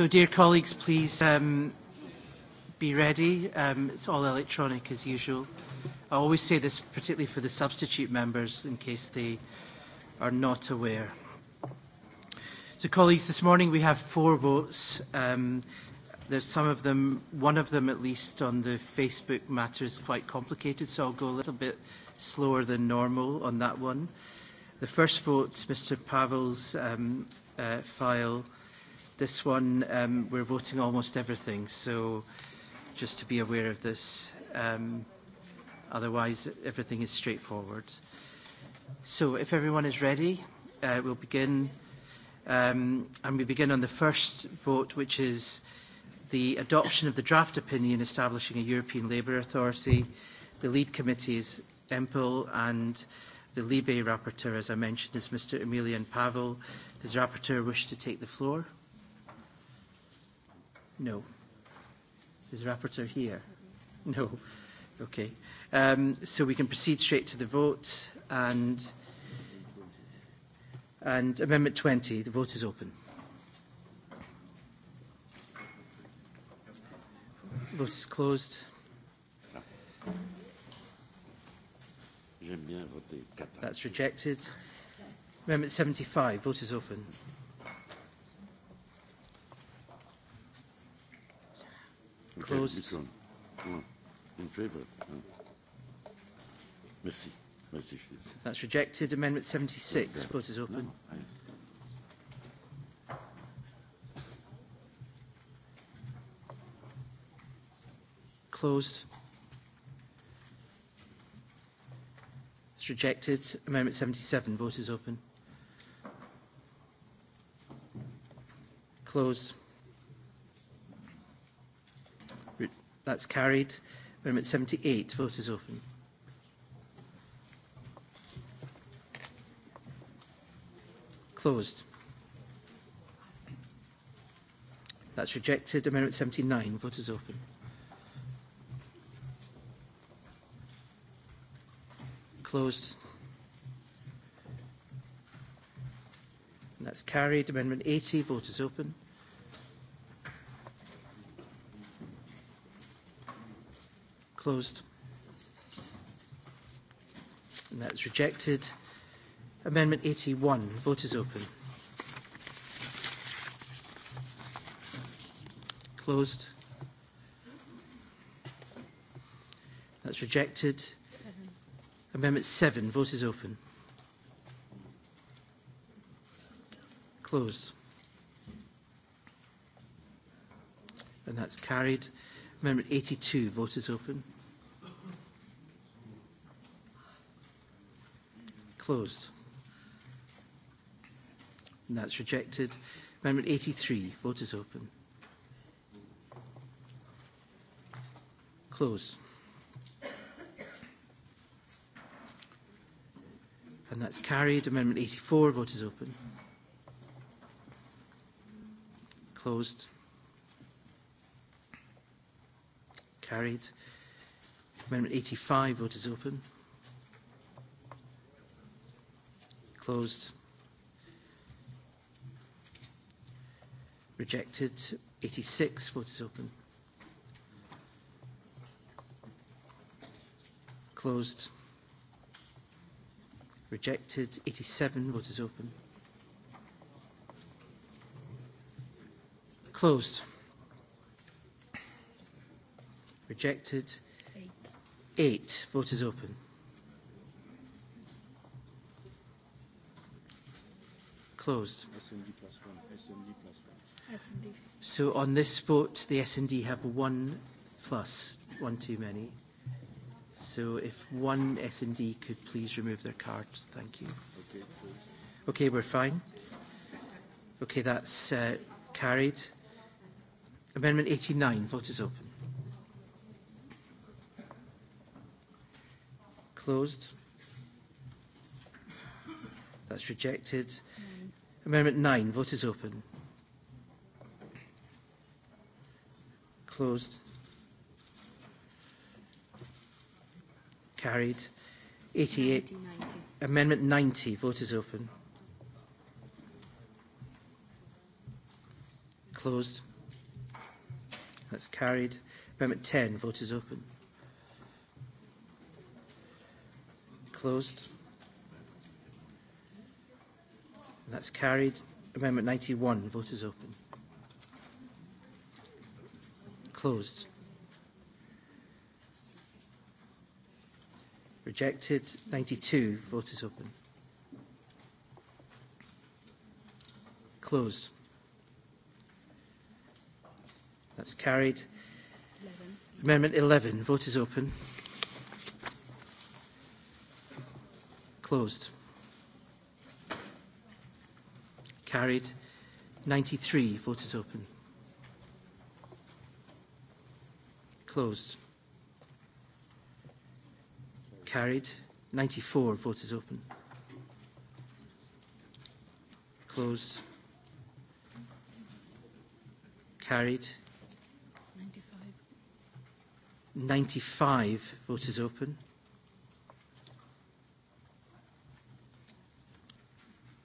So, dear colleagues, please um, be ready. Um, it's all electronic as usual. I always say this particularly for the substitute members in case they are not aware. So, colleagues, this morning we have four votes. Um, there's some of them, one of them at least, on the Facebook matter is quite complicated, so I'll go a little bit slower than normal on that one. The first vote, Mr. Pavel's um, uh, file This one, um, we're voting almost everything, so just to be aware of this. Um, otherwise, everything is straightforward. So if everyone is ready, uh, we'll begin. Um, and we begin on the first vote, which is the adoption of the draft opinion establishing a European Labour Authority. The lead committee is EMPL and the Libe rapporteur, as I mentioned, is Mr. Emilian Pavel. Does the rapporteur wish to take the floor? No. Is the rapporteur here? No. Okay. Um, so we can proceed straight to the vote and and amendment 20 the vote is open. Vote is closed. That's rejected. Amendment 75 vote is open. Closed. In favour. Merci. Merci, That's rejected. Amendment 76. No, Vote is open. Closed. It's rejected. Amendment 77. Vote is open. Closed. That's carried. Amendment 78. Vote is open. Closed. That's rejected. Amendment 79. Vote is open. Closed. And that's carried. Amendment 80. Vote is open. Closed. And that is rejected. Amendment 81. Vote is open. Closed. That's rejected. Seven. Amendment 7. Vote is open. Closed. And that's carried. Amendment 82, vote is open. Closed. And that's rejected. Amendment 83, vote is open. Closed. And that's carried. Amendment 84, vote is open. Closed. carried. Amendment 85, vote is open. Closed. Rejected. 86, vote is open. Closed. Rejected. 87, vote is open. Closed. Rejected. Eight. Eight. Vote is open. Closed. SND plus one. SND plus one. So on this vote, the SND have one plus, one too many. So if one S&D could please remove their card, thank you. Okay, okay we're fine. Okay, that's uh, carried. Amendment 89, vote is open. Closed. That's rejected. Mm. Amendment 9. Vote is open. Closed. Carried. 88. 90, 90. Amendment 90. Vote is open. Closed. That's carried. Amendment 10. Vote is open. closed. And that's carried. Amendment 91, vote is open. Closed. Rejected. 92, vote is open. Closed. That's carried. 11. Amendment 11, vote is open. Closed. Carried. 93. Vote is open. Closed. Carried. 94. Vote is open. Closed. Carried. 95. 95. Vote is open.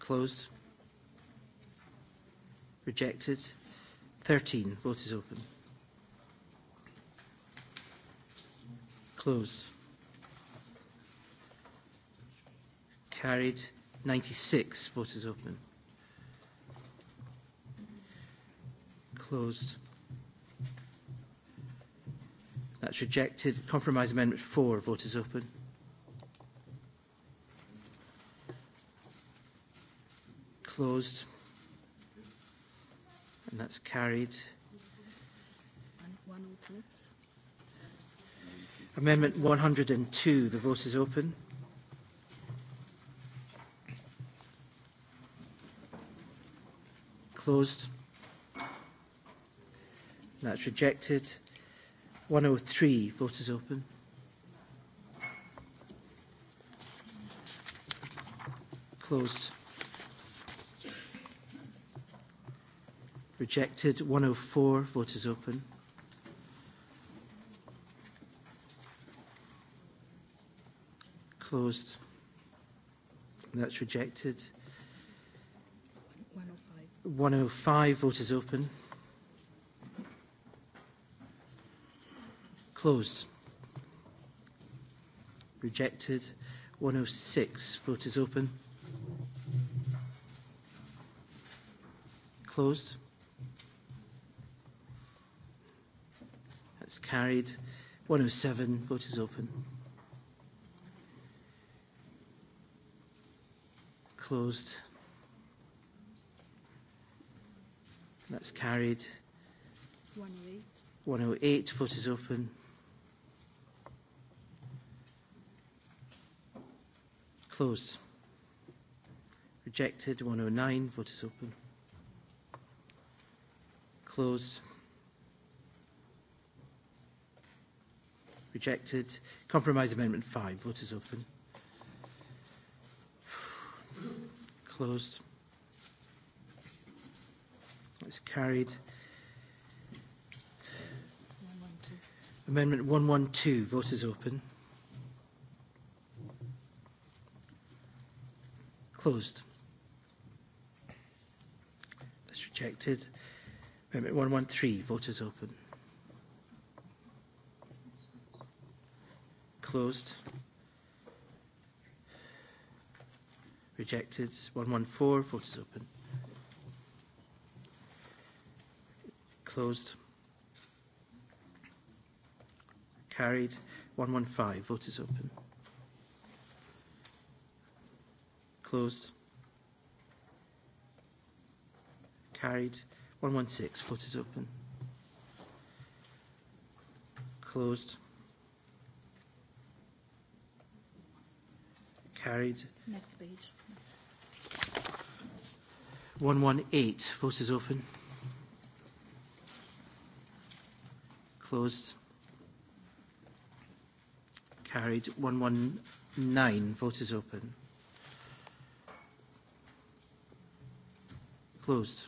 Closed. Rejected. 13. Vote is open. Closed. Carried. 96. Vote is open. Closed. That's rejected. Compromise Amendment 4. Vote is open. closed. And that's carried. Amendment 102. The vote is open. Closed. That's rejected. 103. Vote is open. Closed. Rejected. 104. Vote is open. Closed. That's rejected. 105. 105. Vote is open. Closed. Rejected. 106. Vote is open. Closed. carried. 107, vote is open. Closed. That's carried. 108. 108, vote is open. Closed. Rejected. 109, vote is open. Closed. Rejected. Compromise Amendment 5. Vote is open. Closed. It's carried. Amendment 112. Vote is open. Closed. That's rejected. Amendment 113. Vote is open. closed. Rejected. 114. Vote is open. Closed. Carried. 115. Vote is open. Closed. Carried. 116. Vote is open. Closed. Carried. Next page. 118. Vote is open. Closed. Carried. 119. Vote is open. Closed.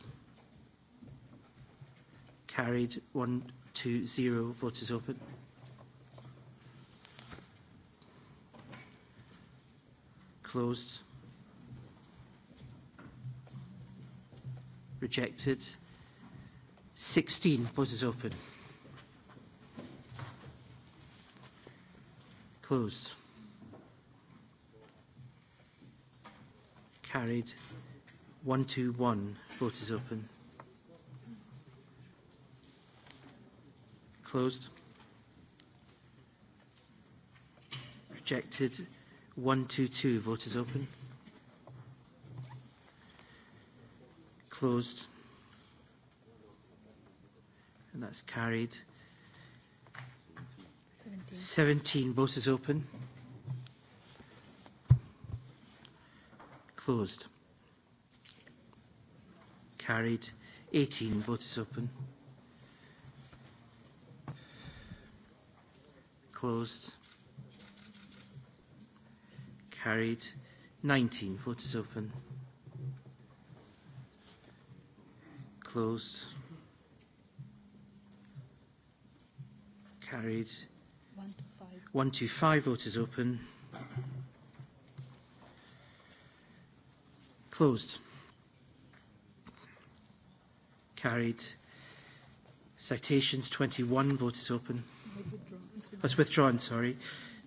Carried. 120. Vote is open. closed. Rejected. 16. Vote is open. Closed. Carried. 121. Vote is open. Closed. Rejected. 122. Vote is open. Closed. And that's carried. 17. 17. Vote is open. Closed. Carried. 18. Vote is open. Closed carried. 19. Vote is open. Closed. Carried. 125. Vote is open. Closed. Carried. Citations 21. Vote is open. That's withdrawn, sorry.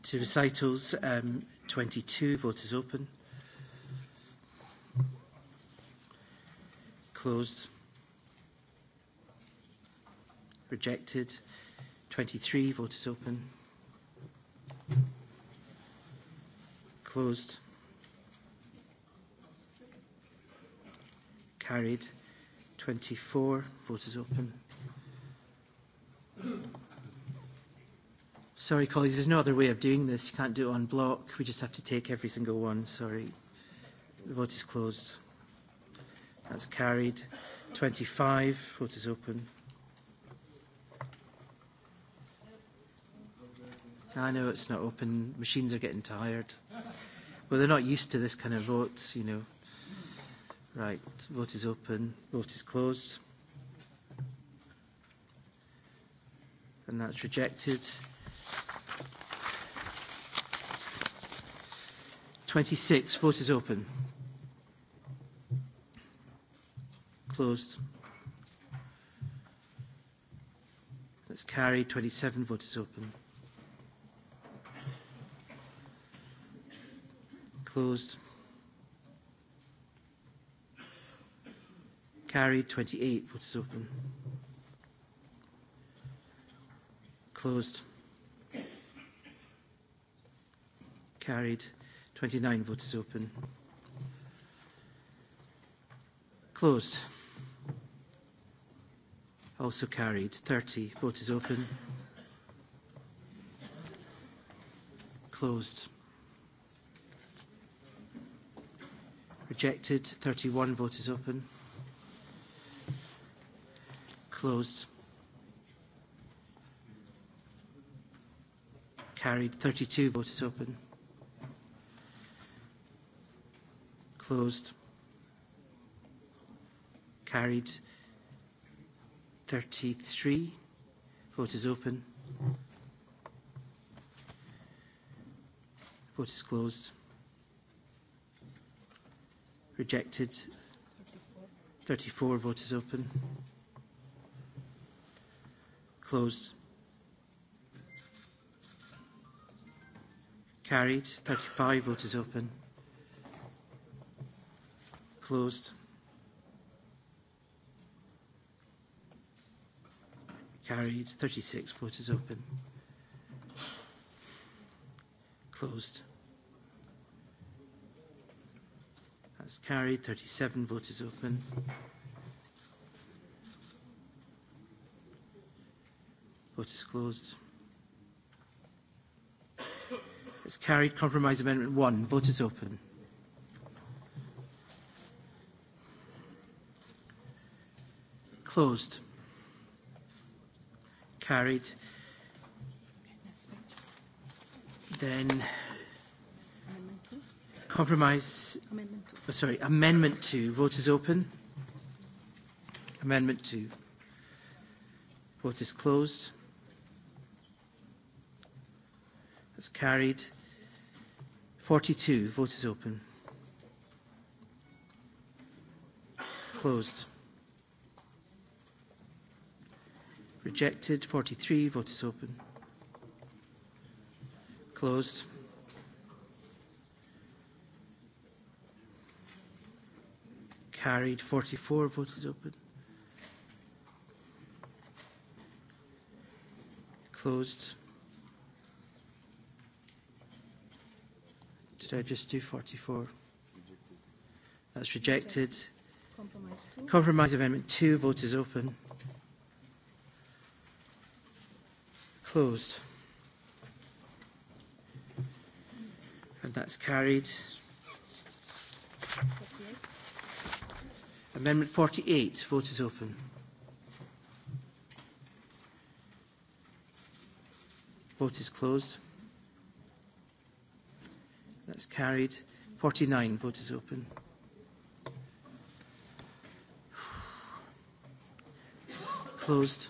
To recitals. Um, 22. Vote is open. Closed. Rejected. 23. Vote is open. Closed. Carried. 24. Vote is open. Sorry, colleagues, there's no other way of doing this. You can't do it on block. We just have to take every single one. Sorry. The vote is closed. That's carried. 25. Vote is open. I know it's not open. Machines are getting tired. Well, they're not used to this kind of vote, you know. Right. Vote is open. Vote is closed. And that's rejected. 26. Vote is open. Closed. That's carried. 27. Vote is open. Closed. Carried. 28. Vote is open. Closed. Carried. 29 vote is open. Closed. Also carried. 30. Vote is open. Closed. Rejected. 31. Vote is open. Closed. Carried. 32. Vote is open. Closed. Carried. 33. Vote is open. Vote is closed. Rejected. 34. Vote is open. Closed. Carried. 35. Vote is open closed. Carried. 36. Vote is open. Closed. That's carried. 37. Vote is open. Vote is closed. It's carried. Compromise Amendment 1. Vote is open. Closed. Carried. Then compromise. Oh, sorry, amendment two. Vote is open. Amendment two. Vote is closed. That's carried. Forty two. Vote is open. Closed. Rejected. 43. Vote is open. Closed. Carried. 44. Vote is open. Closed. Did I just do 44? That's rejected. Compromise, two. Compromise Amendment 2. Vote is open. Closed. And that's carried. Amendment 48. Vote is open. Vote is closed. That's carried. 49. Vote is open. Closed.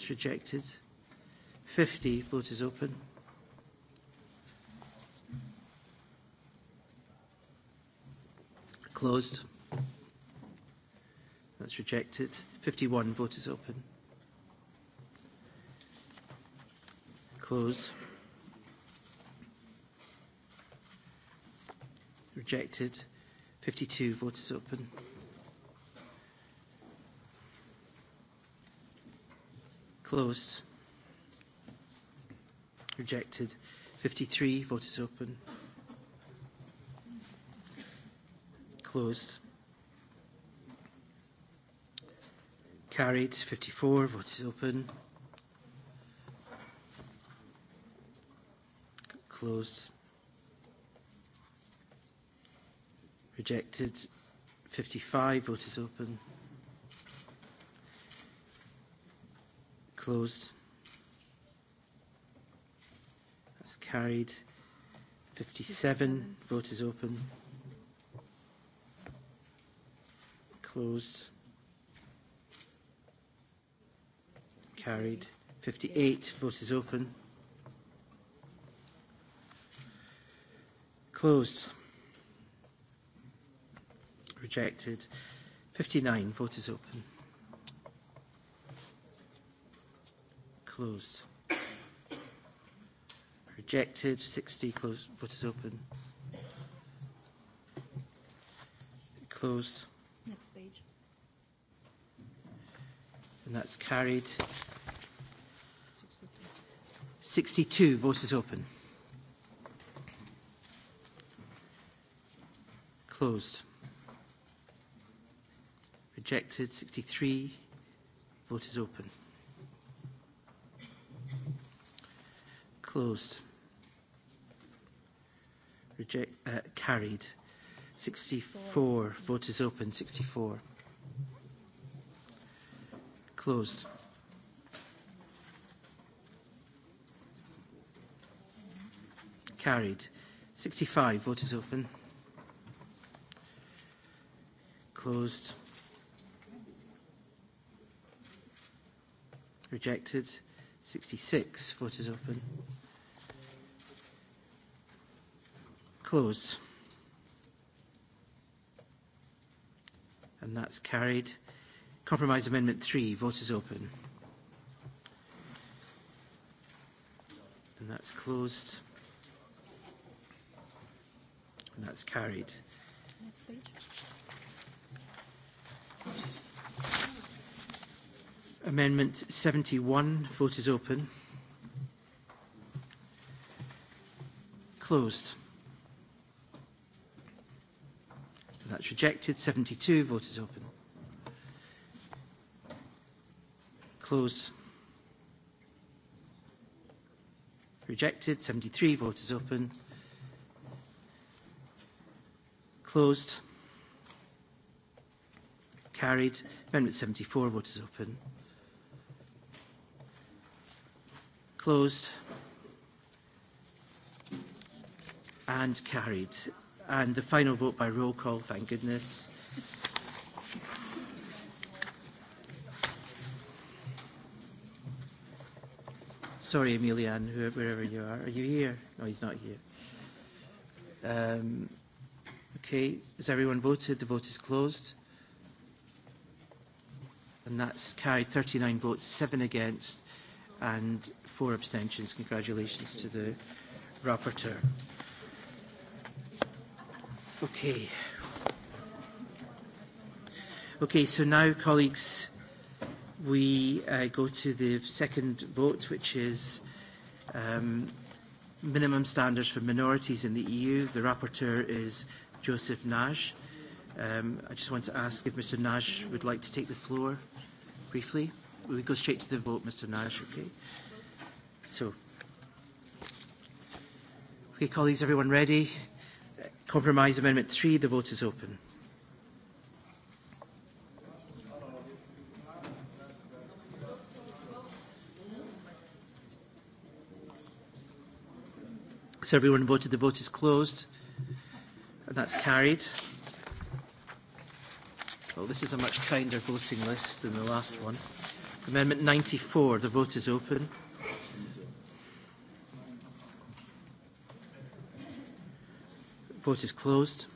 That's rejected. 50. Vote is open. Closed. That's rejected. 51. Vote is open. Closed. Rejected. 52. Vote is open. Closed. Rejected. 53. Vote is open. Closed. Carried. 54. Vote is open. Closed. Rejected. 55. Vote is open. Closed. That's carried. 57. Vote is open. Closed. Carried. 58. Vote is open. Closed. Rejected. 59. Vote is open. closed. Rejected. 60 closed. Vote is open. Closed. Next page. And that's carried. 62. 62. Vote is open. Closed. Rejected. 63. Vote is open. closed. Reject, uh, carried. 64. Vote is open. 64. Closed. Carried. 65. Vote is open. Closed. Rejected. 66. Vote is open. close. And that's carried. Compromise Amendment 3, vote is open. And that's closed. And that's carried. Next Amendment 71, vote is open. Closed. That's rejected. 72. Vote is open. Close. Rejected. 73. Vote is open. Closed. Carried. Amendment 74. Vote is open. Closed. And carried. And the final vote by roll call, thank goodness. Sorry, Emilian, wherever you are. Are you here? No, he's not here. Um, okay, has everyone voted? The vote is closed. And that's carried 39 votes, 7 against, and 4 abstentions. Congratulations to the rapporteur. Okay. Okay, so now, colleagues, we uh, go to the second vote, which is um, minimum standards for minorities in the EU. The rapporteur is Joseph Nash. Um, I just want to ask if Mr. Nash would like to take the floor briefly. We go straight to the vote, Mr. Nash, okay? So, okay, colleagues, everyone ready? Compromise Amendment 3, the vote is open. So everyone voted, the vote is closed. And that's carried. Well, this is a much kinder voting list than the last one. Amendment 94, the vote is open. Vote is closed.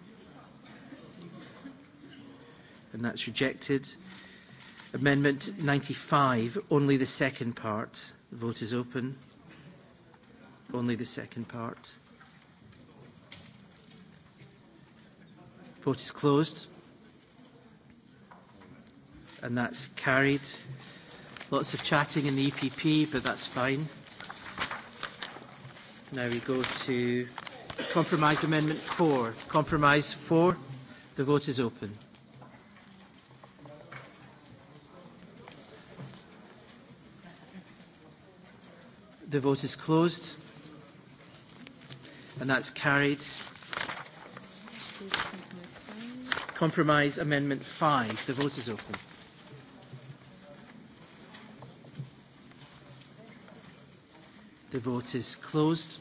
And that's rejected. Amendment 95, only the second part. The vote is open. Only the second part. Vote is closed. And that's carried. Lots of chatting in the EPP, but that's fine. Now we go to Compromise Amendment 4. Compromise 4. The vote is open. The vote is closed. And that's carried. Compromise Amendment 5. The vote is open. The vote is closed.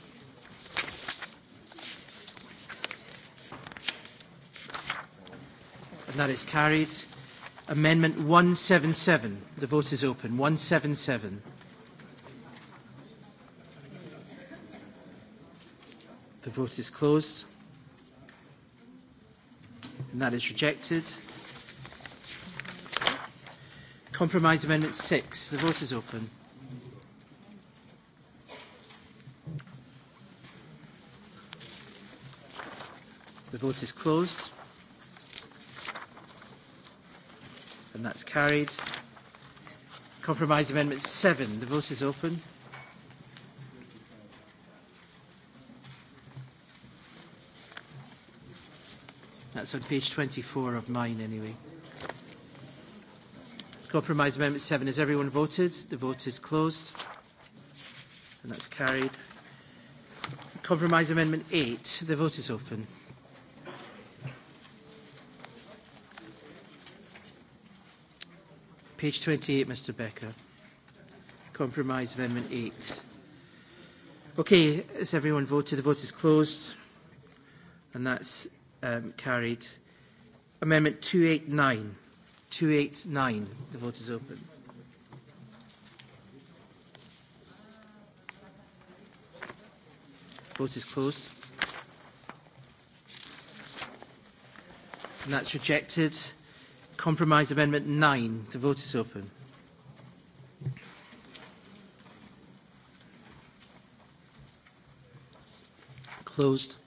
and that is carried. Amendment 177. The vote is open. 177. The vote is closed. And that is rejected. Compromise Amendment 6. The vote is open. The vote is closed. and that's carried. Compromise Amendment 7. The vote is open. That's on page 24 of mine, anyway. Compromise Amendment 7. Has everyone voted? The vote is closed. And that's carried. Compromise Amendment 8. The vote is open. Page 28, Mr Becker. Compromise Amendment 8. Okay, has everyone voted? The vote is closed. And that's um, carried. Amendment 289. 289. The vote is open. Vote is closed. And that's rejected. Compromise Amendment 9. The vote is open. Closed.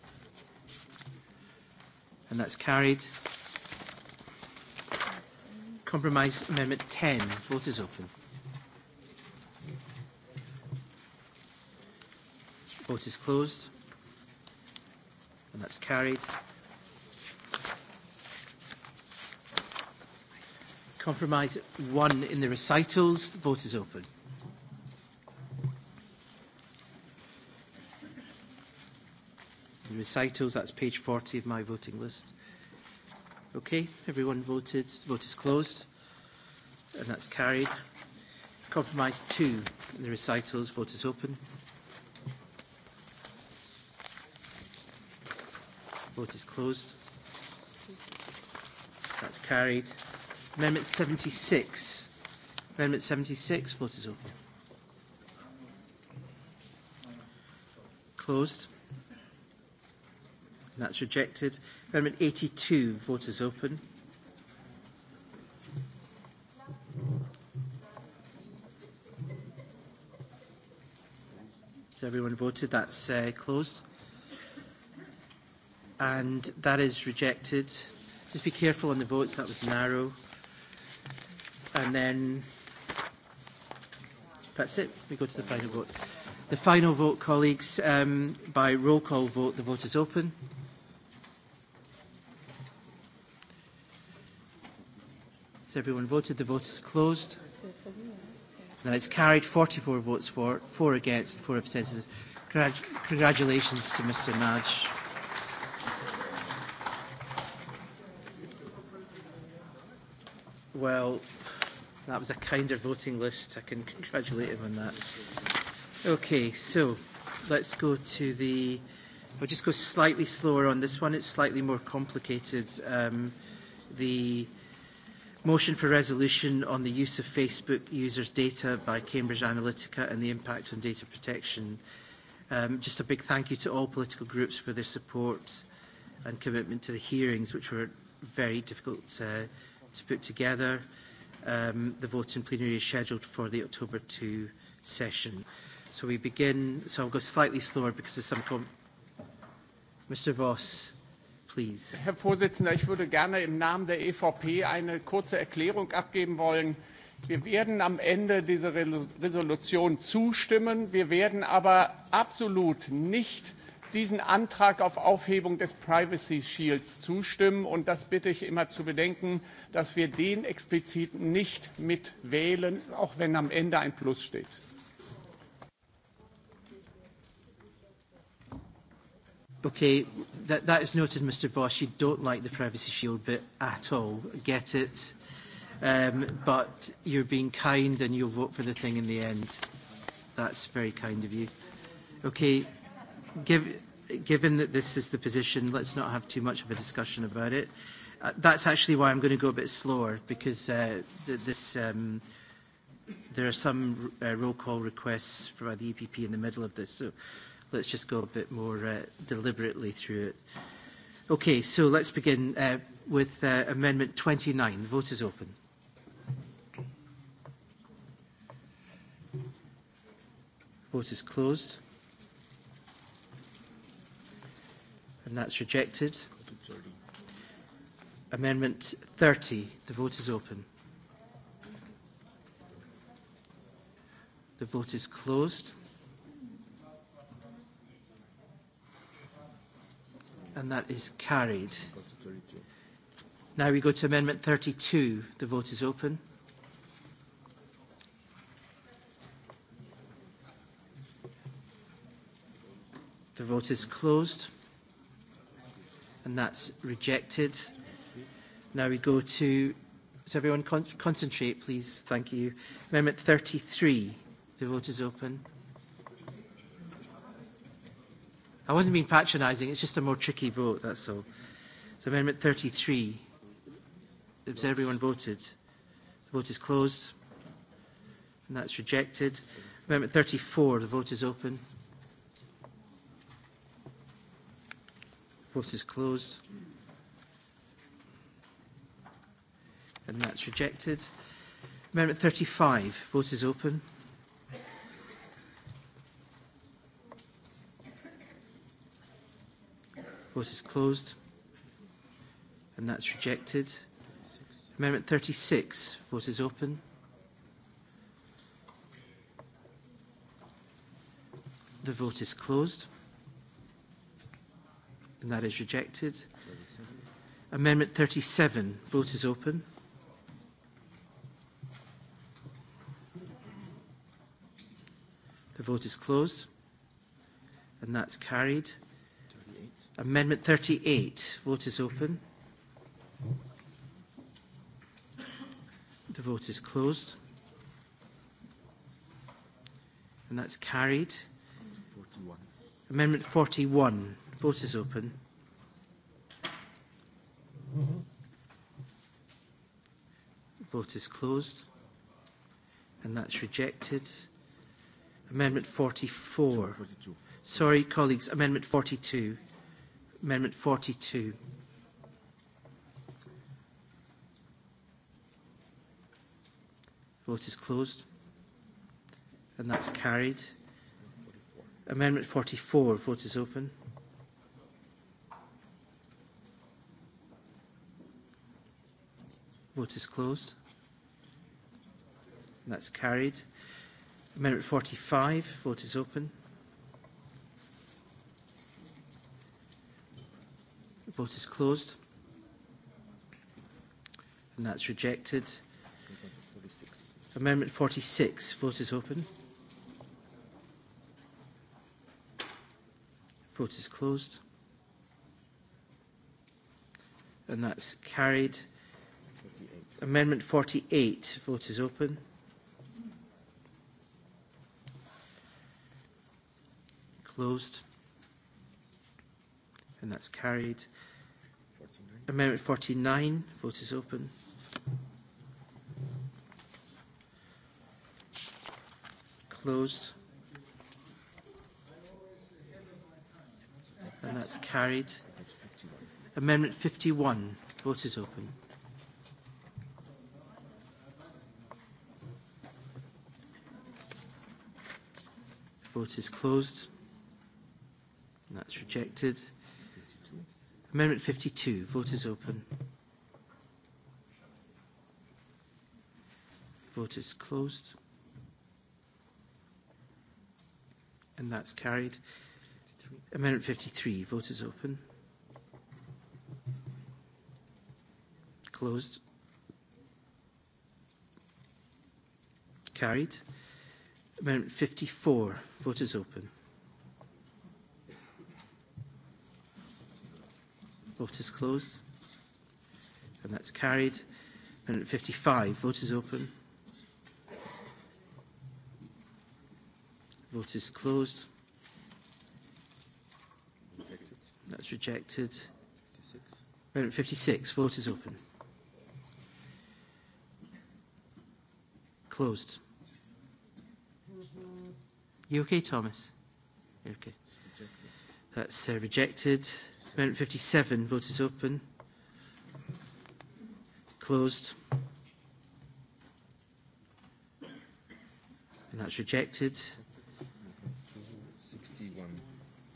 And that's carried. Compromise Amendment 10. Vote is open. Vote is closed. And that's carried. Compromise one in the recitals. The vote is open. The recitals, that's page 40 of my voting list. Okay, everyone voted. The Vote is closed. And that's carried. Compromise two in the recitals. Vote is open. Vote is closed. That's carried. Amendment 76. Amendment 76. Vote is open. Closed. And that's rejected. Amendment 82. Vote is open. Has everyone voted? That's uh, closed. And that is rejected. Just be careful on the votes. That was narrow. And then that's it. We go to the final vote. The final vote, colleagues, um, by roll call vote, the vote is open. Has everyone voted? The vote is closed. And it's carried 44 votes for, 4 against, and 4 abstentions. Congratulations to Mr. Nudge. Well, That was a kinder voting list. I can congratulate him on that. Okay, so let's go to the... I'll just go slightly slower on this one. It's slightly more complicated. Um, the motion for resolution on the use of Facebook users' data by Cambridge Analytica and the impact on data protection. Um, just a big thank you to all political groups for their support and commitment to the hearings, which were very difficult uh, to put together. Um, the vote in plenary is scheduled for the October 2 session. So we begin, so I'll go slightly slower because there's some... Com Mr. Voss. Please. Herr Vorsitzender, ich würde gerne im Namen der EVP eine kurze Erklärung abgeben wollen. Wir werden am Ende dieser Resolution zustimmen. Wir werden aber absolut nicht diesen Antrag auf Aufhebung des Privacy Shields zustimmen. Und das bitte ich immer zu bedenken, dass wir den explizit nicht mitwählen, auch wenn am Ende ein Plus steht. Okay, that, that is noted, Mr. Bosch. You don't like the privacy shield bit at all. Get it. Um, but you're being kind and you'll vote for the thing in the end. That's very kind of you. Okay, given that this is the position, let's not have too much of a discussion about it. Uh, that's actually why I'm going to go a bit slower, because uh, th this, um, there are some uh, roll call requests from the EPP in the middle of this, so let's just go a bit more uh, deliberately through it. Okay, so let's begin uh, with uh, Amendment 29. The vote is open. Vote is closed. and that's rejected. Amendment 30. The vote is open. The vote is closed. And that is carried. Now we go to Amendment 32. The vote is open. The vote is closed and that's rejected. Now we go to, does everyone con concentrate please, thank you. Amendment 33, the vote is open. I wasn't being patronising, it's just a more tricky vote, that's all. So Amendment 33, has everyone voted? The vote is closed and that's rejected. Amendment 34, the vote is open. course is closed. And that's rejected. Amendment 35. Vote is open. Vote is closed. And that's rejected. Amendment 36. Vote is open. The vote is closed and that is rejected. Amendment 37, vote is open. The vote is closed, and that's carried. 38. Amendment 38, vote is open. The vote is closed. And that's carried. 41. Amendment 41. Vote is open. Vote is closed. And that's rejected. Amendment 44. 42. Sorry, colleagues, Amendment 42. Amendment 42. Vote is closed. And that's carried. Amendment 44. Vote is open. Vote is closed. That's carried. Amendment 45. Vote is open. Vote is closed. And that's rejected. 46. Amendment 46. Vote is open. Vote is closed. And that's carried. Amendment 48. Vote is open. Closed. And that's carried. 49. Amendment 49. Vote is open. Closed. And that's carried. Amendment 51. Vote is open. Vote is closed. that's rejected. Amendment 52. Vote is open. Vote is closed. And that's carried. Amendment 53. Vote is open. Closed. Carried. Amendment 54. Vote is open. Vote is closed. And that's carried. Amendment 55. Vote is open. Vote is closed. Rejected. That's rejected. 56. Amendment 56. Vote is open. Closed. You okay, Thomas? Okay. That's uh, rejected. Amendment 57, vote is open. Closed. And that's rejected. 61.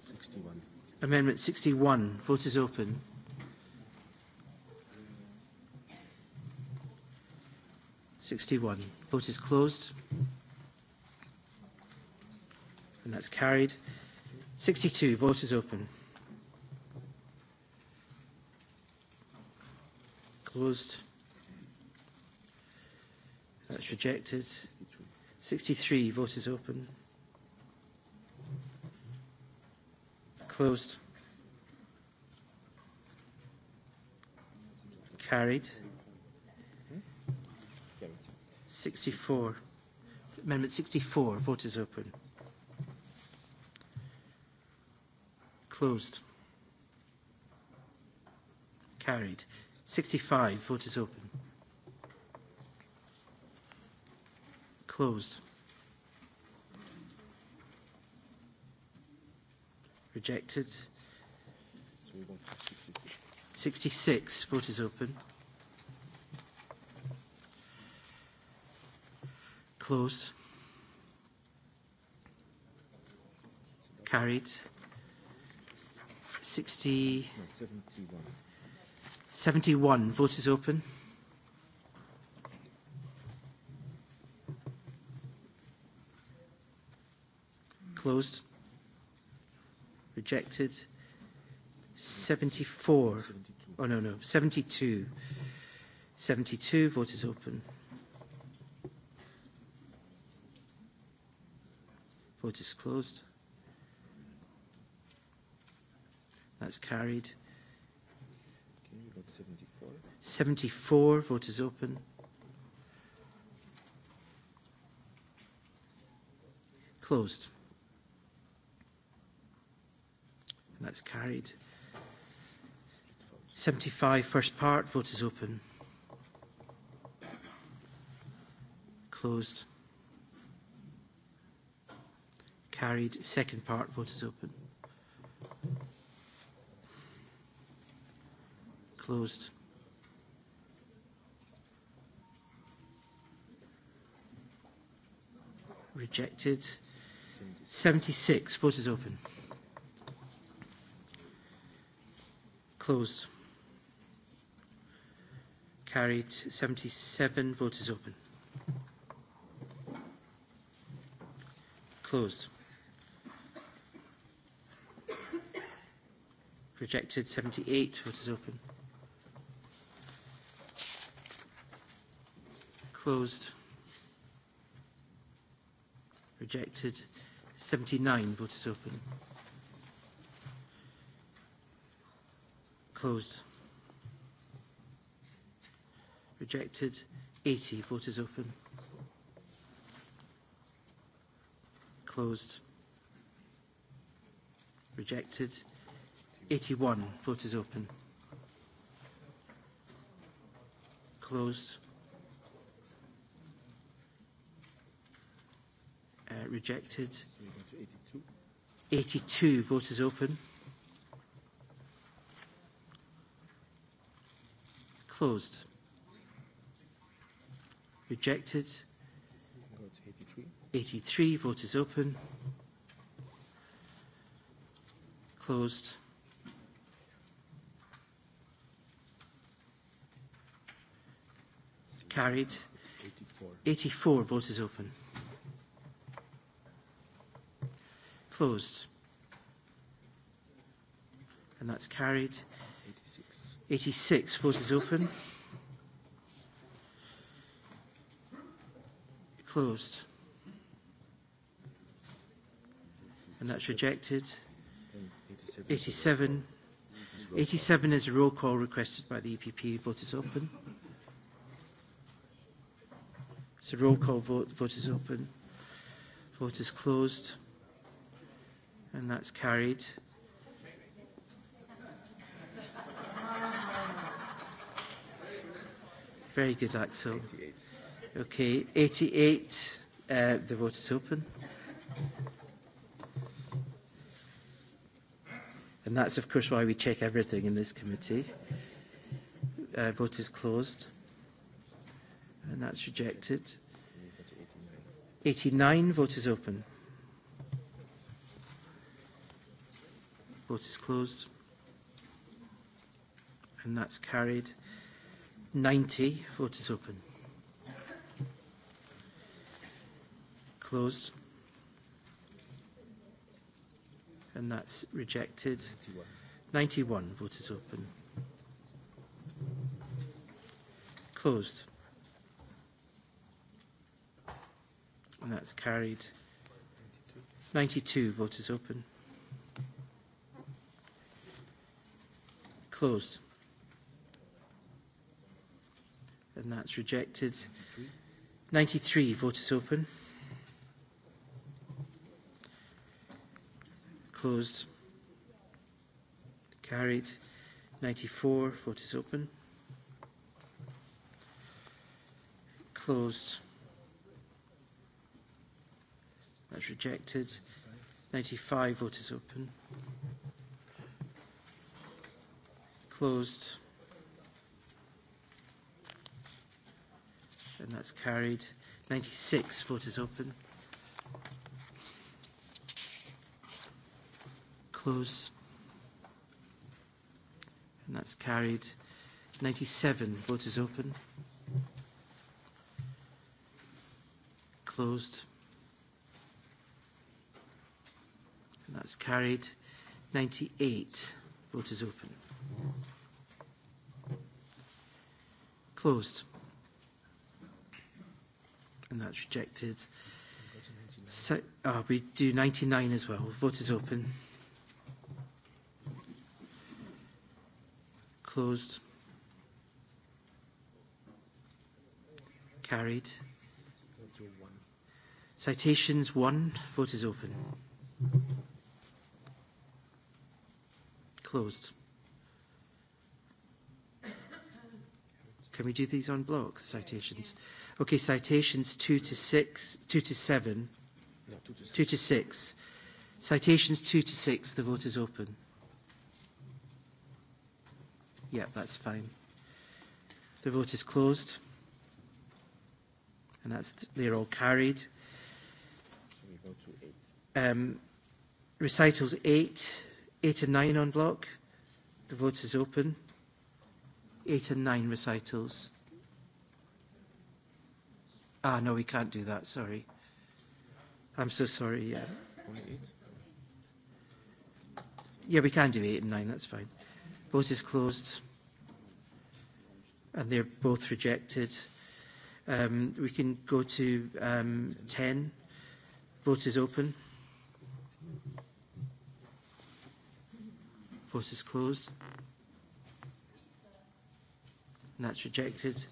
61. Amendment 61, vote is open. Sixty-one. Vote is closed. That's carried. 62. Vote is open. Closed. That's rejected. 63. Vote is open. Closed. Carried. 64. Amendment 64. Vote is open. Closed. Carried. 65. Vote is open. Closed. Rejected. 66. Vote is open. Closed. Carried. 60... 71. No, Vote is open. Closed. Rejected. 74. Oh, no, no. 72. 72. Vote is open. Vote is closed. That's carried. 74? vote is open. Closed. that's carried. 75, first part, vote is open. Closed. Carried. Second part, vote is open. closed. Rejected. 76. Vote is open. Closed. Carried. 77. Vote is open. Closed. Rejected. 78. Vote is open. Closed. Rejected. 79. Vote is open. Closed. Rejected. 80. Vote is open. Closed. Rejected. 81. Vote is open. Closed. Uh, rejected. 82. 82. Vote is open. Closed. Rejected. 83. 83. Vote is open. Closed. Carried. 84. 84. Vote is open. closed. And that's carried. 86. 86. Vote is open. Closed. And that's rejected. 87. 87 is a roll call requested by the EPP. Vote is open. It's a roll call vote. Vote is open. Vote is closed. And that's carried. Very good, Axel. Okay, 88. Uh, the vote is open. And that's, of course, why we check everything in this committee. Uh, vote is closed. And that's rejected. 89. Vote is open. Vote is closed. And that's carried. 90. Vote is open. Closed. And that's rejected. 91. 91. Vote is open. Closed. And that's carried. 92. 92. Vote is open. closed. And that's rejected. 93, vote is open. Closed. Carried. 94, vote is open. Closed. That's rejected. 95, vote is open. Closed. And that's carried. 96, vote is open. Close. And that's carried. 97, vote is open. Closed. And that's carried. 98, vote is open. Closed. And that's rejected. So, uh, we do 99 as well. Vote is open. Closed. Carried. Citations 1. Vote is open. Closed. Can we do these on block, the citations? Okay, citations 2 to 6, 2 to 7. No, 2 to 6. 2 Citations 2 to 6, the vote is open. Yeah, that's fine. The vote is closed. And that's, they're all carried. Um, recitals 8, 8 and 9 on block. The vote is open eight and nine recitals? Ah, no, we can't do that, sorry. I'm so sorry, yeah. Yeah, we can do eight and nine, that's fine. Vote is closed. And they're both rejected. Um, we can go to um, 10. Vote is open. Vote is closed and that's rejected.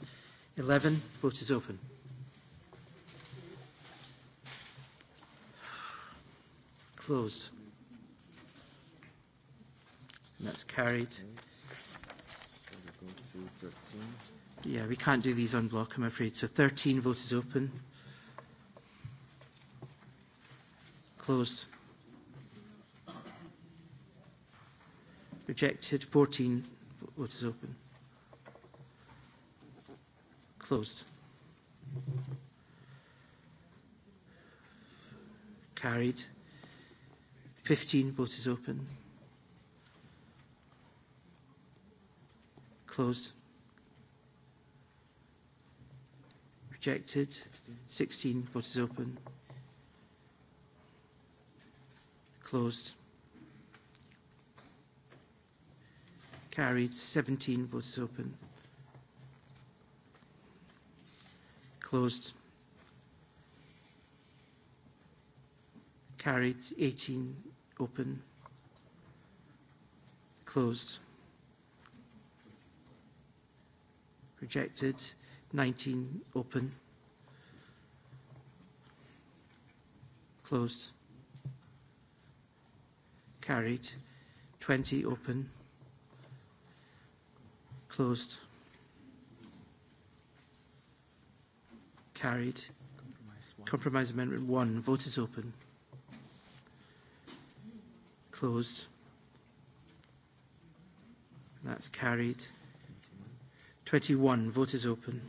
11, vote is open. Closed. And that's carried. Yeah, we can't do these on block, I'm afraid. So 13, vote is open. Closed. Rejected. 14, vote is open. Closed. Carried. 15. Vote is open. Closed. Rejected. 16. Vote is open. Closed. Carried. 17. Vote is open. Closed. Carried. 18. Open. Closed. Rejected. 19. Open. Closed. Carried. 20. Open. Closed Carried. Compromise, one. Compromise Amendment 1. Vote is open. Closed. That's carried. 21. Vote is open.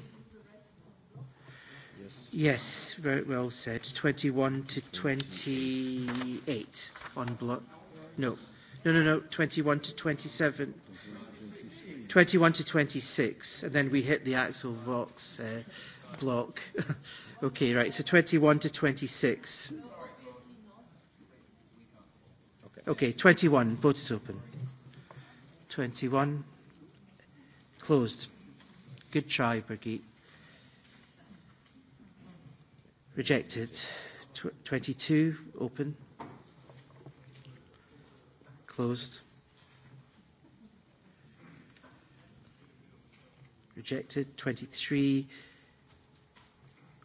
Yes, very well said. 21 to 28 on block. No, no, no, no. 21 to 27. 21 to 26, and then we hit the Axel Vox uh, block. okay, right. So 21 to 26. Okay, 21. Vote is open. 21. Closed. Good try, Birgit. Rejected. Tw 22. Open. Closed. Rejected. 23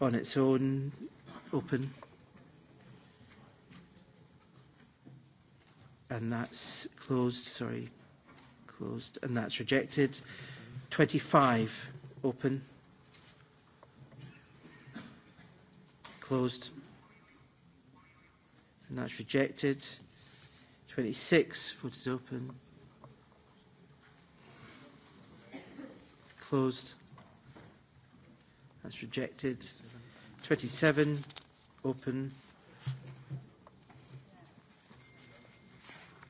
on its own. Open. And that's closed, sorry. Closed. And that's rejected. 25. Open. Closed. And that's rejected. 26. foot is open. Closed. That's rejected. 27, open.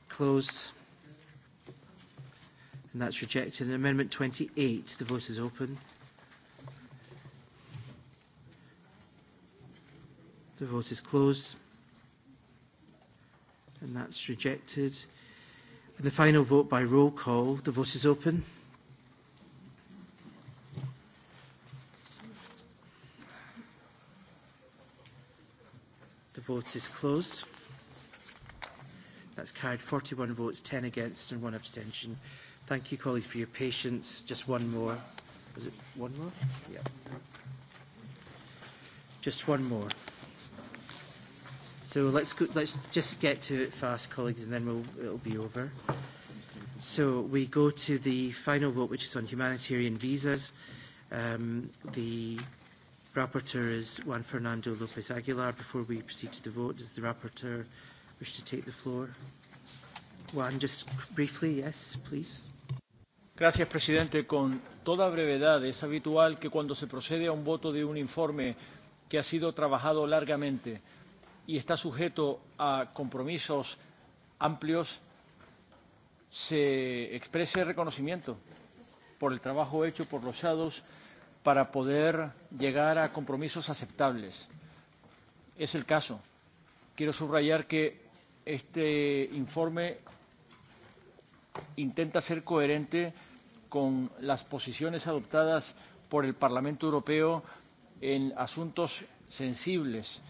Close. And that's rejected. And amendment 28, the vote is open. The vote is closed. And that's rejected. And the final vote by roll call, the vote is open. vote is closed. That's carried 41 votes, 10 against and one abstention. Thank you, colleagues, for your patience. Just one more. Is it one more? Yeah. Just one more. So let's go, let's just get to it fast, colleagues, and then we'll, it'll be over. So we go to the final vote, which is on humanitarian visas. Um, the Rapporteur is Juan Fernando Lopez Aguilar. Before we proceed to the vote, does the rapporteur wish to take the floor? Juan, just briefly, yes, please. Gracias, presidente. Con toda brevedad, es habitual que cuando se procede a un voto de un informe que ha sido trabajado largamente y está sujeto a compromisos amplios, se exprese reconocimiento por el trabajo hecho por los shadows para poder llegar a compromisos aceptables. Es el caso. Quiero subrayar que este informe intenta ser coherente con las posiciones adoptadas por el Parlamento Europeo en asuntos sensibles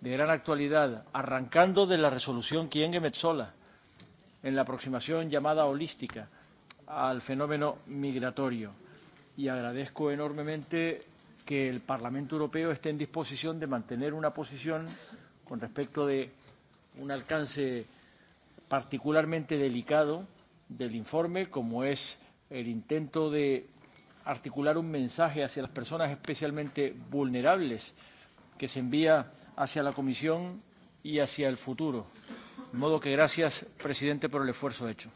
de gran actualidad, arrancando de la resolución Kienge Metzola en la aproximación llamada holística al fenómeno migratorio y agradezco enormemente que el Parlamento Europeo esté en disposición de mantener una posición con respecto de un alcance particularmente delicado del informe, como es el intento de articular un mensaje hacia las personas especialmente vulnerables que se envía hacia la Comisión y hacia el futuro. De modo que gracias, presidente, por el esfuerzo hecho.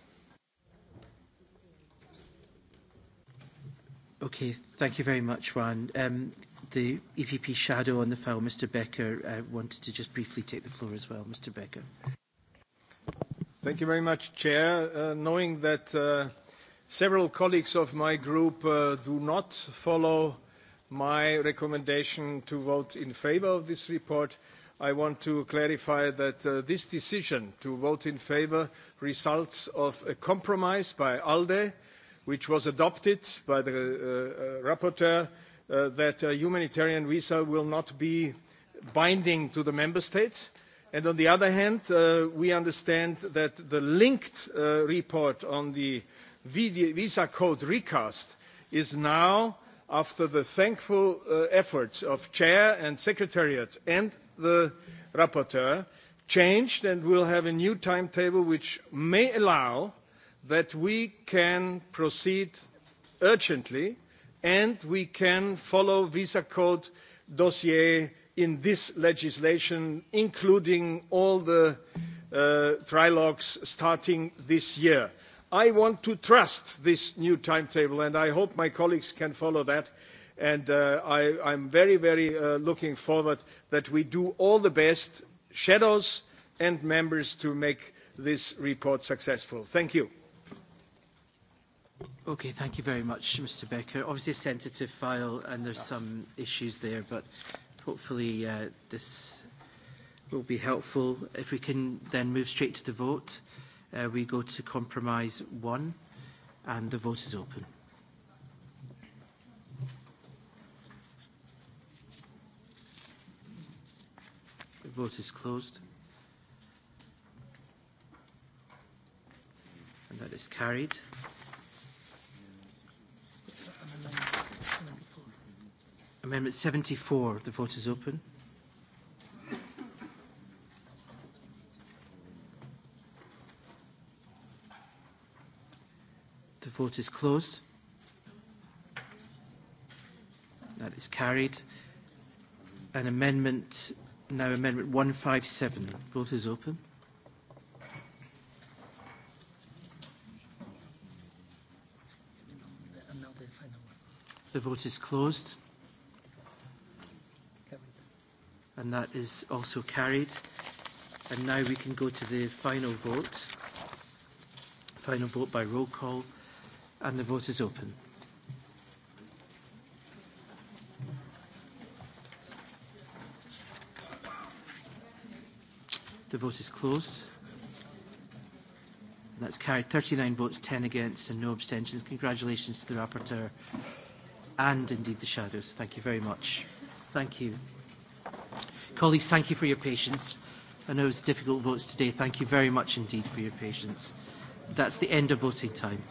Okay, thank you very much, Juan. Um, the EPP shadow on the file, Mr. Becker, uh, wanted to just briefly take the floor as well. Mr. Becker. Thank you very much, Chair. Uh, knowing that uh, several colleagues of my group uh, do not follow my recommendation to vote in favor of this report, I want to clarify that uh, this decision to vote in favor results of a compromise by ALDE, which was adopted by the uh, uh rapporteur, uh, that a uh, humanitarian visa will not be binding to the member states. And on the other hand, we understand that the linked report on the visa code recast is now after the thankful uh, efforts of chair and secretariat and the rapporteur changed and will have a new timetable which may allow that we can proceed urgently and we can follow visa code dossier in this legislation, including all the uh, trilogues starting this year. I want to trust this new timetable, and I hope my colleagues can follow that. And uh, I, I'm very, very uh, looking forward that we do all the best, shadows and members, to make this report successful. Thank you. Okay, thank you very much, Mr. Becker. Obviously a sensitive file and there's some issues there, but hopefully uh, this will be helpful. If we can then move straight to the vote, uh, we go to compromise one and the vote is open. The vote is closed. And that is carried. Amendment 74, the vote is open. The vote is closed. That is carried. An amendment, now amendment 157. Vote is open. The vote is closed. And that is also carried. And now we can go to the final vote. Final vote by roll call. And the vote is open. The vote is closed. And that's carried 39 votes, 10 against and no abstentions. Congratulations to the rapporteur and indeed the shadows. Thank you very much. Thank you. Colleagues, thank you for your patience. I know it's difficult votes today. Thank you very much indeed for your patience. That's the end of voting time.